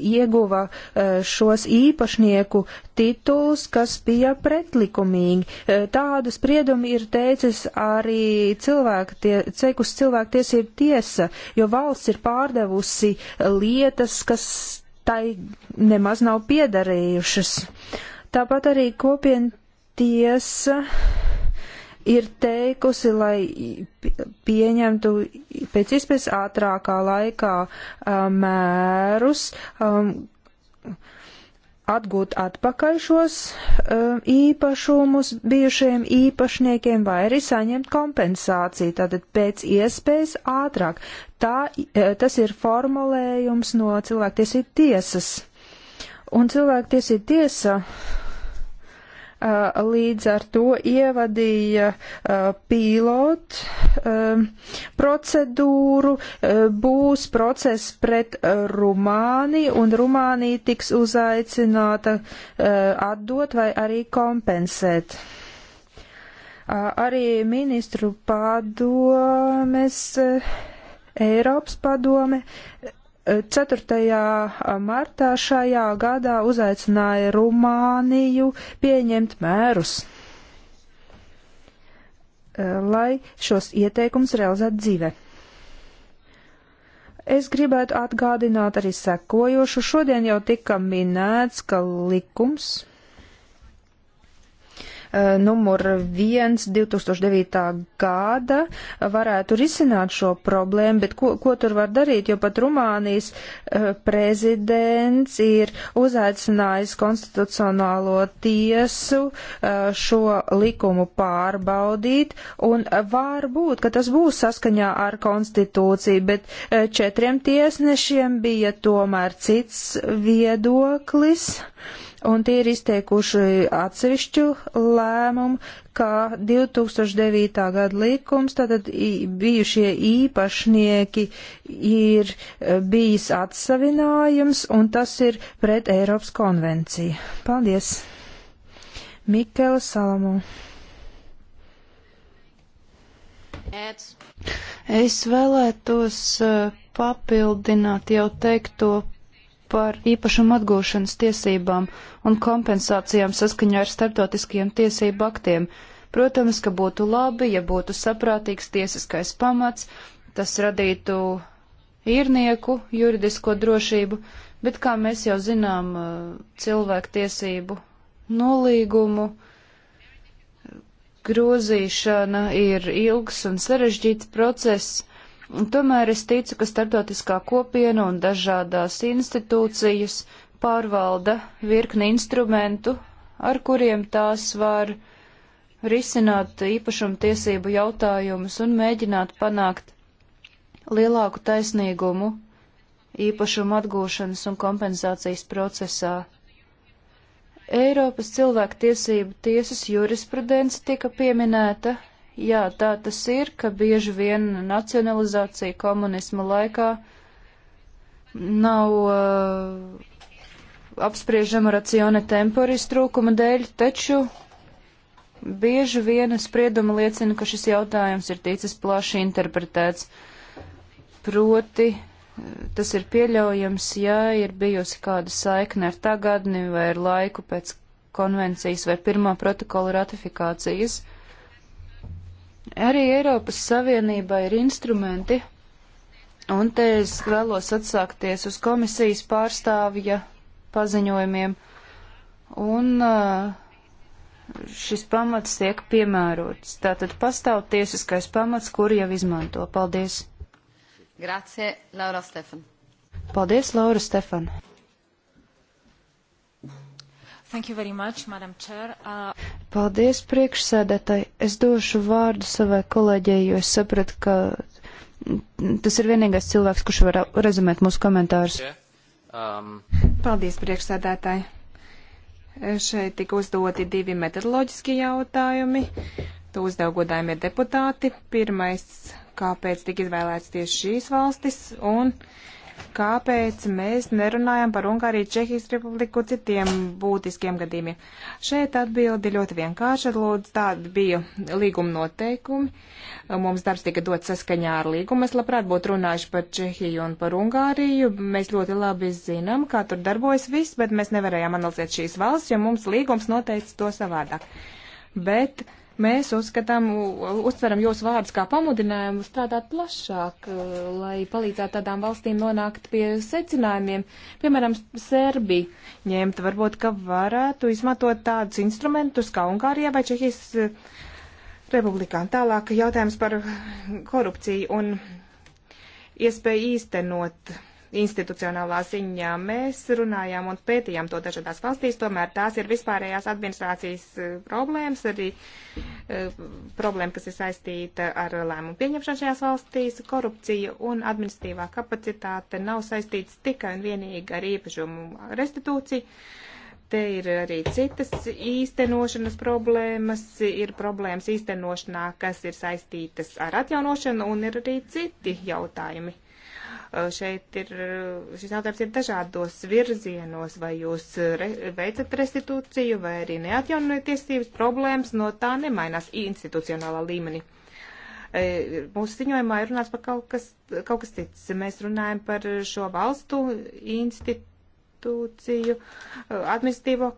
ieguva eh, šos īpašnieku titulus, kas bija pretlikumīgi. Tādu spriedumu ir teicis arī Ceikus cilvēktiesību tiesa, jo valsts ir pārdevusi lietas, kas tai nemaz nav piedarījušas. Tāpat arī kopiena tiesa ir teikusi, lai pieņemtu pēc iespējas ātrākā laikā mērus um, atgūt atpakaļ šos um, īpašumus bijušajiem īpašniekiem vai arī saņemt kompensāciju, tātad pēc iespējas ātrāk. Tā, tas ir formulējums no cilvēktiesību tiesas. Un cilvēktiesība tiesa uh, Uh, līdz ar to ievadīja uh, pilotu um, procedūru, uh, būs process pret Rumāniju, un Rumānija tiks uzaicināta atdot vai arī kompensēt. Arī ministru padomes, Eiropas padome 4. martā šajā gadā uzaicināja Rumāniju pieņemt mērus, lai šos ieteikumus realizētu dzīvē. Es gribētu atgādināt arī sekojošu. Šodien jau tika minēts, ka likums Eh, numur 1 2009. gada varētu risināt šo problēmu, bet ko, ko tur var darīt, jo pat Rumānijas eh, prezidents ir uzaicinājis konstitucionālo tiesu eh, šo likumu pārbaudīt, un var būt, ka tas būs saskaņā ar konstitūciju, bet četriem tiesnešiem bija tomēr cits viedoklis. Uh, un tie ir izteikuši atsevišķu lēmumu, kā 2009. gada likums, tātad bijušie īpašnieki ir e, bijis atsavinājums, un tas ir pret Eiropas konvenciju. Paldies! Mikela Salamo. Es vēlētos e, papildināt jau teikto par īpašumu atgūšanas tiesībām un kompensācijām saskaņā ar starptautiskajiem tiesību aktiem. Protams, ka būtu labi, ja būtu saprātīgs tiesiskais pamats, tas radītu īrnieku juridisko drošību, bet, kā mēs jau zinām, eh, cilvēktiesību nolīgumu grozīšana ir ilgs un sarežģīts process Un tomēr es ticu, ka starptautiskā kopiena un dažādās institūcijas pārvalda virkni instrumentu, ar kuriem tās var risināt īpašumtiesību jautājumus un mēģināt panākt lielāku taisnīgumu īpašumu atgūšanas un kompensācijas procesā. Eiropas cilvēktiesību tiesas jurisprudence tika pieminēta, Jā, tā tas ir, ka bieži vien nacionalizācija komunisma laikā nav uh, apspriežama racione temporis trūkuma dēļ, taču bieži viena sprieduma liecina, ka šis jautājums ir ticis plaši interpretēts. Proti, tas ir pieļaujams, ja ir bijusi kāda saikne ar tagadni vai ar laiku pēc konvencijas vai pirmā protokola ratifikācijas. Uh, Arī Eiropas Savienībā ir instrumenti, un te es vēlos atsākties uz komisijas pārstāvja paziņojumiem, un uh, šis pamats tiek piemērots. Tātad pastāv tiesiskais pamats, kur jau izmanto. Paldies! Grazie, Laura Stefan. Paldies, Laura Stefan. Thank you very much, Madam Chair. Uh... Paldies priekšsēdētāji. Es došu vārdu savai kolēģei, jo es sapratu, ka tas ir vienīgais cilvēks, kurš var rezumēt mūsu komentārus. Yeah. Um... Paldies priekšsēdētāji. Šeit tika uzdoti divi metodoloģiski jautājumi. To uzdev godājumie deputāti. Pirmais, kāpēc tika izvēlēts tieši šīs valstis, un uh, kāpēc mēs nerunājam par Ungāriju, Čehijas republiku, citiem būtiskiem gadījumiem. Šeit atbildi ļoti vienkārši, lūdzu, tādi bija līguma noteikumi. Mums darbs tika dots saskaņā ar līgumu. Es labprāt būtu runājuši par Čehiju un par Ungāriju. Mēs ļoti labi zinām, kā tur darbojas viss, bet mēs nevarējām analizēt šīs valsts, jo mums līgums noteica to savādāk. Bet Mēs uzskatām, uztveram jūsu vārdus kā pamudinājumu strādāt plašāk, uh, lai palīdzētu tādām valstīm nonākt pie secinājumiem. Piemēram, Serbi ņemt, varbūt, ka varētu izmantot tādus instrumentus kā Ungārijā vai Čehijas uh, republikā. Tālāk jautājums par korupciju un iespēju īstenot institucionālā ziņā. Mēs runājām un pētījām to dažādās valstīs, tomēr tās ir vispārējās administrācijas eh, problēmas, arī eh, problēma, kas ir saistīta ar lēmumu pieņemšanu šajās valstīs. Korupcija un administratīvā kapacitāte nav saistīts tikai un vienīgi ar īpašumu restitūciju. Te ir arī citas īstenošanas problēmas, ir problēmas īstenošanā, kas ir saistītas ar atjaunošanu, un ir arī citi jautājumi. Eh, šeit ir, eh, šis jautājums ir dažādos virzienos, vai jūs eh, re, veicat restitūciju, vai arī neatjaunojat tiesības, problēmas no tā nemainās institucionālā līmenī. Mūsu ziņojumā ir runāts par kaut kas, kaut kas cits. Mēs runājam par šo valstu institūciju administīvo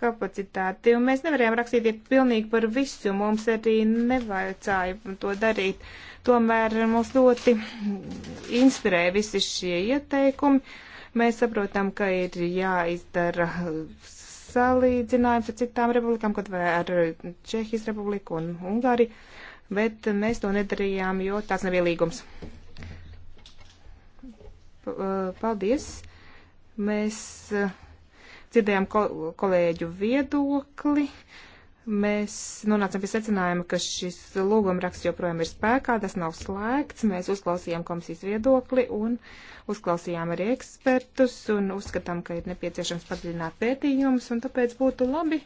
kapacitāti, un mēs nevarējām rakstīt ja pilnīgi par visu, mums arī nevajadzēja to darīt. Uh, Tomēr mums ļoti inspirē visi šie ieteikumi. Mēs saprotam, ka ir jāizdara salīdzinājums ar citām republikām, kaut vai ar Čehijas republiku un Ungāriju, bet mēs to nedarījām, jo tās nebija līgums. P paldies! Mēs dzirdējām kol kolēģu viedokli. Uh, Mēs nonācam pie secinājuma, ka šis lūgumraksts joprojām ir spēkā, tas nav slēgts. Mēs uzklausījām komisijas viedokli un uzklausījām arī ekspertus un uzskatām, ka ir nepieciešams padziļināt pētījumus un tāpēc būtu labi,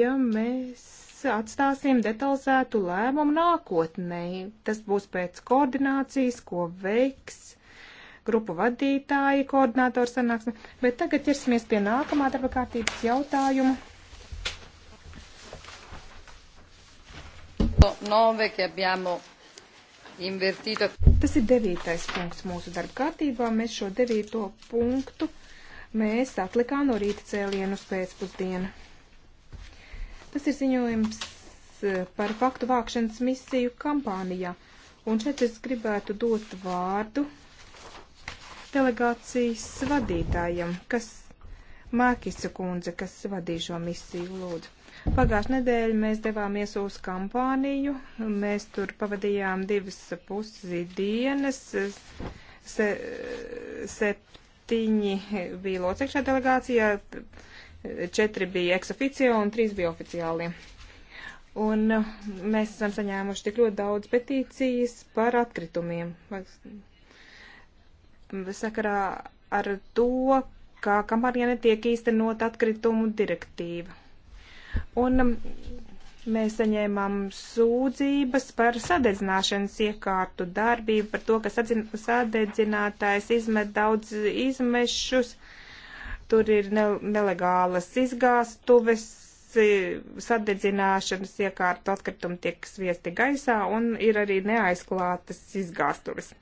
ja mēs atstāsim detalizētu lēmumu nākotnē. Tas būs pēc koordinācijas, ko veiks grupu vadītāji, koordinātoru sanāksme. Bet tagad ķersimies pie nākamā darba kārtības jautājuma. Tas ir devītais punkts mūsu darba kārtībā. Mēs šo devīto punktu mēs atlikām no rīta cēlienu uz pēcpusdienu. Tas ir ziņojums eh, par faktu vākšanas misiju kampānijā. Un šeit es gribētu dot vārdu delegācijas vadītājam, kas Mākisa kundze, kas vadīja šo misiju, lūdzu. Pagājušajā nedēļā mēs devāmies uz kampāniju, mēs tur pavadījām divas pusi dienas, se, septiņi bija locekļā delegācijā, četri bija eksoficiāli un trīs bija oficiāli. Un mēs esam saņēmuši tik ļoti daudz petīcijas par atkritumiem sakarā ar to, ka Kamārijā netiek īstenot atkritumu direktīva. Un um, mēs saņēmām sūdzības par sadedzināšanas iekārtu darbību, par to, ka sadedzinātājs izmet daudz izmešus, tur ir ne nelegālas izgāstuves, e, sadedzināšanas iekārtu atkritumi tiek sviesti gaisā un ir arī neaizklātas izgāstuves.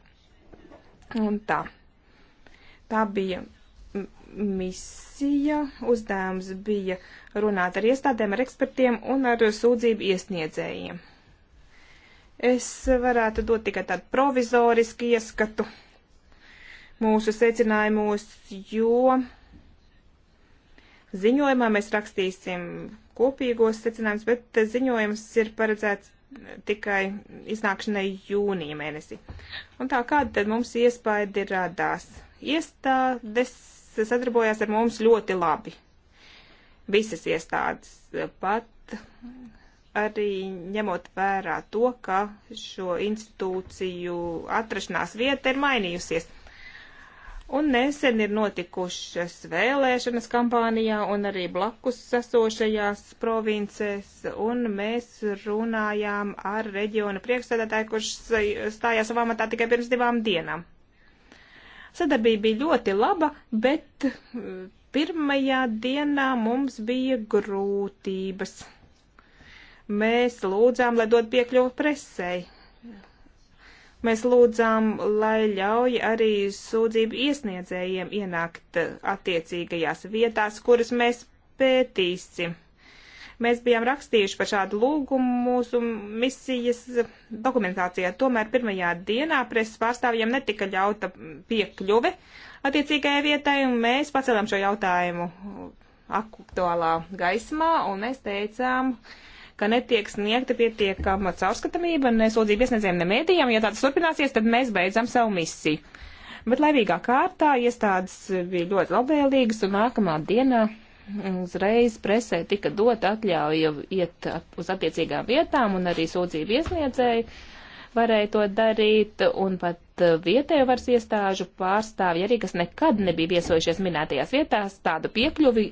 Un tā. Tā bija misija, uzdevums bija runāt ar iestādēm, ar ekspertiem un ar sūdzību iesniedzējiem. Es varētu dot tikai tādu provizorisku ieskatu mūsu secinājumos, jo ziņojumā mēs rakstīsim kopīgos secinājumus, bet ziņojums ir paredzēts tikai iznākšanai jūnija mēnesī. Un tā kāda tad mums iespēja radās? Iestādes sadarbojās ar mums ļoti labi. Visas iestādes pat arī ņemot vērā to, ka šo institūciju atrašanās vieta ir mainījusies. Un nesen ir notikušas vēlēšanas kampānijā un arī blakus esošajās provincēs, un mēs runājām ar reģiona priekšstādātāju, kurš stājās savā matā tikai pirms divām dienām. Sadarbība bija ļoti laba, bet eh, pirmajā dienā mums bija grūtības. Mēs lūdzām, lai dod piekļuvu presē. Mēs lūdzām, lai ļauj arī sūdzību iesniedzējiem ienākt eh, attiecīgajās vietās, kuras mēs pētīsim. Mēs bijām rakstījuši par šādu lūgumu mūsu misijas dokumentācijā. Tomēr pirmajā dienā preses pārstāvjiem netika ļauta piekļuve attiecīgajai vietai, un mēs pacēlām šo jautājumu aktuālā gaismā, un mēs teicām, ka netiek sniegta pietiekama caurskatamība, ne sūdzību iesniedzējiem, ne mēdījiem. Ja tāds turpināsies, tad mēs beidzam savu misiju. Bet laimīgā kārtā iestādes bija ļoti labvēlīgas, un nākamā dienā uzreiz presē tika dot atļauja iet uz attiecīgām vietām, un arī sūdzību iesniedzēji varēja to darīt, un pat uh, vietējo varas iestāžu pārstāvji arī, kas nekad nebija viesojušies minētajās vietās, tādu piekļuvi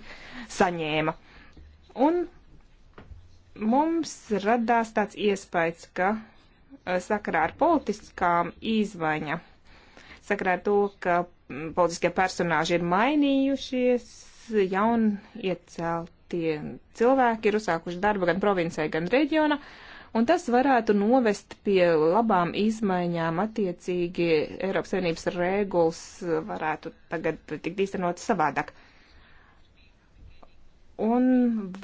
saņēma. Un mums radās tāds iespējas, ka uh, sakarā ar politiskām izmaiņa, sakarā ar to, ka mm, politiskie personāži ir mainījušies, jaun ieceltie cilvēki ir uzsākuši darbu gan provincē, gan reģiona, un tas varētu novest pie labām izmaiņām attiecīgi Eiropas Savienības regulas varētu tagad tikt īstenot savādāk. Un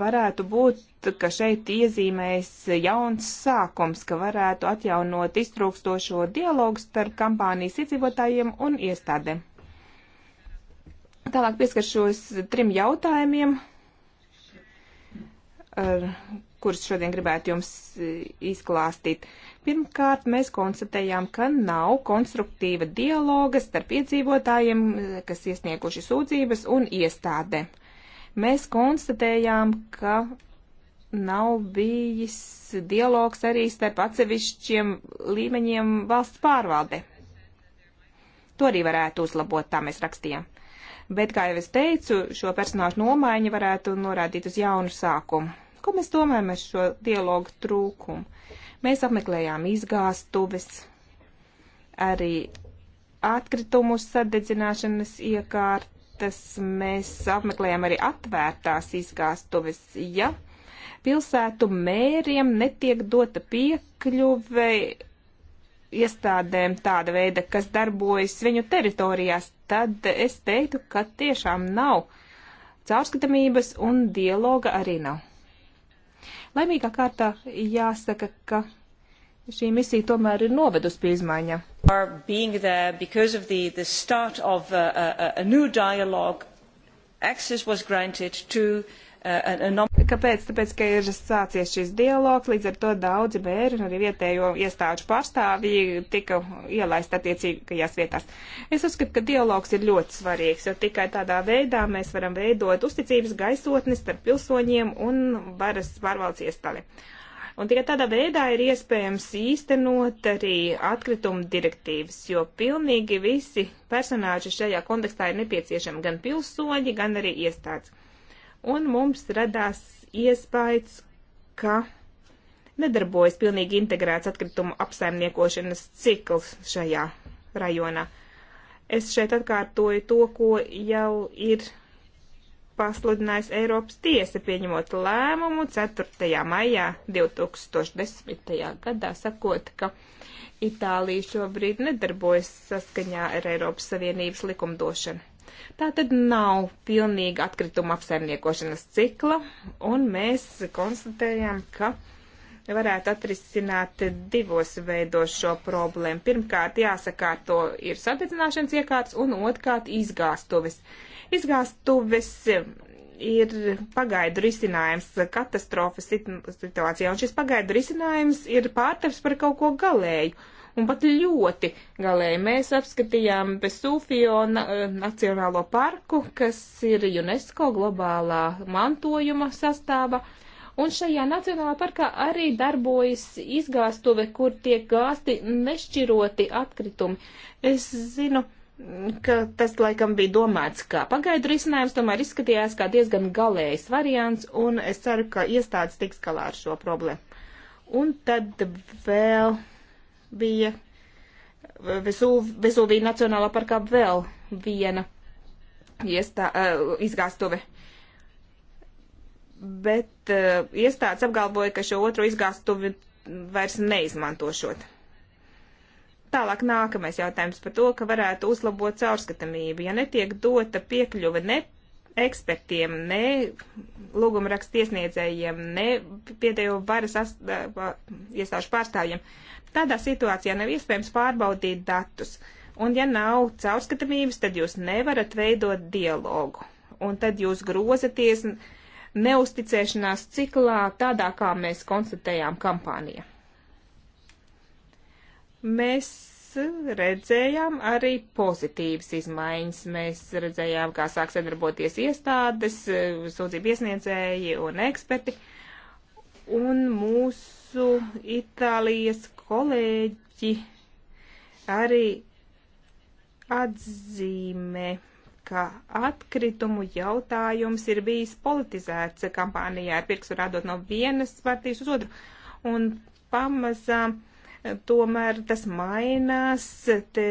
varētu būt, ka šeit iezīmēs jauns sākums, ka varētu atjaunot iztrūkstošo dialogu starp kampānijas iedzīvotājiem un iestādēm. Tālāk pieskaršos trim jautājumiem, kurus šodien gribētu jums e, izklāstīt. Pirmkārt, mēs konstatējām, ka nav konstruktīva dialoga starp iedzīvotājiem, e, kas iesnieguši sūdzības, un iestādē. Mēs konstatējām, ka nav bijis dialogs arī starp atsevišķiem līmeņiem valsts pārvalde. To arī varētu uzlabot, tā mēs rakstījām bet, kā jau es teicu, šo personāžu nomaiņa varētu norādīt uz jaunu sākumu. Ko mēs domājam ar šo dialogu trūkumu? Mēs apmeklējām izgāstuves, arī atkritumu sadedzināšanas iekārtas, mēs apmeklējām arī atvērtās izgāstuves, ja pilsētu mēriem netiek dota piekļuve iestādēm tāda veida, kas darbojas viņu teritorijās tad es teiktu, ka tiešām nav caurskatāmības un dialoga arī nav. Laimīgā kārtā jāsaka, ka šī misija tomēr ir novedusi pie izmaiņām. Uh, uh, uh, Access was granted to uh, Kāpēc? Tāpēc, ka ir sācies šis dialogs, līdz ar to daudzi bērni un arī vietējo iestāžu pārstāvji tika ielaist attiecīgajās vietās. Es uzskatu, ka dialogs ir ļoti svarīgs, jo tikai tādā veidā mēs varam veidot uzticības gaisotni starp pilsoņiem un varas pārvaldes iestādi. Un tikai tādā veidā ir iespējams īstenot arī atkritumu direktīvas, jo pilnīgi visi personāži šajā kontekstā ir nepieciešami gan pilsoņi, gan arī iestādes un mums radās iespējas, ka nedarbojas pilnīgi integrēts atkritumu apsaimniekošanas cikls šajā rajonā. Es šeit atkārtoju to, ko jau ir pasludinājis Eiropas tiesa, pieņemot lēmumu 4. maijā 2010. gadā, sakot, ka Itālija šobrīd nedarbojas saskaņā ar Eiropas Savienības likumdošanu. Tā tad nav pilnīga atkrituma apsaimniekošanas cikla, un mēs konstatējam, ka varētu atrisināt divos veidos šo problēmu. Pirmkārt, jāsakārto ir sadedzināšanas iekārtas, un otrkārt, izgāstuves. Izgāstuves ir pagaidu risinājums katastrofas situācijā, un šis pagaidu risinājums ir pārtaps par kaut ko galēju un pat ļoti galēji. Mēs apskatījām Vesufio eh, Nacionālo parku, kas ir UNESCO globālā mantojuma sastāva. Un šajā Nacionālā parkā arī darbojas izgāstuve, kur tiek gāsti nešķiroti atkritumi. Es zinu, ka tas laikam bija domāts kā pagaidu risinājums, tomēr izskatījās kā diezgan galējs variants, un es ceru, ka iestādes tiks galā ar šo problēmu. Un tad vēl bija Vesuvija Nacionālā parkā vēl viena iestā, uh, izgāstuve. Bet uh, iestādes apgalvoja, ka šo otro izgāstuvi vairs neizmantošot. Tālāk nākamais jautājums par to, ka varētu uzlabot caurskatamību, ja netiek dota piekļuve ne ekspertiem, ne lūgumrakstiesniedzējiem, ne pēdējo varas eh, iestāžu pārstāvjiem. Uh, Tādā situācijā nav iespējams pārbaudīt datus, un ja nav caurskatāmības, tad jūs nevarat veidot dialogu, un tad jūs grozaties neusticēšanās ciklā tādā, kā mēs konstatējām kampānijā. Mēs redzējām arī pozitīvas izmaiņas. Mēs redzējām, kā sāk sadarboties iestādes, sūdzību iesniedzēji un eksperti. Un mūsu Itālijas kolēģi arī atzīmē, ka atkritumu jautājums ir bijis politizēts kampānijā, ar pirkstu rādot no vienas partijas uz otru. Un pamazām tomēr tas mainās. Te,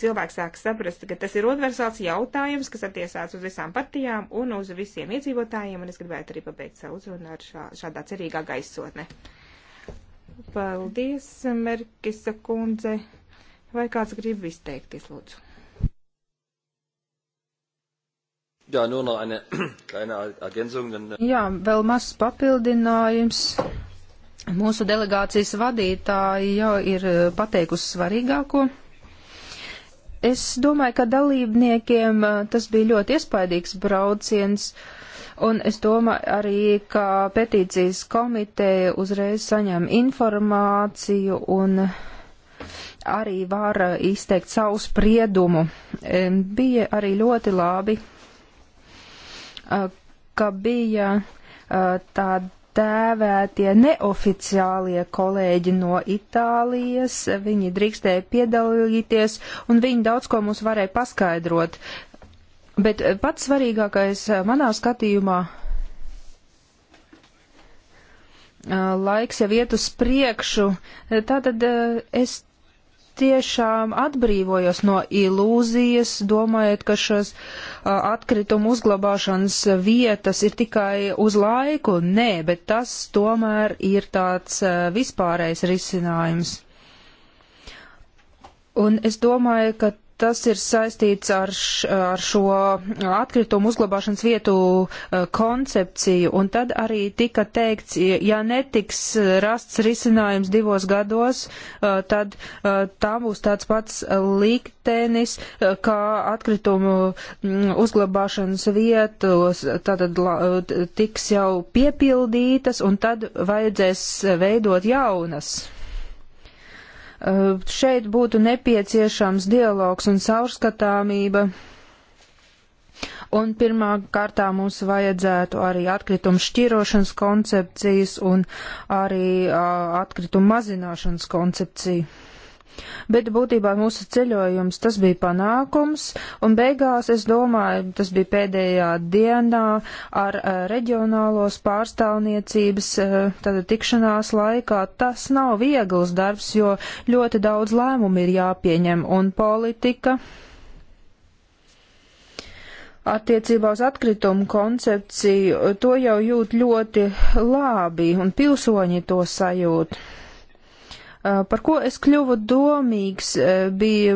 cilvēks sāk saprast, ka tas ir universāls jautājums, kas attiecās uz visām partijām un uz visiem iedzīvotājiem, un es gribētu arī pabeigt savu uzrunu ar šā, šādā cerīgā gaisotnē. Paldies, Merkisa kundze. Vai kāds grib izteikties, lūdzu? Jā, nur noch eine <clears throat> kleine Ergänzung. Denn... Uh, Jā, vēl mazs papildinājums. Mūsu delegācijas vadītāji jau ir uh, pateikusi svarīgāko. Es domāju, ka dalībniekiem uh, tas bija ļoti iespaidīgs brauciens. Uh, Un es domāju arī, ka petīcijas komiteja uzreiz saņem informāciju un arī var izteikt savu spriedumu. Bija arī ļoti labi, ka bija tāda tēvētie neoficiālie kolēģi no Itālijas. Viņi drīkstēja piedalīties, un viņi daudz ko mums varēja paskaidrot. Bet eh, pats svarīgākais eh, manā skatījumā eh, laiks jau iet uz priekšu. Tātad es tiešām atbrīvojos no ilūzijas, domājot, ka šas atkritumu uzglabāšanas vietas ir tikai uz laiku. Nē, bet tas tomēr ir tāds vispārējs risinājums. Un es domāju, ka Tas ir saistīts ar, š, ar šo atkritumu uzglabāšanas vietu eh, koncepciju, un tad arī tika teikts, ja netiks eh, rasts risinājums divos gados, eh, tad tā būs tāds pats liktenis, kā atkritumu mm, uzglabāšanas vietas tātad tiks jau piepildītas, un tad vajadzēs veidot jaunas Eh, šeit būtu nepieciešams dialogs un caurskatāmība. Un pirmā kārtā mums vajadzētu arī atkritumu šķirošanas koncepcijas un arī uh, atkritumu mazināšanas koncepciju bet būtībā mūsu ceļojums tas bija panākums, un beigās, es domāju, tas bija pēdējā dienā ar uh, reģionālos pārstāvniecības uh, tāda tikšanās laikā. Tas nav viegls darbs, jo ļoti daudz lēmumu ir jāpieņem, un politika attiecībā uz atkritumu koncepciju, to jau jūt ļoti labi, un pilsoņi to sajūt. Eh, par ko es kļuvu domīgs, eh, bija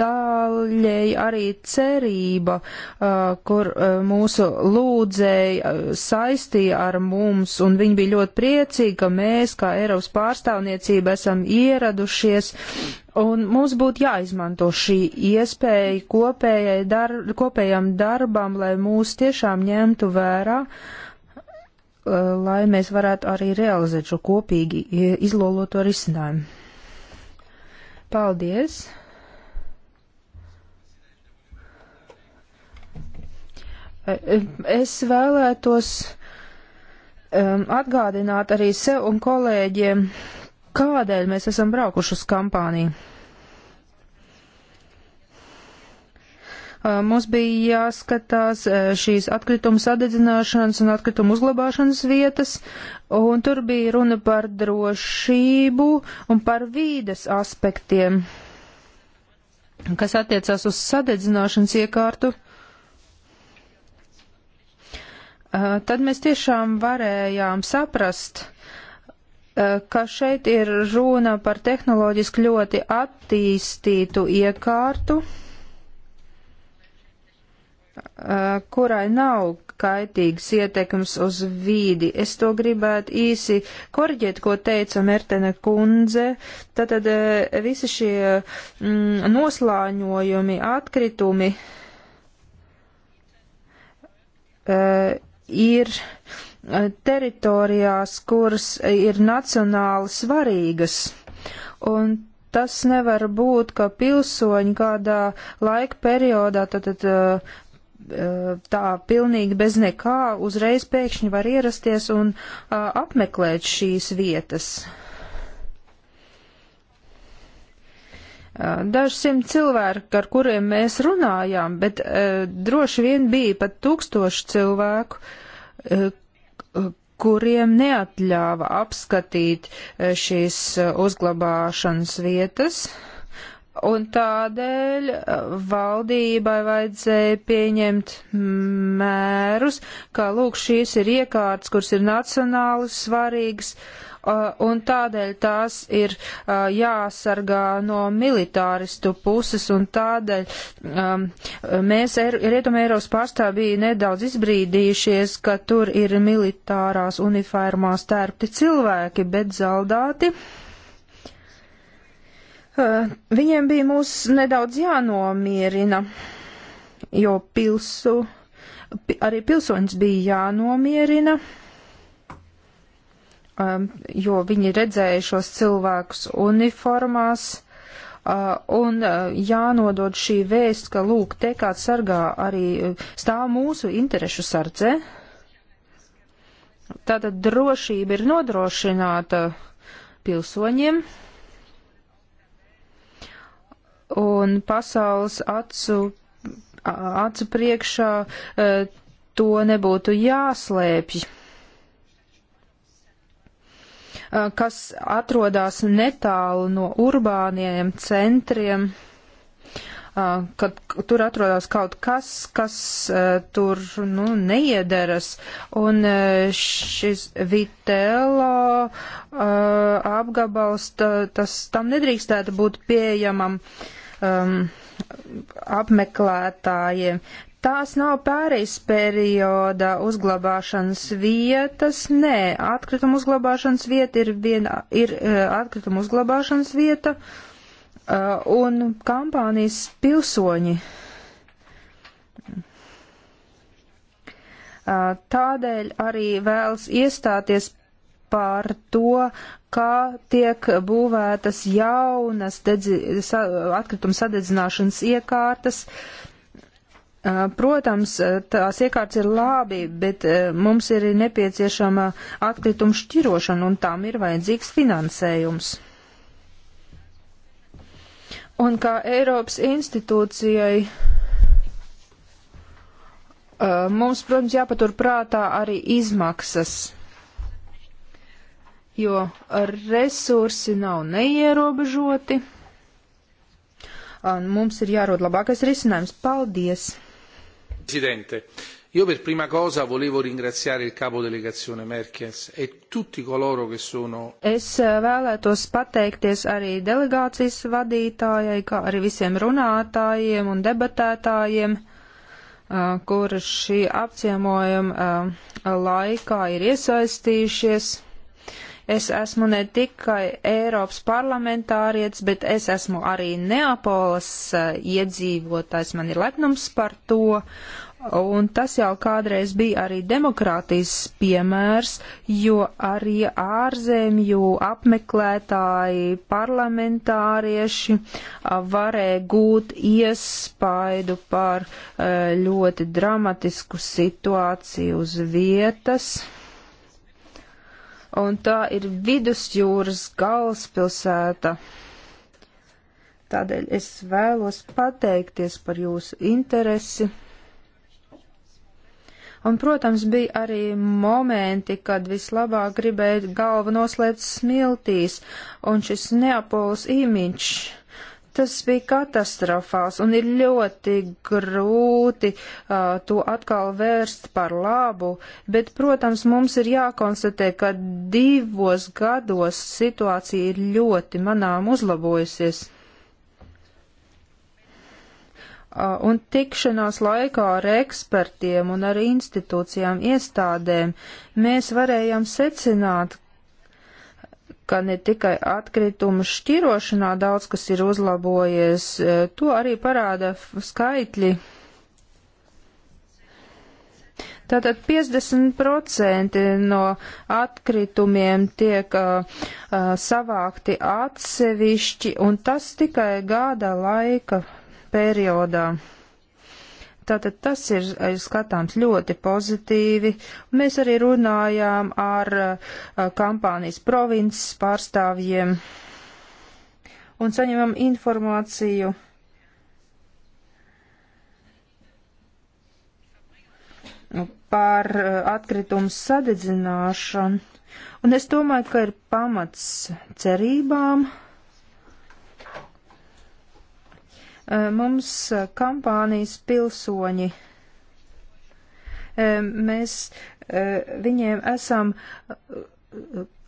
daļēji arī cerība, eh, kur mūsu lūdzēji saistīja ar mums, un viņi bija ļoti priecīgi, ka mēs, kā Eiropas pārstāvniecība, esam ieradušies, un mums būtu jāizmanto šī iespēja kopējai dar kopējam darbam, lai mūs tiešām ņemtu vērā. Uh, Eh, lai mēs varētu arī realizēt šo kopīgi eh, izloloto risinājumu. Paldies! Eh, es vēlētos um, atgādināt arī sev un kolēģiem, kādēļ mēs esam braukuši uz kampāniju. mums bija jāskatās šīs atkritumu sadedzināšanas un atkritumu uzglabāšanas vietas, un tur bija runa par drošību un par vīdes aspektiem, kas attiecās uz sadedzināšanas iekārtu. Tad mēs tiešām varējām saprast, ka šeit ir runa par tehnoloģiski ļoti attīstītu iekārtu, Eh, kurai nav kaitīgas ietekmes uz vīdi. Es to gribētu īsi korģēt, ko teica Mertene kundze. Tātad eh, visi šie mm, noslāņojumi, atkritumi eh, ir teritorijās, kuras ir nacionāli svarīgas. Un tas nevar būt, ka pilsoņi kādā laika periodā, tad, tad Eh, tā pilnīgi bez nekā uzreiz pēkšņi var ierasties un eh, apmeklēt šīs vietas. Eh, daži simt cilvēki, ar kuriem mēs runājām, bet droši vien bija pat tūkstoši cilvēku, kuriem neatļāva apskatīt šīs uzglabāšanas vietas. Uh, Un tādēļ uh, valdībai vajadzēja pieņemt mērus, kā lūk šīs ir iekārtas, kuras ir nacionāli svarīgas, uh, un tādēļ tās ir uh, jāsargā no militāristu puses, un tādēļ um, mēs Rietumē Eiropas pārstāv bija nedaudz izbrīdījušies, ka tur ir militārās uniformās tērpti cilvēki, bet zaldāti. Uh, Viņiem bija mūs nedaudz jānomierina, jo pilsu, arī pilsoņus bija jānomierina, jo viņi redzēja šos cilvēkus uniformās un jānodod šī vēsts, ka lūk, te kāds sargā arī stāv mūsu interešu sardzē. Tātad drošība ir nodrošināta pilsoņiem un pasaules acu, acu priekšā e, to nebūtu jāslēpj e, kas atrodas netālu no urbāniem centriem. Uh, kad tur atrodas kaut kas, kas tur nu, neiederas. Un šis vitēlo apgabals, tas tam nedrīkstētu būt pieejamam. Um, apmeklētājiem. Tās nav pārejas perioda uzglabāšanas vietas, nē, atkrituma uzglabāšanas vieta ir viena, ir uh, atkrituma uzglabāšanas vieta, uh, Uh, un kampānijas pilsoņi. Uh, tādēļ arī vēlas iestāties par to, kā tiek būvētas jaunas dedzi, sa, atkrituma sadedzināšanas iekārtas. Uh, protams, tās iekārtas ir labi, bet mums ir nepieciešama atkrituma šķirošana, un tam ir vajadzīgs finansējums un kā Eiropas institūcijai uh, mums, protams, jāpatur prātā arī izmaksas, jo resursi nav neierobežoti. Mums ir jārod labākais risinājums. Paldies! Presidente, uh, Io per prima cosa volevo ringraziare il capo delegazione Merkens e tutti coloro che sono. Es eh, vēlētos pateikties arī delegācijas vadītājai, kā arī visiem runātājiem un debatētājiem, eh, kur šī apciemojuma eh, laikā ir iesaistījušies. Es esmu ne tikai Eiropas parlamentārietis, bet es esmu arī Neapolas iedzīvotājs. Man ir lepnums par to Un tas jau kādreiz bija arī demokrātijas piemērs, jo arī ārzemju apmeklētāji, parlamentārieši varēja gūt iespaidu par ļoti dramatisku situāciju uz vietas. Un tā ir vidusjūras galvaspilsēta. Tādēļ es vēlos pateikties par jūsu interesi. Un, protams, bija arī momenti, kad vislabāk gribēja galvu noslēpt smiltīs, un šis Neapols imiņš. Tas bija katastrofāls un ir ļoti grūti uh, to atkal vērst par labu, bet, protams, mums ir jākonstatē, ka divos gados situācija ir ļoti manām uzlabojusies un tikšanās laikā ar ekspertiem un ar institūcijām iestādēm mēs varējām secināt, ka ne tikai atkritumu šķirošanā daudz kas ir uzlabojies, e, to arī parāda skaitļi. Tātad 50% no atkritumiem tiek uh, savākti atsevišķi, un tas tikai gada laika periodā. Tātad tas ir skatāms ļoti pozitīvi. Mēs arī runājām ar kampānijas provinces pārstāvjiem un saņemam informāciju. par atkritumu sadedzināšanu, un es domāju, ka ir pamats cerībām, Eh, mums eh, kampānijas pilsoņi, eh, mēs viņiem esam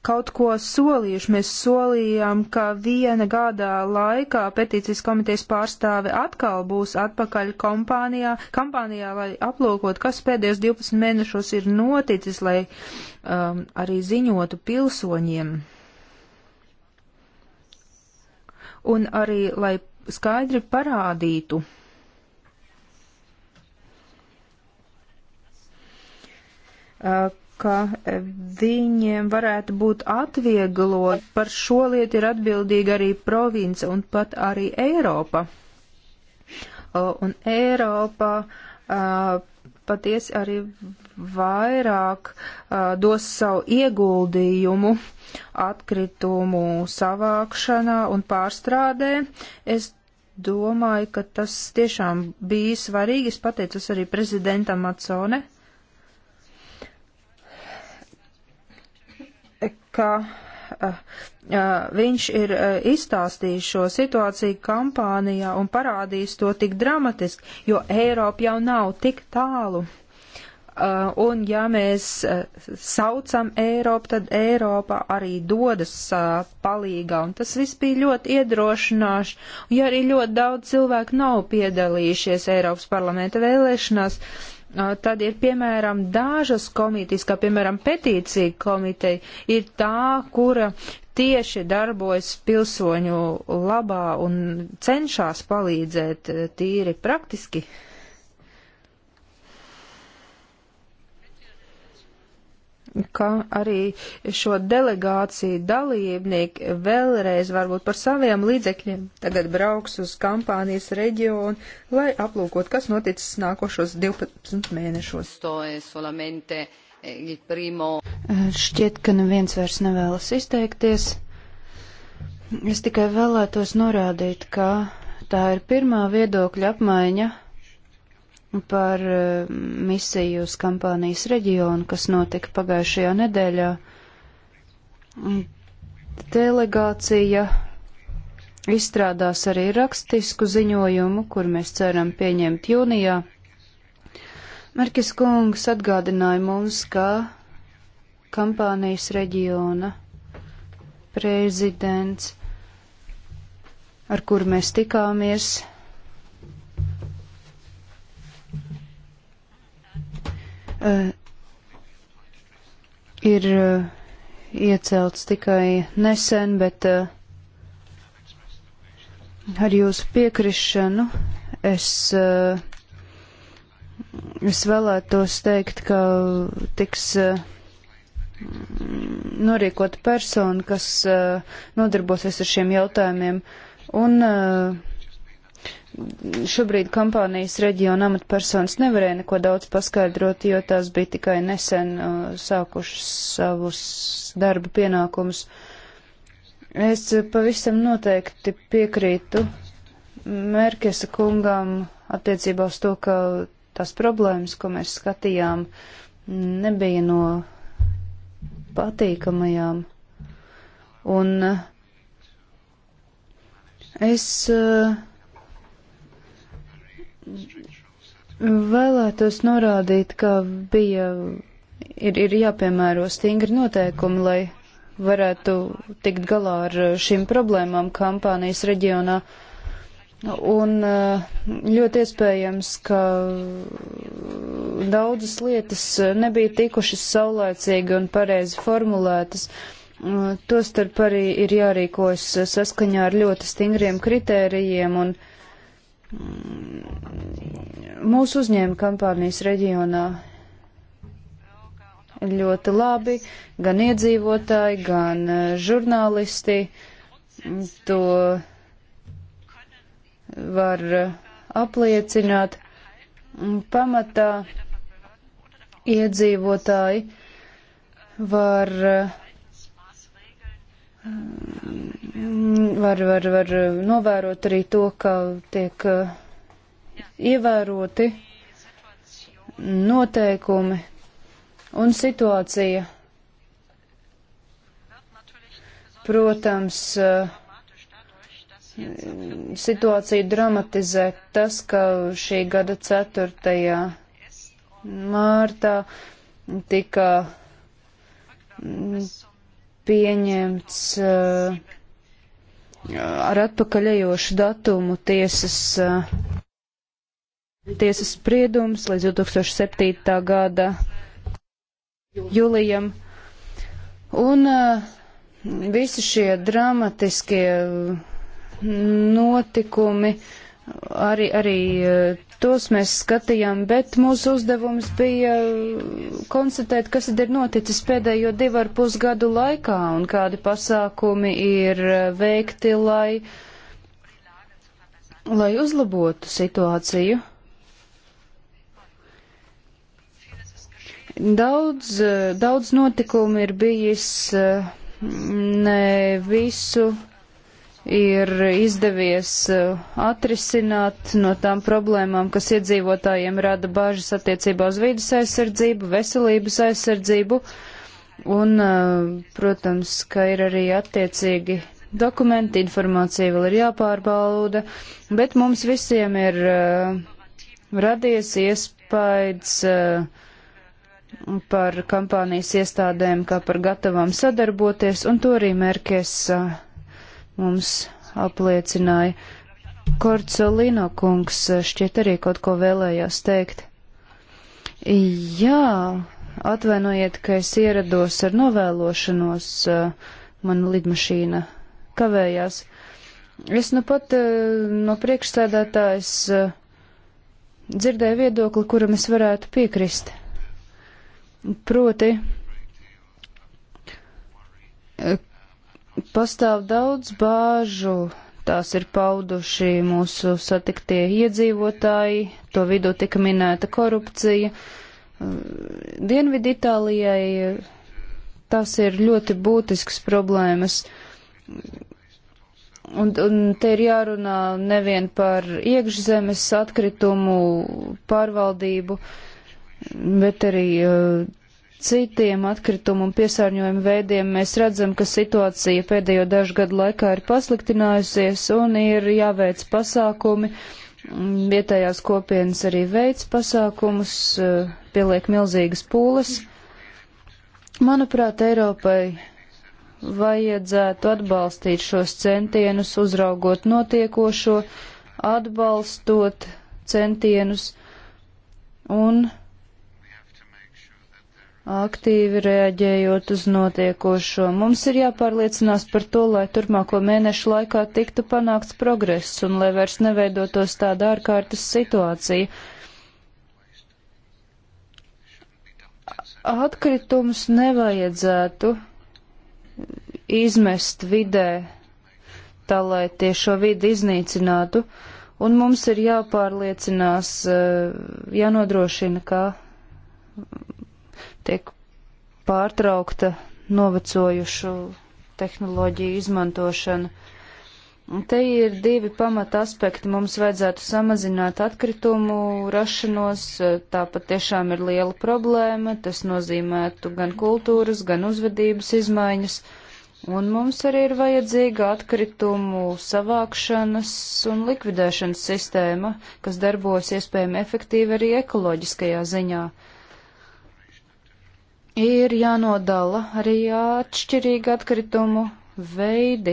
kaut ko solījuši. Mēs solījām, ka viena gada laikā petīcijas komitejas pārstāve atkal būs atpakaļ kompānijā, kampānijā, lai aplūkot, kas pēdējos 12 mēnešos ir noticis, lai um, arī ziņotu pilsoņiem. Un arī, lai skaidri parādītu, ka viņiem varētu būt atvieglot. Par šo lietu ir atbildīga arī province un pat arī Eiropa. Un Eiropa patiesi arī vairāk dos savu ieguldījumu atkritumu savākšanā un pārstrādē. Es domāju, ka tas tiešām bija svarīgi. Es pateicos arī prezidentam Macone, ka uh, viņš ir uh, izstāstījis šo situāciju kampānijā un parādījis to tik dramatiski, jo Eiropa jau nav tik tālu. Uh, Uh, un ja mēs uh, saucam Eiropu, tad Eiropa arī dodas uh, palīgā, un tas viss bija ļoti iedrošināši, un ja arī ļoti daudz cilvēku nav piedalījušies Eiropas parlamenta vēlēšanās, tad ir piemēram dažas komitejas, kā piemēram petīcija komiteja, ir tā, kura tieši darbojas pilsoņu labā un cenšas palīdzēt tīri praktiski ka arī šo delegāciju dalībnieki vēlreiz varbūt par saviem līdzekļiem tagad brauks uz kampānijas reģionu, lai aplūkot, kas noticis nākošos 12 mēnešos. Eh, eh, šķiet, ka neviens vairs nevēlas izteikties. Es tikai vēlētos norādīt, ka tā ir pirmā viedokļa apmaiņa par eh, misiju uz kampānijas reģionu, kas notika pagājušajā nedēļā. Delegācija izstrādās arī rakstisku ziņojumu, kur mēs ceram pieņemt jūnijā. Merkis kungs atgādināja mums, ka kampānijas reģiona prezidents, ar kuru mēs tikāmies, uh, ir uh, iecelts tikai nesen, bet uh, ar jūsu piekrišanu es, uh, es vēlētos teikt, ka tiks. Uh, norīkot personu, kas uh, nodarbosies ar šiem jautājumiem. Un uh, Šobrīd kompānijas reģiona amatpersonas nevarēja neko daudz paskaidrot, jo tās bija tikai nesen uh, sākušas savus darba pienākumus. Es pavisam noteikti piekrītu Merkesa kungam attiecībā uz to, ka tās problēmas, ko mēs skatījām, nebija no patīkamajām. Un uh, es uh, Vēlētos norādīt, ka bija, ir, ir jāpiemēro stingri noteikumi, lai varētu tikt galā ar šīm problēmām kampānijas reģionā. Un eh, ļoti iespējams, ka daudzas lietas nebija tikušas saulēcīgi un pareizi formulētas. Eh, tostarp arī ir jārīkojas saskaņā ar ļoti stingriem kritērijiem un kritērijiem mūsu uzņēma kampānijas reģionā ļoti labi, gan iedzīvotāji, gan eh, žurnālisti. To var eh, apliecināt. Pamatā iedzīvotāji var uh, Um, var, var, var novērot arī to, ka tiek uh, ievēroti noteikumi un situācija. Protams, uh, situācija dramatizē tas, ka šī gada 4. mārtā tika mm, pieņemts uh, ar atpakaļējošu datumu tiesas, uh, tiesas spriedums līdz 2007. gada jūlijam. Un uh, visi šie dramatiskie notikumi uh, Arī, arī eh, tos mēs skatījām, bet mūsu uzdevums bija eh, konstatēt, kas tad ir noticis pēdējo divu ar pusgadu laikā un kādi pasākumi ir eh, veikti, lai, lai uzlabotu situāciju. Daudz, daudz notikumu ir bijis ne visu ir izdevies uh, atrisināt no tām problēmām, kas iedzīvotājiem rada bāžas attiecībā uz vīdas aizsardzību, veselības aizsardzību, un, uh, protams, ka ir arī attiecīgi dokumenti, informācija vēl ir jāpārbauda, bet mums visiem ir uh, radies iespējas par kampānijas iestādēm, kā par gatavām sadarboties, un to arī Merkes uh, mums apliecināja. Korcolino kungs šķiet arī kaut ko vēlējās teikt. Jā, atvainojiet, ka es ierados ar novēlošanos, eh, mana lidmašīna kavējās. Es nu pat eh, no priekšsēdētājas eh, dzirdēju viedokli, kuram es varētu piekrist. Proti, Pastāv daudz bāžu, tās ir pauduši mūsu satiktie iedzīvotāji, to vidū tika minēta korupcija. Dienvidu Itālijai tas ir ļoti būtisks problēmas. Un, un te ir jārunā nevien par iekšzemes atkritumu pārvaldību, bet arī uh, citiem atkritumu un piesārņojumu veidiem, mēs redzam, ka situācija pēdējo dažu gadu laikā ir pasliktinājusies un ir jāveic pasākumi. Vietējās kopienas arī veic pasākumus, eh, pieliek milzīgas pūles. Manuprāt, Eiropai vajadzētu atbalstīt šos centienus, uzraugot notiekošo, atbalstot centienus un aktīvi reaģējot uz notiekošo. Mums ir jāpārliecinās par to, lai turpmāko mēnešu laikā tiktu panākts progress un lai vairs neveidotos tāda ārkārtas situācija. Atkritumus nevajadzētu izmest vidē, tā lai tie šo vidi iznīcinātu, un mums ir jāpārliecinās, eh, jānodrošina, ka tiek pārtraukta novecojušu tehnoloģiju izmantošana. Te ir divi pamata aspekti. Mums vajadzētu samazināt atkritumu rašanos. Tā patiešām ir liela problēma. Tas nozīmētu gan kultūras, gan uzvedības izmaiņas. Un mums arī ir vajadzīga atkritumu savākšanas un likvidēšanas sistēma, kas darbos iespējami efektīvi arī ekoloģiskajā ziņā. Uh, ir jānodala arī atšķirīgi atkritumu veidi,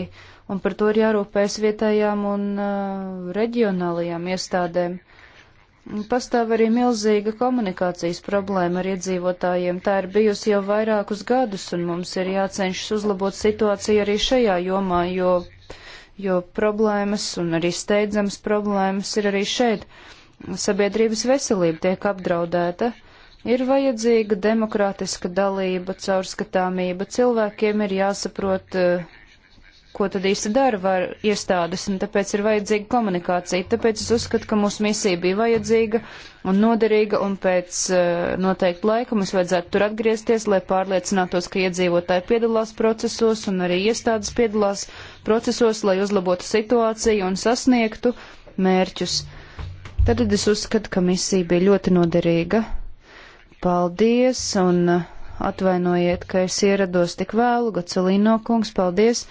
un par to ir jārūpēs vietējām un uh, reģionālajām iestādēm. Pastāv arī milzīga komunikācijas problēma ar iedzīvotājiem. Tā ir bijusi jau vairākus gadus, un mums ir jācenšas uzlabot situāciju arī šajā jomā, jo, jo problēmas un arī steidzamas problēmas ir arī šeit. Sabiedrības veselība tiek apdraudēta. Uh, Ir vajadzīga demokrātiska dalība, caurskatāmība. Cilvēkiem ir jāsaprot, eh, ko tad īsti dara var iestādes, un tāpēc ir vajadzīga komunikācija. Tāpēc es uzskatu, ka mūsu misija bija vajadzīga un noderīga, un pēc eh, noteikta laika mums vajadzētu tur atgriezties, lai pārliecinātos, ka iedzīvotāji piedalās procesos un arī iestādes piedalās procesos, lai uzlabotu situāciju un sasniegtu mērķus. Tad es uzskatu, ka misija bija ļoti noderīga Paldies un uh, atvainojiet, ka es ierados tik vēlu, Gacelīno kungs, paldies.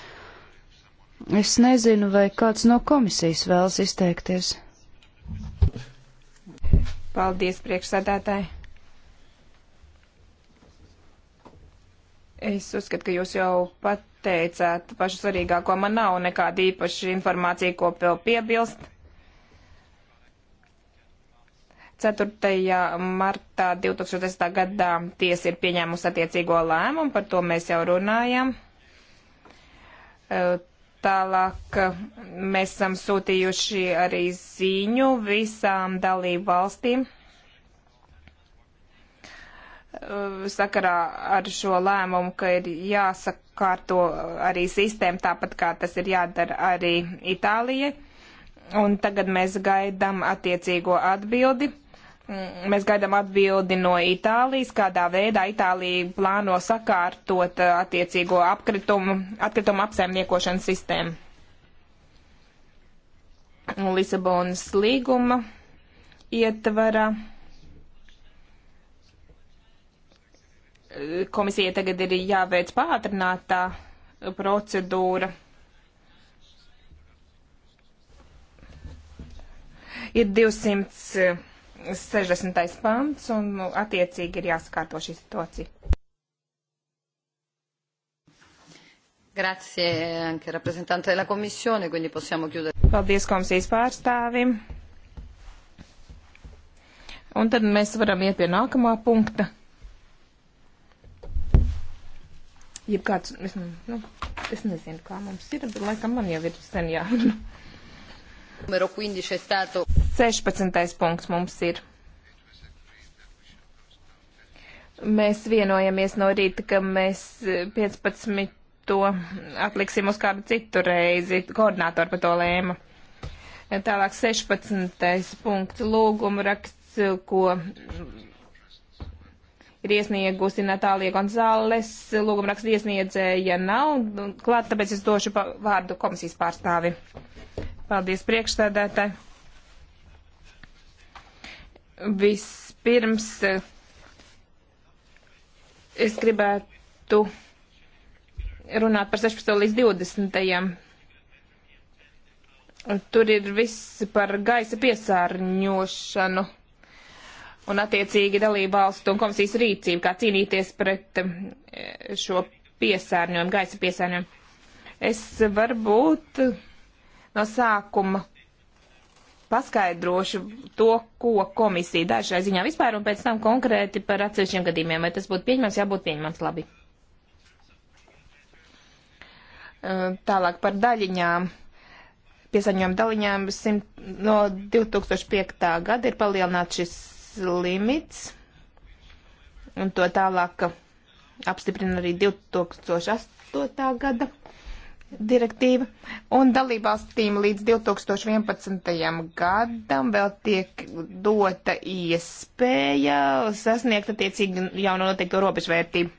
Es nezinu, vai kāds no komisijas vēlas izteikties. Paldies, priekšsēdētāji. Es uzskatu, ka jūs jau pateicāt pašu svarīgāko. Man nav nekāda īpaša informācija, ko vēl piebilst. 4. martā 2010. gadā tiesa ir pieņēmusi attiecīgo lēmumu, par to mēs jau runājam. E, tālāk e, mēs esam sūtījuši arī ziņu visām dalību valstīm e, sakarā ar šo lēmumu, ka ir jāsakārto arī sistēma, tāpat kā tas ir jādara arī Itālijai. Un tagad mēs gaidām attiecīgo atbildi. Mm, mēs gaidām atbildi no Itālijas, kādā veidā Itālija plāno sakārtot uh, attiecīgo apkritumu, atkritumu apsaimniekošanas sistēmu. Lisabonas līguma ietvara. Komisija tagad ir jāveic pātrinātā procedūra. Ir 200 60. pants un nu, attiecīgi ir jāsakārto šī situācija. Grazie anche rappresentante della Commissione, quindi possiamo chiudere. Paldies komisijas pārstāvim. Un tad mēs varam iet pie nākamā punkta. jeb kāds, es, nu, es nezinu, kā mums ir, bet laikam man jau ir sen jārunā. Numero 15 è stato. 16. punkts mums ir. Mēs vienojamies no rīta, ka mēs 15. to atliksim uz kādu citu reizi. Koordinātori par to lēma. Tālāk 16. punkts lūguma raksts, ko ir iesniegusi Natālija Gonzāles. Lūguma raksts iesniedzēja nav klāt, tāpēc es došu vārdu komisijas pārstāvi. Paldies priekšstādētāji. Vispirms eh, es gribētu runāt par 16. līdz 20. Tur ir viss par gaisa piesārņošanu un attiecīgi dalību valstu un komisijas rīcību, kā cīnīties pret eh, šo piesārņojumu, gaisa piesārņojumu. Es varbūt no sākuma paskaidrošu to, ko komisija dara šai ziņā vispār, un pēc tam konkrēti par atsevišķiem gadījumiem. Vai tas būtu pieņemams, jābūt pieņemams labi. Tālāk par daļiņām. Piesaņojuma daļiņām no 2005. gada ir palielināts šis limits, un to tālāk apstiprina arī 2008. gada direktīva, un dalībvalstīm līdz 2011. gadam vēl tiek dota iespēja sasniegt attiecīgi jauno noteikto robežvērtību.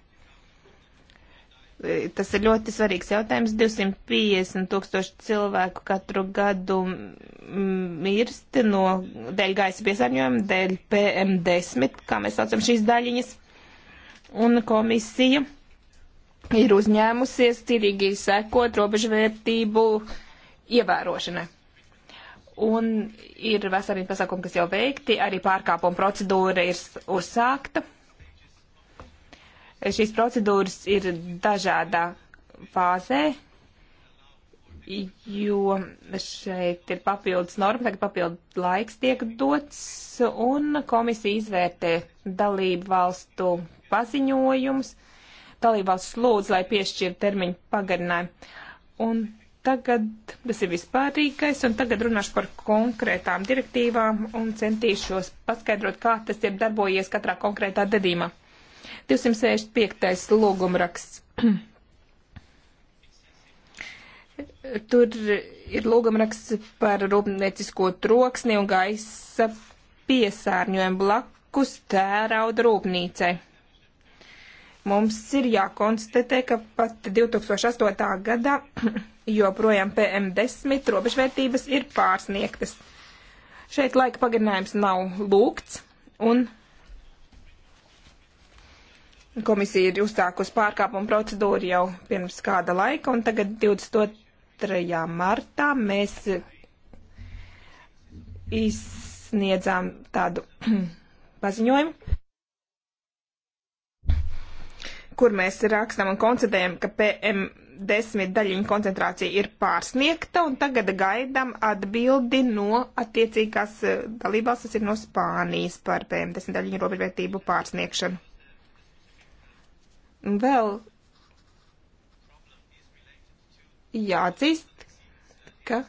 Tas ir ļoti svarīgs jautājums. 250 tūkstoši cilvēku katru gadu mirst no dēļ gaisa piesārņojuma, dēļ PM10, kā mēs saucam šīs daļiņas. Un komisija ir uzņēmusies cerīgi sekot robežvērtību ievērošanai. Un ir veselīgi pasākumi, kas jau veikti, arī pārkāpuma procedūra ir uzsākta. Šīs procedūras ir dažādā fāzē, jo šeit ir papildus norma, tagad papildus laiks tiek dots, un komisija izvērtē dalību valstu paziņojumus dalībvalsts lūdz, lai piešķir termiņu pagarinājumu. Un tagad tas ir vispārīgais, un tagad runāšu par konkrētām direktīvām un centīšos paskaidrot, kā tas ir darbojies katrā konkrētā dedījumā. 265. lūgumraksts. <clears throat> Tur ir lūgumraksts par rūpniecisko troksni un gaisa piesārņojumu blakus tērauda rūpnīcai mums ir jākonstatē, ka pat 2008. gadā <clears throat> joprojām PM10 robežvērtības ir pārsniegtas. Šeit laika pagarinājums nav lūgts, un komisija ir uzsākusi pārkāpumu procedūru jau pirms kāda laika, un tagad 22. martā mēs izsniedzām tādu <clears throat> paziņojumu kur mēs rakstam un koncentrējam, ka PM10 daļiņu koncentrācija ir pārsniegta, un tagad gaidam atbildi no attiecīgās eh, dalībās, tas ir no Spānijas par PM10 daļiņu robežvērtību pārsniegšanu. Vēl jāatzīst, ka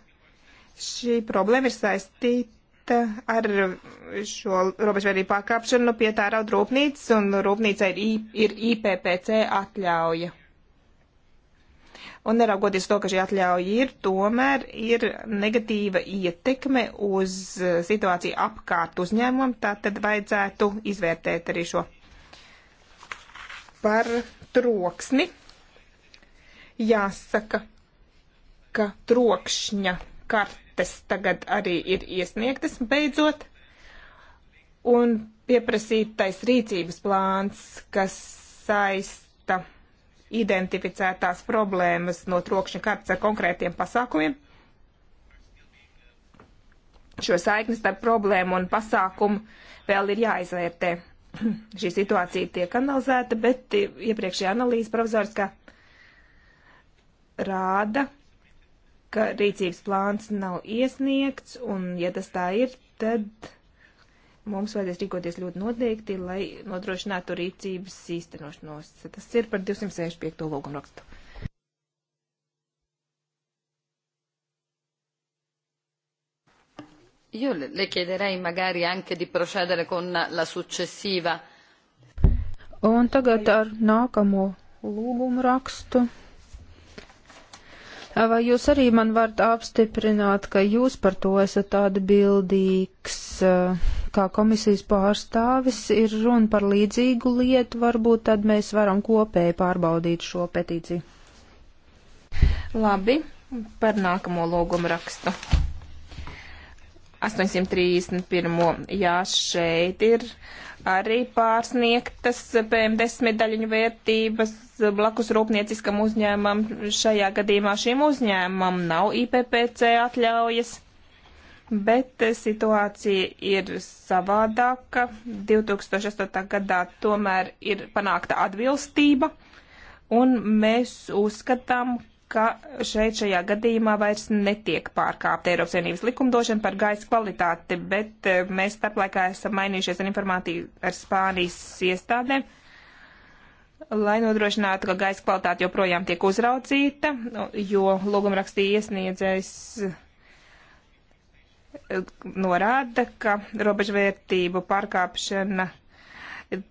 šī problēma ir saistīta ar šo robežvērību pārkāpšanu pie tā raud rūpnīcas, un rūpnīca ir, I, ir IPPC atļauja. Un neraugoties to, ka šī atļauja ir, tomēr ir negatīva ietekme uz situāciju apkārt uzņēmumam, tā tad vajadzētu izvērtēt arī šo par troksni. Jāsaka, ka trokšņa kartes tagad arī ir iesniegtas beidzot, un pieprasītais rīcības plāns, kas saista identificētās problēmas no trokšņa kartes ar konkrētiem pasākumiem. Šo saikni starp problēmu un pasākumu vēl ir jāizvērtē. <clears throat> Šī situācija tiek analizēta, bet iepriekšējā analīze provizoriskā rāda, ka rīcības plāns nav iesniegts, un ja tas tā ir, tad mums vajadzēs rīkoties ļoti noteikti, lai nodrošinātu rīcības īstenošanos. Tas ir par 265. lūgumrakstu. Io le chiederei magari anche di procedere con la successiva. Un tagad ar nākamo lūgumu rakstu. Vai jūs arī man varat apstiprināt, ka jūs par to esat atbildīgs, eh, kā komisijas pārstāvis, ir runa par līdzīgu lietu, varbūt tad mēs varam kopēji pārbaudīt šo petīciju. Labi, par nākamo lūgumu rakstu. 831. Jā, šeit ir arī pārsniegtas PM10 daļiņu vērtības blakus rūpnieciskam uzņēmumam. Šajā gadījumā šim uzņēmumam nav IPPC atļaujas, bet situācija ir savādāka. 2008. gadā tomēr ir panākta atbilstība, un mēs uzskatām, ka šeit šajā gadījumā vairs netiek pārkāpta Eiropas Savienības likumdošana par gaisa kvalitāti, bet eh, mēs starplaikā esam mainījušies ar informāciju ar Spānijas iestādēm, lai nodrošinātu, ka gaisa kvalitāte joprojām tiek uzraudzīta, jo logumrakstīja iesniedzējs eh, norāda, ka robežvērtību pārkāpšana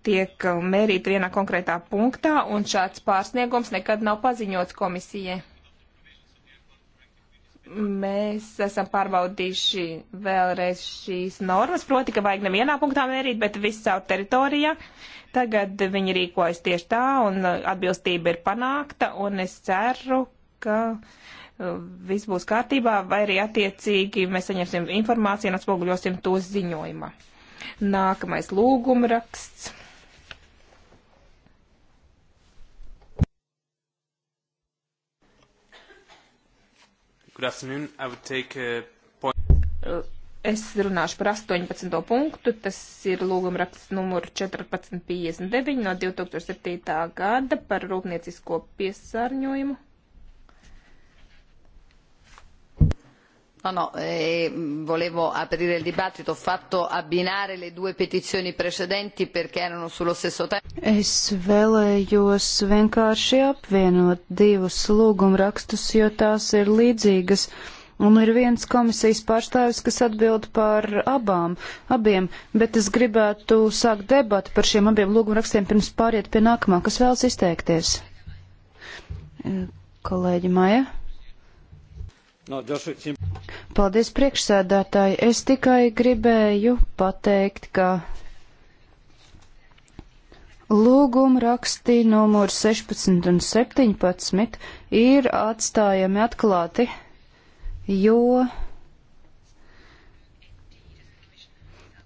tiek mērīta vienā konkrētā punktā, un šāds pārsniegums nekad nav paziņots komisijai. Mēs esam pārbaudījuši vēlreiz šīs normas, proti, ka vajag nevienā punktā mērīt, bet visā teritorijā. Tagad viņi rīkojas tieši tā, un atbilstība ir panākta, un es ceru, ka uh, viss būs kārtībā, vai arī attiecīgi mēs saņemsim informāciju un atspoguļosim to ziņojumā. Nākamais lūgumraksts. Good afternoon. I would take a uh, point. Es runāšu par 18. punktu. Tas ir lūgumraksts numur 1459 no 2007. gada par rūpniecisko piesārņojumu. No, no, eh, volevo aprire il dibattito, ho fatto abbinare le due petizioni precedenti perché erano sullo stesso tema. Es vēlējos vienkārši apvienot divus lūgumrakstus, jo tās ir līdzīgas. Un ir viens komisijas pārstāvis, kas atbild par abām, abiem, bet es gribētu sākt debatu par šiem abiem lūgumrakstiem pirms pāriet pie nākamā, kas vēlas izteikties. Eh, kolēģi Maja. No, došli, Paldies priekšsēdētāji. Es tikai gribēju pateikt, ka Lūguma rakstī numur 16 un 17 ir atstājami atklāti, jo,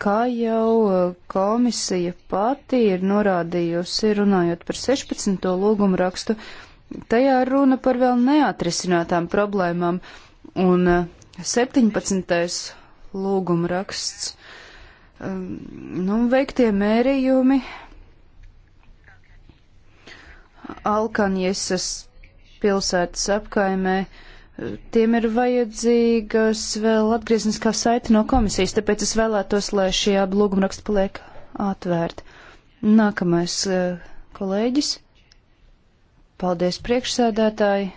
kā jau komisija pati ir norādījusi, runājot par 16. lūguma rakstu, tajā runa par vēl neatrisinātām problēmām, un 17. lūguma raksts. Nu, veiktie mērījumi Alkanjeses pilsētas apkaimē. Tiem ir vajadzīgas vēl atgriezniskā saite no komisijas, tāpēc es vēlētos, lai šie abi lūgumraksti paliek atvērti. Nākamais uh, kolēģis. Paldies priekšsēdētāji.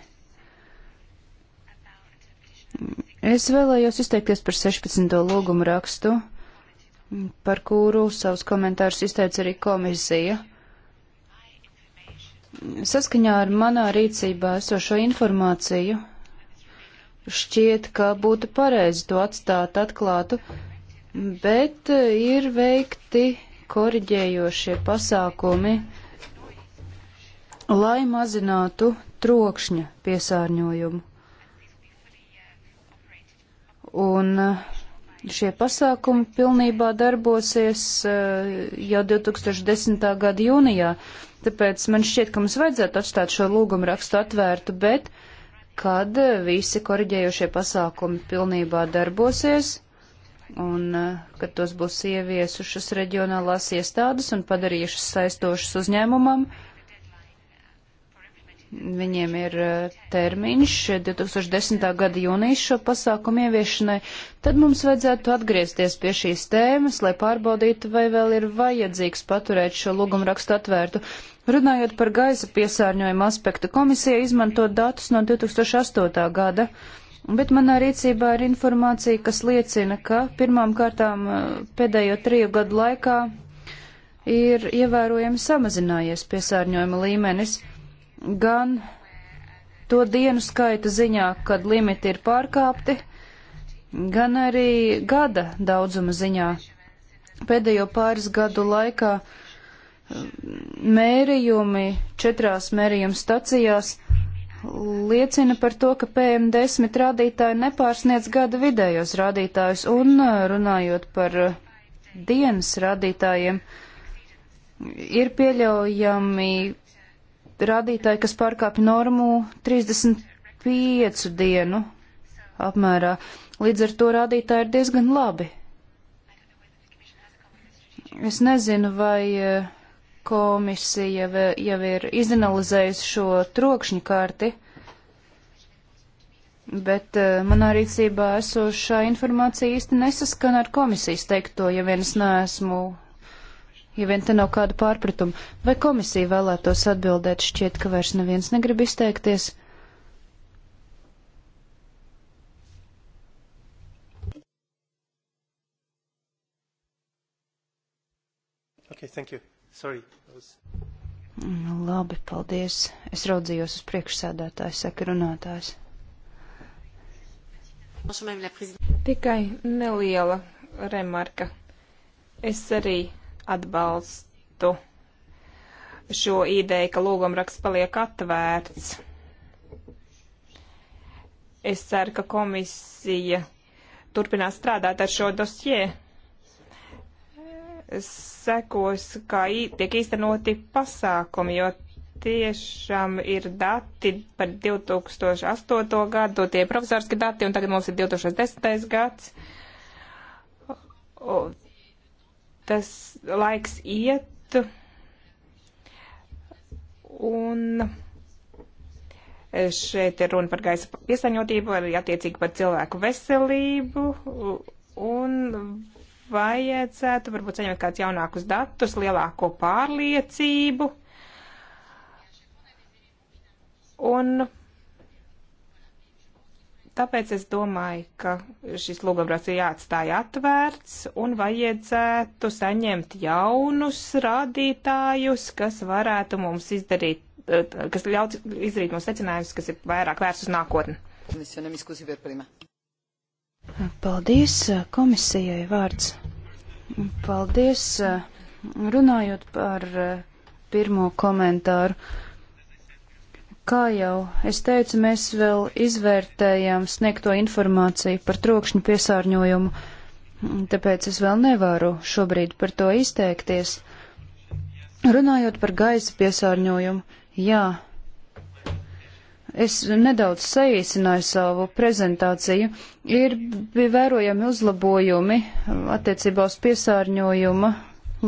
Es vēlējos izteikties par 16. lūgumu rakstu, par kuru savus komentārus izteica arī komisija. Saskaņā ar manā rīcībā esošo informāciju šķiet, ka būtu pareizi to atstāt atklātu, bet ir veikti koriģējošie pasākumi, lai mazinātu trokšņa piesārņojumu. Un eh, šie pasākumi pilnībā darbosies eh, jau 2010. gada jūnijā. Tāpēc man šķiet, ka mums vajadzētu atstāt šo lūgumu rakstu atvērtu, bet kad eh, visi koriģējošie pasākumi pilnībā darbosies un kad tos būs ieviesušas reģionālās iestādes un padarījušas saistošas uzņēmumam, uh, Viņiem ir uh, termiņš 2010. gada jūnijas šo pasākumu ieviešanai, tad mums vajadzētu atgriezties pie šīs tēmas, lai pārbaudītu, vai vēl ir vajadzīgs paturēt šo lūgumu rakstu atvērtu. Runājot par gaisa piesārņojumu aspektu, komisija izmanto datus no 2008. gada, bet manā rīcībā ir informācija, kas liecina, ka pirmām kārtām uh, pēdējo triju gadu laikā ir ievērojami samazinājies piesārņojuma līmenis gan to dienu skaita ziņā, kad limiti ir pārkāpti, gan arī gada daudzuma ziņā. Pēdējo pāris gadu laikā mm, mērījumi četrās mērījuma stacijās liecina par to, ka PM10 rādītāji nepārsniec gada vidējos rādītājus, un eh, runājot par eh, dienas rādītājiem, ir pieļaujami rādītāji, kas pārkāpj normu 35 dienu apmērā. Līdz ar to rādītāji ir diezgan labi. Es nezinu, vai e, komisija jau ir izanalizējusi šo trokšņu karti, bet e, manā rīcībā esošā informācija īsti nesaskan ar komisijas teikto, ja vien es neesmu ja vien te nav kādu pārpratumu. Vai komisija vēlētos atbildēt? Šķiet, ka vairs neviens negrib izteikties. Okay, thank you. Sorry. Was... Labi, paldies. Es raudzījos uz priekšsēdētāju, saka runātājs. Tikai neliela remarka. Es arī atbalstu šo ideju, ka lūgumraksts paliek atvērts. Es ceru, ka komisija turpinās strādāt ar šo dosie. Sekos, kā tiek īstenoti pasākumi, jo tiešām ir dati par 2008. gadu, tie ir profesorski dati, un tagad mums ir 2010. gads tas laiks iet, un šeit ir runa par gaisa piesaņotību, arī attiecīgi par cilvēku veselību, un vajadzētu varbūt saņemt kāds jaunākus datus, lielāko pārliecību. Un Tāpēc es domāju, ka šis lūgumrats ir jāatstāj atvērts un vajadzētu saņemt jaunus rādītājus, kas varētu mums izdarīt, kas ļauts izdarīt mums secinājumus, kas ir vairāk vērsts uz nākotni. Paldies komisijai vārds. Paldies runājot par eh, pirmo komentāru. Kā jau es teicu, mēs vēl izvērtējām sniegto informāciju par trokšņu piesārņojumu, tāpēc es vēl nevaru šobrīd par to izteikties. Runājot par gaisa piesārņojumu, jā, es nedaudz saīsināju savu prezentāciju. Ir bija vērojami uzlabojumi attiecībā uz piesārņojuma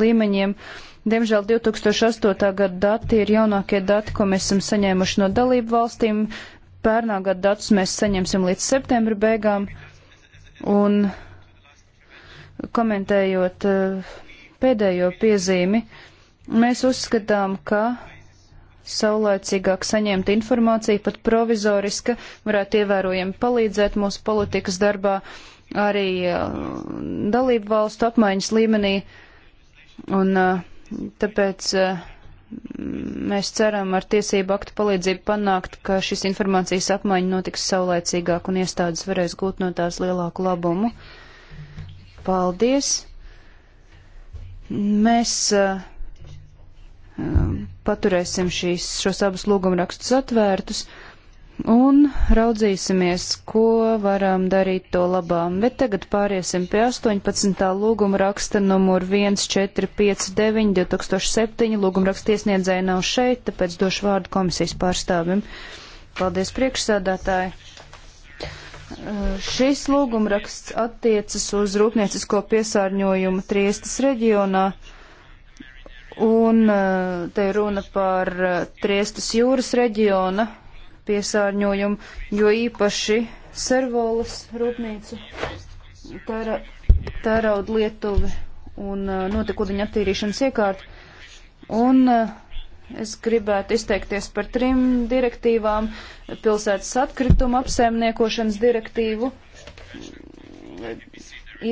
līmeņiem. Uh, Diemžēl 2008. gada dati ir jaunākie dati, ko mēs esam saņēmuši no dalību valstīm. Pērnā gada datus mēs saņemsim līdz septembra beigām. Un komentējot eh, pēdējo piezīmi, mēs uzskatām, ka saulēcīgāk saņemta informācija, pat provizoriska, varētu ievērojami palīdzēt mūsu politikas darbā, arī eh, dalību valstu apmaiņas līmenī. Un uh, Tāpēc eh, mēs ceram ar tiesību aktu palīdzību panākt, ka šis informācijas apmaiņa notiks saulēcīgāk un iestādes varēs gūt no tās lielāku labumu. Paldies! Mēs uh, paturēsim šīs, šos abus lūgumrakstus atvērtus. Uh, un raudzīsimies, ko varam darīt to labām. Bet tagad pāriesim pie 18. lūguma raksta numur 1459 2007. Lūguma raksta iesniedzēja nav šeit, tāpēc došu vārdu komisijas pārstāvim. Paldies priekšsādātāji. Šis lūgumraksts attiecas uz rūpniecisko piesārņojumu Triestas reģionā. Un te ir runa par Triestas jūras reģiona piesārņojumu, jo īpaši servolas rūpnīcu tērauda tēra lietuvi un uh, notekūdeņa attīrīšanas iekārta. Un uh, es gribētu izteikties par trim direktīvām - pilsētas atkrituma apsaimniekošanas direktīvu,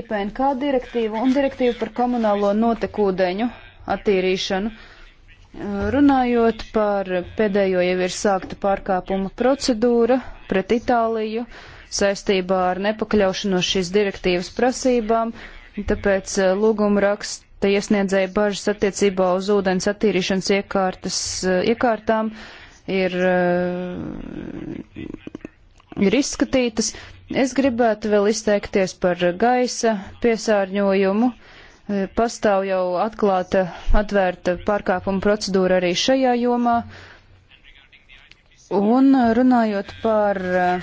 IPNK direktīvu un direktīvu par komunālo notekūdeņu attīrīšanu. Uh, Runājot par pēdējo jau ir sākta pārkāpuma procedūra pret Itāliju saistībā ar nepakļaušanos šīs direktīvas prasībām, tāpēc eh, lūguma raksta iesniedzēja bažas attiecībā uz ūdens attīrīšanas iekārtas, eh, iekārtām ir, eh, ir izskatītas. Es gribētu vēl izteikties par gaisa piesārņojumu. Uh, pastāv jau atklāta, atvērta pārkāpuma procedūra arī šajā jomā. Un runājot par eh,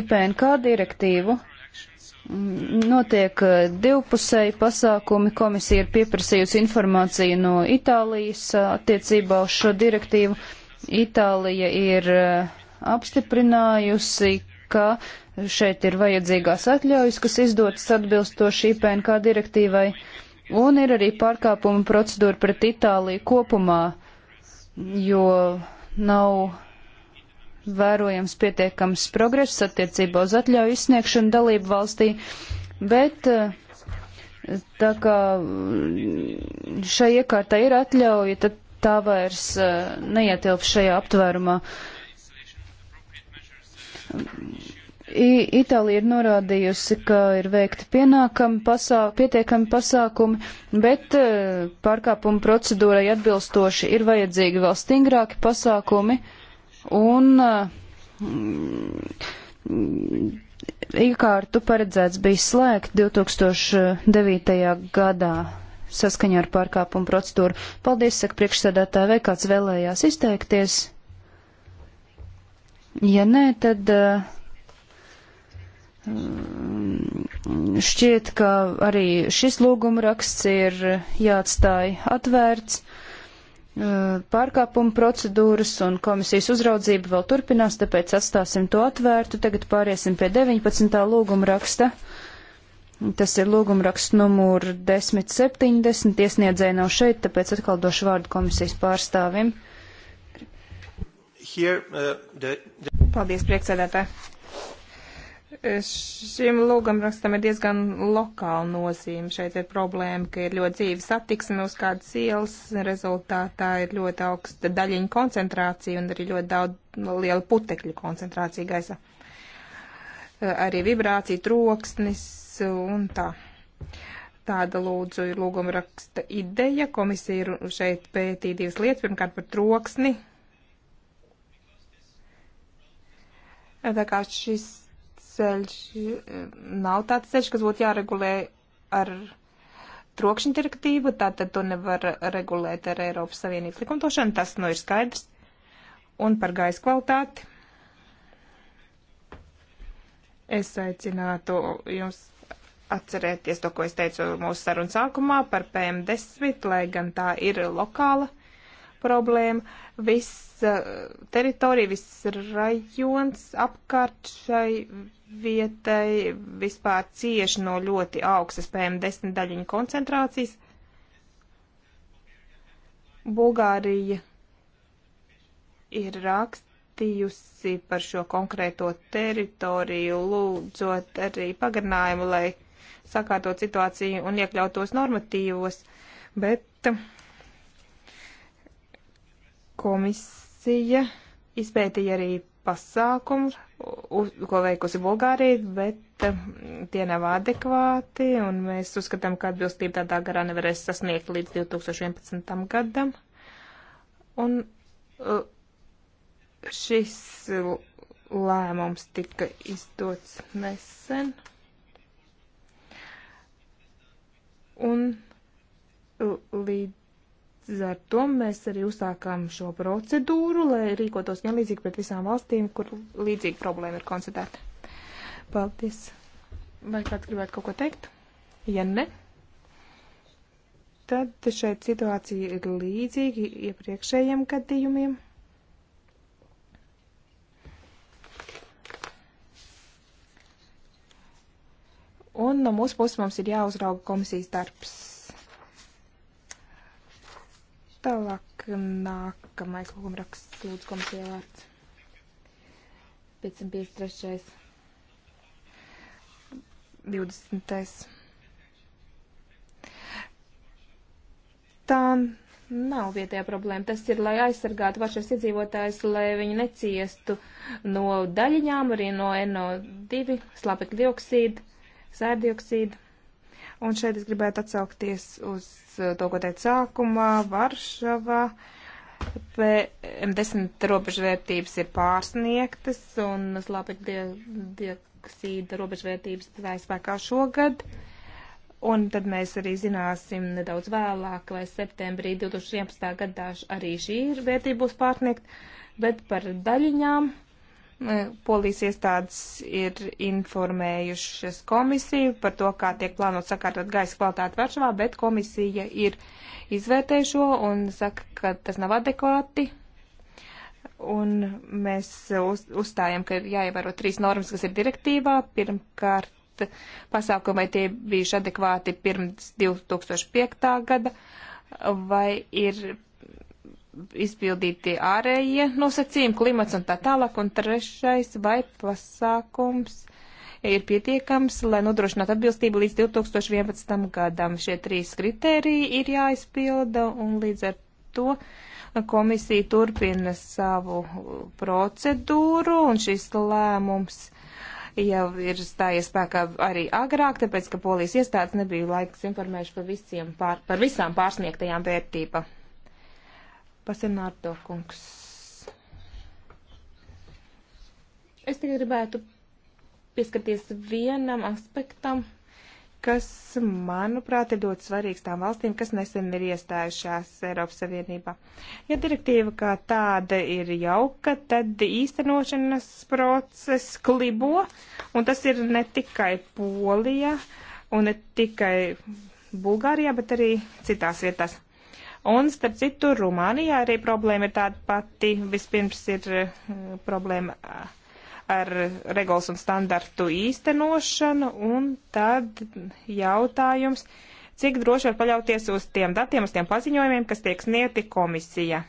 IPNK direktīvu, mm, notiek eh, divpusēji pasākumi. Komisija ir pieprasījusi informāciju no Itālijas eh, attiecībā uz šo direktīvu. Itālija ir apstiprinājusi, ka Šeit ir vajadzīgās atļaujas, kas izdotas atbilstoši IPNK direktīvai, un ir arī pārkāpuma procedūra pret Itāliju kopumā, jo nav vērojams pietiekams progress attiecībā uz atļauju izsniegšanu dalību valstī, bet tā kā šai iekārtai ir atļauja, tad tā vairs neietilp šajā aptvērumā. I, Itālija ir norādījusi, ka ir veikti pasā, pietiekami pasākumi, bet eh, pārkāpuma procedūrai atbilstoši ir vajadzīgi vēl stingrāki pasākumi, un mm, eh, īkārtu paredzēts bija slēgt 2009. gadā saskaņā ar pārkāpumu procedūru. Paldies, saka priekšsēdētāji, vai kāds vēlējās izteikties? Ja nē, tad. Uh, Mm, šķiet, ka arī šis lūgumraksts ir jāatstāj atvērts. Mm, pārkāpuma procedūras un komisijas uzraudzība vēl turpinās, tāpēc atstāsim to atvērtu. Tagad pāriesim pie 19. lūgumraksta. Tas ir lūgumraksts numur 1070. Iesniedzēja nav šeit, tāpēc atkal došu vārdu komisijas pārstāvim. Here, uh, the, the... Paldies, priekšsēdētāji. Šim lūgumrakstam ir diezgan lokāla nozīme. Šeit ir problēma, ka ir ļoti dzīves attiksme uz kādas ielas, rezultātā ir ļoti augsta daļiņa koncentrācija un arī ļoti daudz liela putekļu koncentrācija gaisa. Arī vibrācija, troksnis un tā. Tāda lūdzu ir lūgumraksta ideja. Komisija ir šeit pētīja divas lietas. Pirmkārt par troksni. Tā kā šis ceļš nav tāds ceļš, kas būtu jāregulē ar trokšņa direktīvu, tātad to nevar regulēt ar Eiropas Savienības likumdošanu, tas nu ir skaidrs. Un par gaisa kvalitāti. Es aicinātu jums atcerēties to, ko es teicu mūsu sarunu sākumā par PM10, lai gan tā ir lokāla problēma. Viss eh, teritorija, viss rajons apkārt šai vietai vispār cieši no ļoti augstas PM10 daļiņu koncentrācijas. Bulgārija ir rakstījusi par šo konkrēto teritoriju, lūdzot arī pagarinājumu, lai sakārtot situāciju un iekļautos normatīvos, bet Komisija izpētīja arī pasākumus, ko veikusi Bulgārija, bet eh, tie nav adekvāti, un mēs uzskatām, ka atbilstība tādā garā nevarēs sasniegt līdz 2011. gadam. Un eh, šis lēmums tika izdots nesen. Un eh, līdz Līdz ar to mēs arī uzsākām šo procedūru, lai rīkotos vienlīdzīgi pret visām valstīm, kur līdzīga problēma ir konstatēta. Paldies. Vai kāds gribētu kaut ko teikt? Ja ne, tad šeit situācija ir līdzīga iepriekšējiem gadījumiem. Un no mūsu puses mums ir jāuzrauga komisijas darbs Tālāk nākamais lūgumraksts lūdzu komisijā vārds. 553. 20. Tā nav vietējā problēma. Tas ir, lai aizsargātu vašas iedzīvotājs, lai viņi neciestu no daļiņām, arī no NO2, slāpekļa dioksīda, sērdioksīda. Un šeit es gribētu atsaukties uz eh, to, ko teicu sākumā, Varšavā. M10 robežvērtības ir pārsniegtas un slāpekļa dioksīda robežvērtības stājas spēkā šogad. Un tad mēs arī zināsim nedaudz vēlāk, vai septembrī 2011. gadā arī šī ir vērtība būs pārsniegt, bet par daļiņām Polijas iestādes ir informējušas komisiju par to, kā tiek plānot sakārtot gaisa kvalitāti Varšavā, bet komisija ir izvērtējušo un saka, ka tas nav adekvāti. Un mēs uz, uzstājam, ka ir jāievēro trīs normas, kas ir direktīvā. Pirmkārt, pasākumi, vai tie bijuši adekvāti pirms 2005. gada, vai ir izpildīti ārējie nosacījumi, klimats un tā tālāk, un trešais vai pasākums ir pietiekams, lai nodrošinātu atbilstību līdz 2011. gadam. Šie trīs kriteriji ir jāizpilda, un līdz ar to komisija turpina savu procedūru, un šis lēmums jau ir stājies spēkā arī agrāk, tāpēc, ka polijas iestādes nebija laiks informējuši par, visiem, pār, par visām pārsniegtajām vērtībām. Pasenārto kungs. Es tikai gribētu pieskarties vienam aspektam, kas, manuprāt, ir ļoti svarīgs tām valstīm, kas nesen ir iestājušās Eiropas Savienībā. Ja direktīva kā tāda ir jauka, tad īstenošanas process klibo, un tas ir ne tikai Polija un ne tikai Bulgārijā, bet arī citās vietās. Un, starp citu, Rumānijā arī problēma ir tāda pati. Vispirms ir eh, problēma eh, ar regulas un standartu īstenošanu, un tad jautājums, cik droši var paļauties uz tiem datiem, uz tiem paziņojumiem, kas tiek sniegti komisija.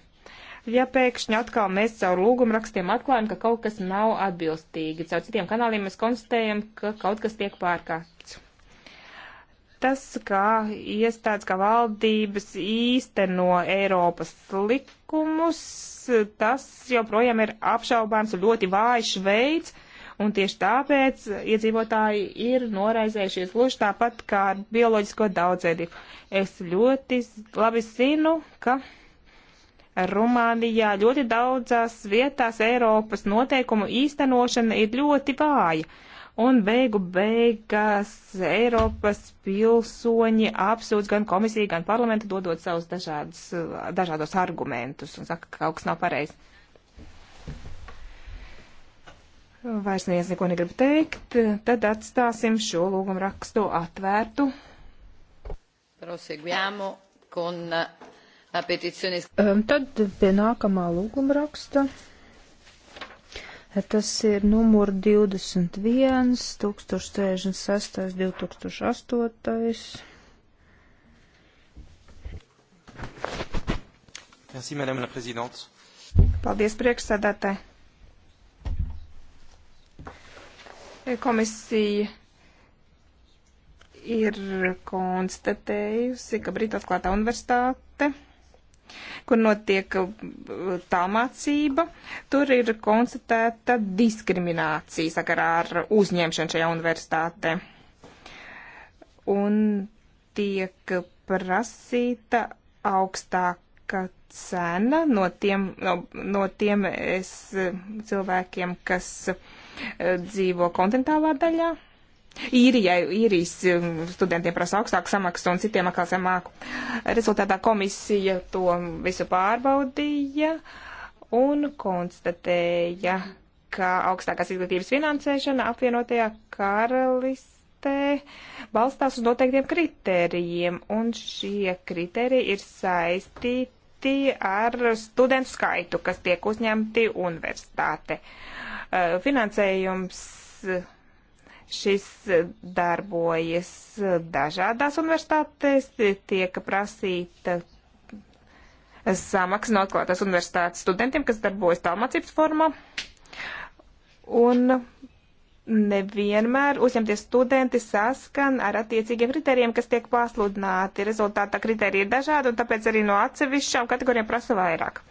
Ja pēkšņi atkal mēs caur lūgumu rakstiem atklājam, ka kaut kas nav atbilstīgi, caur citiem kanāliem mēs konstatējam, ka kaut kas tiek pārkārts tas, kā iestādes, kā valdības īsteno Eiropas likumus, tas joprojām ir apšaubāms un ļoti vājš veids, un tieši tāpēc iedzīvotāji ir noraizējušies gluži tāpat kā ar bioloģisko daudzveidību. Es ļoti labi zinu, ka Rumānijā ļoti daudzās vietās Eiropas noteikumu īstenošana ir ļoti vāja un beigu beigās Eiropas pilsoņi apsūdz gan komisiju, gan parlamentu, dodot savus dažādus, dažādos argumentus un saka, ka kaut kas nav pareizi. Vairs neviens neko negrib teikt, tad atstāsim šo lūgumu rakstu atvērtu. Proseguiamo con la petizione. Um, tad pie nākamā lūguma raksta. Tas ir numur 21, 1066, 2008. Merci, Madame la Présidente. Paldies, priekšsēdētāji. Komisija ir konstatējusi, ka Brītu atklātā universitāte kur notiek uh, tālmācība, tur ir konstatēta diskriminācija sakarā ar uzņemšanu šajā universitātē. Un tiek prasīta augstāka cena no tiem, no, no tiem es, cilvēkiem, kas uh, dzīvo kontinentālā daļā īrijai, īrijas um, studentiem prasa augstāku samaksu un citiem atkal zemāku. Rezultātā komisija to visu pārbaudīja un konstatēja, ka augstākās izglītības finansēšana apvienotajā karalistē balstās uz noteiktiem kritērijiem, un šie kritēriji ir saistīti ar studentu skaitu, kas tiek uzņemti universitāte. Uh, finansējums Šis darbojas dažādās universitātēs, tiek prasīta samaksa no atklātās universitātes studentiem, kas darbojas tālmācības formā. Un nevienmēr uzņemties studenti saskan ar attiecīgiem kritērijiem, kas tiek pārsludināti. Rezultātā kritērija ir dažāda, un tāpēc arī no atsevišķām kategorijām prasa vairāk.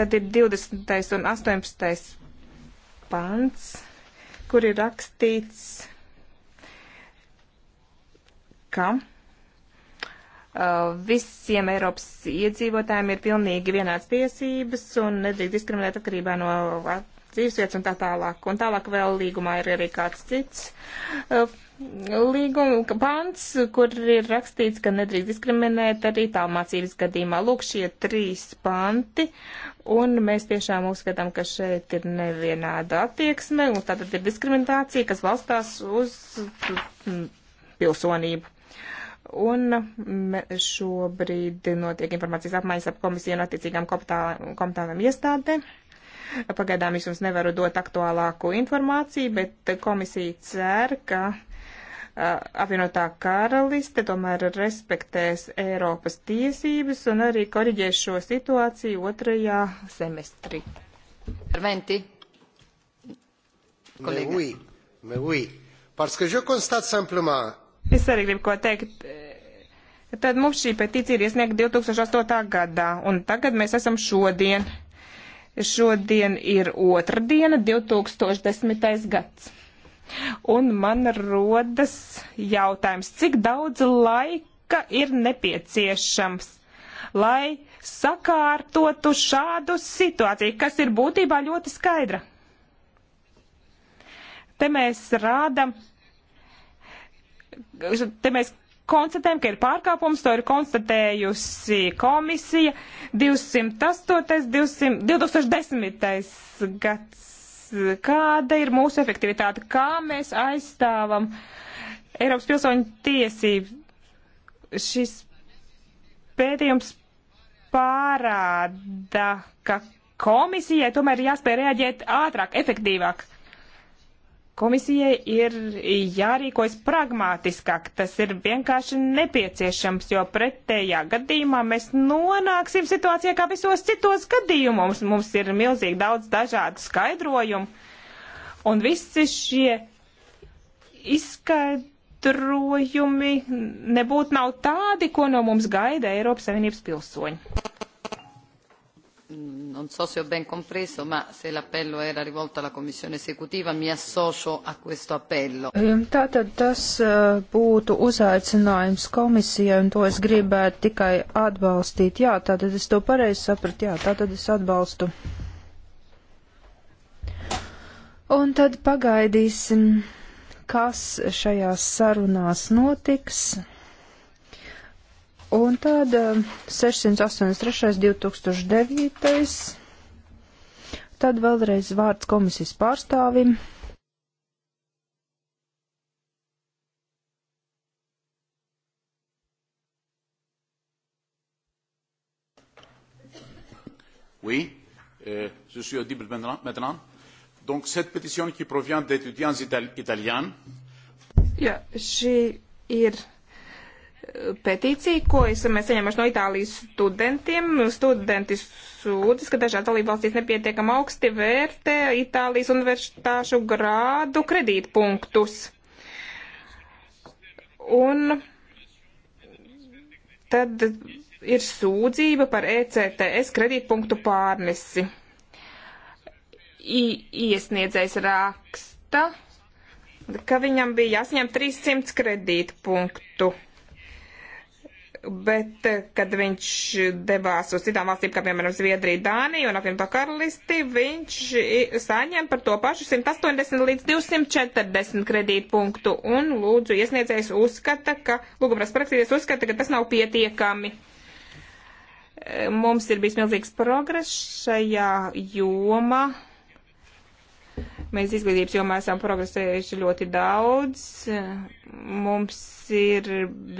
Tad ir 20. un 18 pants, kur ir rakstīts, ka uh, visiem Eiropas iedzīvotājiem ir pilnīgi vienāds tiesības un nedrīkst diskriminēt atkarībā no uh, dzīvesvietas un tā tālāk. Un tālāk vēl līgumā ir arī kāds cits uh, līguma pants, kur ir rakstīts, ka nedrīkst diskriminēt arī tālmācības gadījumā. Lūk, šie trīs panti, un mēs tiešām uzskatām, ka šeit ir nevienāda attieksme, un tātad ir diskriminācija, kas valstās uz pilsonību. Un šobrīd notiek informācijas apmaiņas ap komisiju un attiecīgām komitālām iestādēm. Pagaidām es jums nevaru dot aktuālāku informāciju, bet komisija cer, ka Eh, apvienotā karaliste tomēr respektēs Eiropas tiesības un arī koriģēs šo situāciju otrajā semestrī. Venti. Oui, oui. Es arī gribu ko teikt. Eh, tad mums šī petīcija ir iesniegta 2008. gadā, un tagad mēs esam šodien. Šodien ir otra diena, 2010. gads. Un man rodas jautājums, cik daudz laika ir nepieciešams, lai sakārtotu šādu situāciju, kas ir būtībā ļoti skaidra. Te mēs rādam, te mēs konstatējam, ka ir pārkāpums, to ir konstatējusi komisija 208. 200, 2010. gads kāda ir mūsu efektivitāte, kā mēs aizstāvam Eiropas pilsoņu tiesību. Šis pētījums pārāda, ka komisijai tomēr ir jāspēj reaģēt ātrāk, efektīvāk. Komisijai ir jārīkojas pragmātiskāk, tas ir vienkārši nepieciešams, jo pretējā gadījumā mēs nonāksim situācijā kā visos citos gadījumos. Mums ir milzīgi daudz dažādu skaidrojumu, un visi šie izskaidrojumi nebūtu nav tādi, ko no mums gaida Eiropas Savienības pilsoņi. Mm, non so se ho ben compreso, ma se l'appello era rivolto alla Commissione esecutiva mi associo a questo appello. Ehm, tātad tas eh, būtu uzaicinājums komisijai, un to es gribētu tikai atbalstīt. Jā, tātad es to pareizi sapratu, jā, tātad es atbalstu. Un tad pagaidīsim, kas šajās sarunās notiks. Un tad 683. Um, 2009. Tad vēlreiz vārds komisijas pārstāvim. Oui, euh, je suis audible maintenant. Donc cette pétition qui provient d'étudiants itali italiens. Ja, šī ir petīciju, ko esam saņēmuši no Itālijas studentiem. Studenti sūdzas, ka dažās dalībvalstīs nepietiekam augsti vērtē Itālijas universitāšu grādu kredītpunktus. Un tad ir sūdzība par ECTS kredītpunktu pārnesi. I, iesniedzējs raksta, ka viņam bija jāsaņem 300 kredītpunktu bet eh, kad viņš devās uz citām valstīm, kā piemēram Zviedriju, Dāniju un apvienoto karalisti, viņš saņem par to pašu 180 līdz 240 kredītpunktu un lūdzu iesniedzējs uzskata, ka, lūgumras praksīties uzskata, ka tas nav pietiekami. Eh, mums ir bijis milzīgs progress šajā jomā. Mēs izglītības jomā esam progresējuši ļoti daudz. Mums ir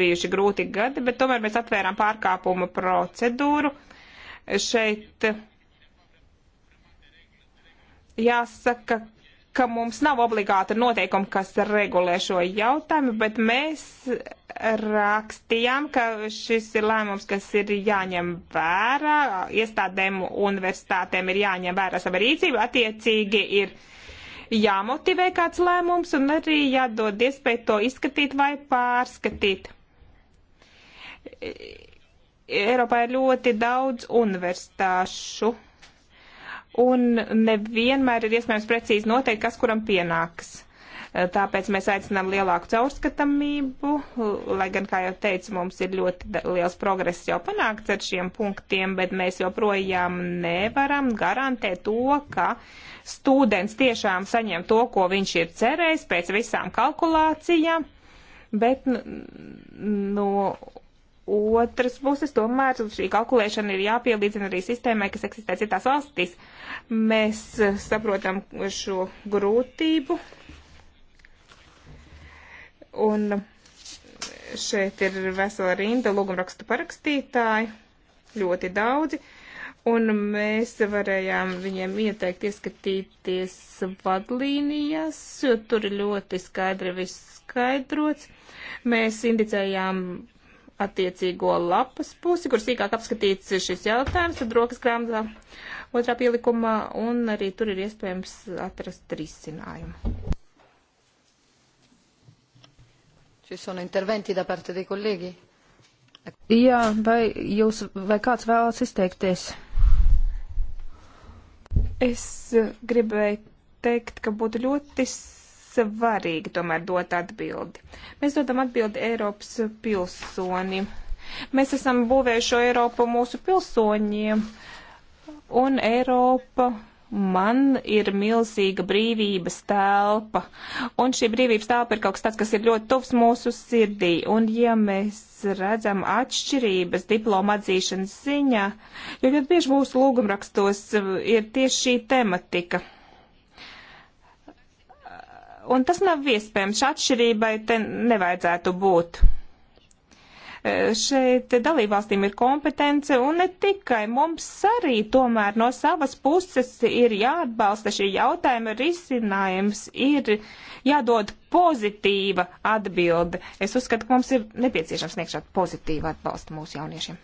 bijuši grūti gadi, bet tomēr mēs atvērām pārkāpuma procedūru. Šeit jāsaka, ka mums nav obligāta noteikuma, kas regulē šo jautājumu, bet mēs rakstījām, ka šis ir lēmums, kas ir jāņem vērā, iestādēm universitātēm ir jāņem vērā sava rīcība, attiecīgi ir jāmotivē kāds lēmums un arī jādod iespēju to izskatīt vai pārskatīt. Eiropā ir ļoti daudz universitāšu, un nevienmēr ir iespējams precīzi noteikt, kas kuram pienāks Tāpēc mēs aicinām lielāku caurskatamību, lai gan, kā jau teicu, mums ir ļoti liels progress jau panākts ar šiem punktiem, bet mēs joprojām nevaram garantēt to, ka students tiešām saņem to, ko viņš ir cerējis pēc visām kalkulācijām, bet no otras puses, tomēr šī kalkulēšana ir jāpielīdzina arī sistēmai, kas eksistē citās valstīs. Mēs saprotam šo grūtību, Un šeit ir vesela rinda lūgumrakstu parakstītāji, ļoti daudzi, un mēs varējām viņiem ieteikt ieskatīties vadlīnijās, jo tur ir ļoti skaidri viss skaidrots. Mēs indicējām attiecīgo lapas pusi, kur sīkāk apskatīts šis jautājums, tad rokas grāmatā otrā pielikumā, un arī tur ir iespējams atrast risinājumu. Ci sono interventi da parte dei colleghi? Jā, vai, jūs, vai kāds vēlas izteikties? Es eh, gribēju teikt, ka būtu ļoti svarīgi tomēr dot atbildi. Mēs dodam atbildi Eiropas pilsoni. Mēs esam būvējuši Eiropu mūsu pilsoņiem, un Eiropa man ir milzīga brīvības telpa, un šī brīvības telpa ir kaut kas tāds, kas ir ļoti tuvs mūsu sirdī, un ja mēs redzam atšķirības diploma atzīšanas ziņā, jo ļoti bieži mūsu lūgumrakstos uh, ir tieši šī tematika. Un tas nav iespējams, atšķirībai te nevajadzētu būt. E, šeit dalībvalstīm ir kompetence un ne tikai mums arī tomēr no savas puses ir jāatbalsta šī jautājuma risinājums, ir jādod pozitīva atbilde. Es uzskatu, ka mums ir nepieciešams sniegt šādu pozitīvu atbalstu mūsu jauniešiem.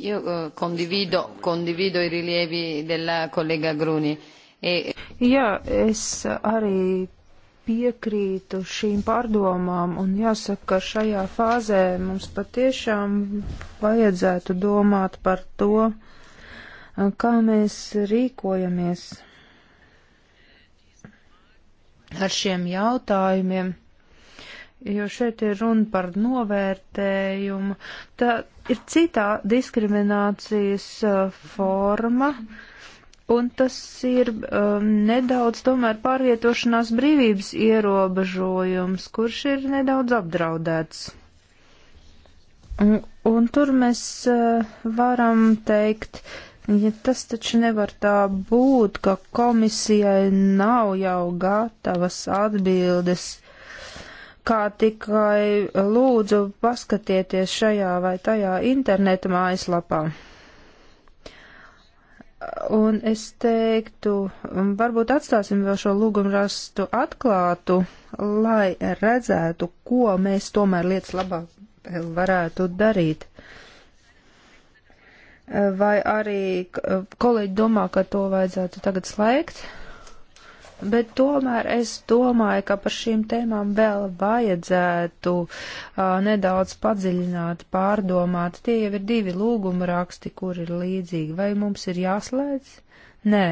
Io eh, condivido, condivido i rilievi della collega Gruni. E... Jā, es arī piekrītu šīm pārdomām, un jāsaka, ka šajā fāzē mums patiešām vajadzētu domāt par to, kā mēs rīkojamies ar šiem jautājumiem, jo šeit ir runa par novērtējumu. Tā ir citā diskriminācijas uh, forma. Mm -hmm Un tas ir um, nedaudz tomēr pārvietošanās brīvības ierobežojums, kurš ir nedaudz apdraudēts. Un, un tur mēs uh, varam teikt, ja tas taču nevar tā būt, ka komisijai nav jau gatavas atbildes, kā tikai lūdzu paskatieties šajā vai tajā interneta mājaslapā. Un es teiktu, varbūt atstāsim vēl šo lūgumu rastu atklātu, lai redzētu, ko mēs tomēr lietas labā vēl varētu darīt. Vai arī kolēģi domā, ka to vajadzētu tagad slēgt? bet tomēr es domāju, ka par šīm tēmām vēl vajadzētu uh, nedaudz padziļināt, pārdomāt. Tie jau ir divi lūguma raksti, kur ir līdzīgi. Vai mums ir jāslēdz? Nē.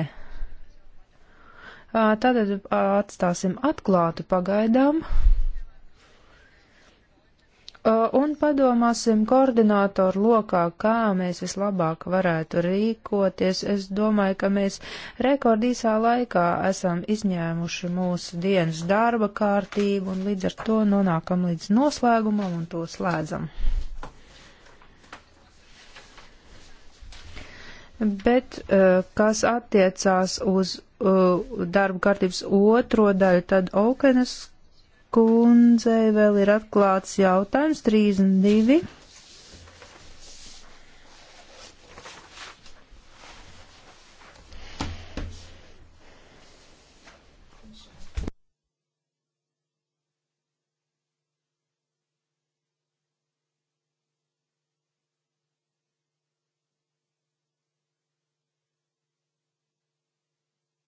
Uh, tad atstāsim atklātu pagaidām. Uh, un padomāsim koordinātoru lokā, kā mēs vislabāk varētu rīkoties. Es domāju, ka mēs rekordīsā laikā esam izņēmuši mūsu dienas darba kārtību un līdz ar to nonākam līdz noslēgumam un to slēdzam. Bet uh, kas attiecās uz uh, darba kārtības otro daļu, tad Aukenas kundzei vēl ir atklāts jautājums 32.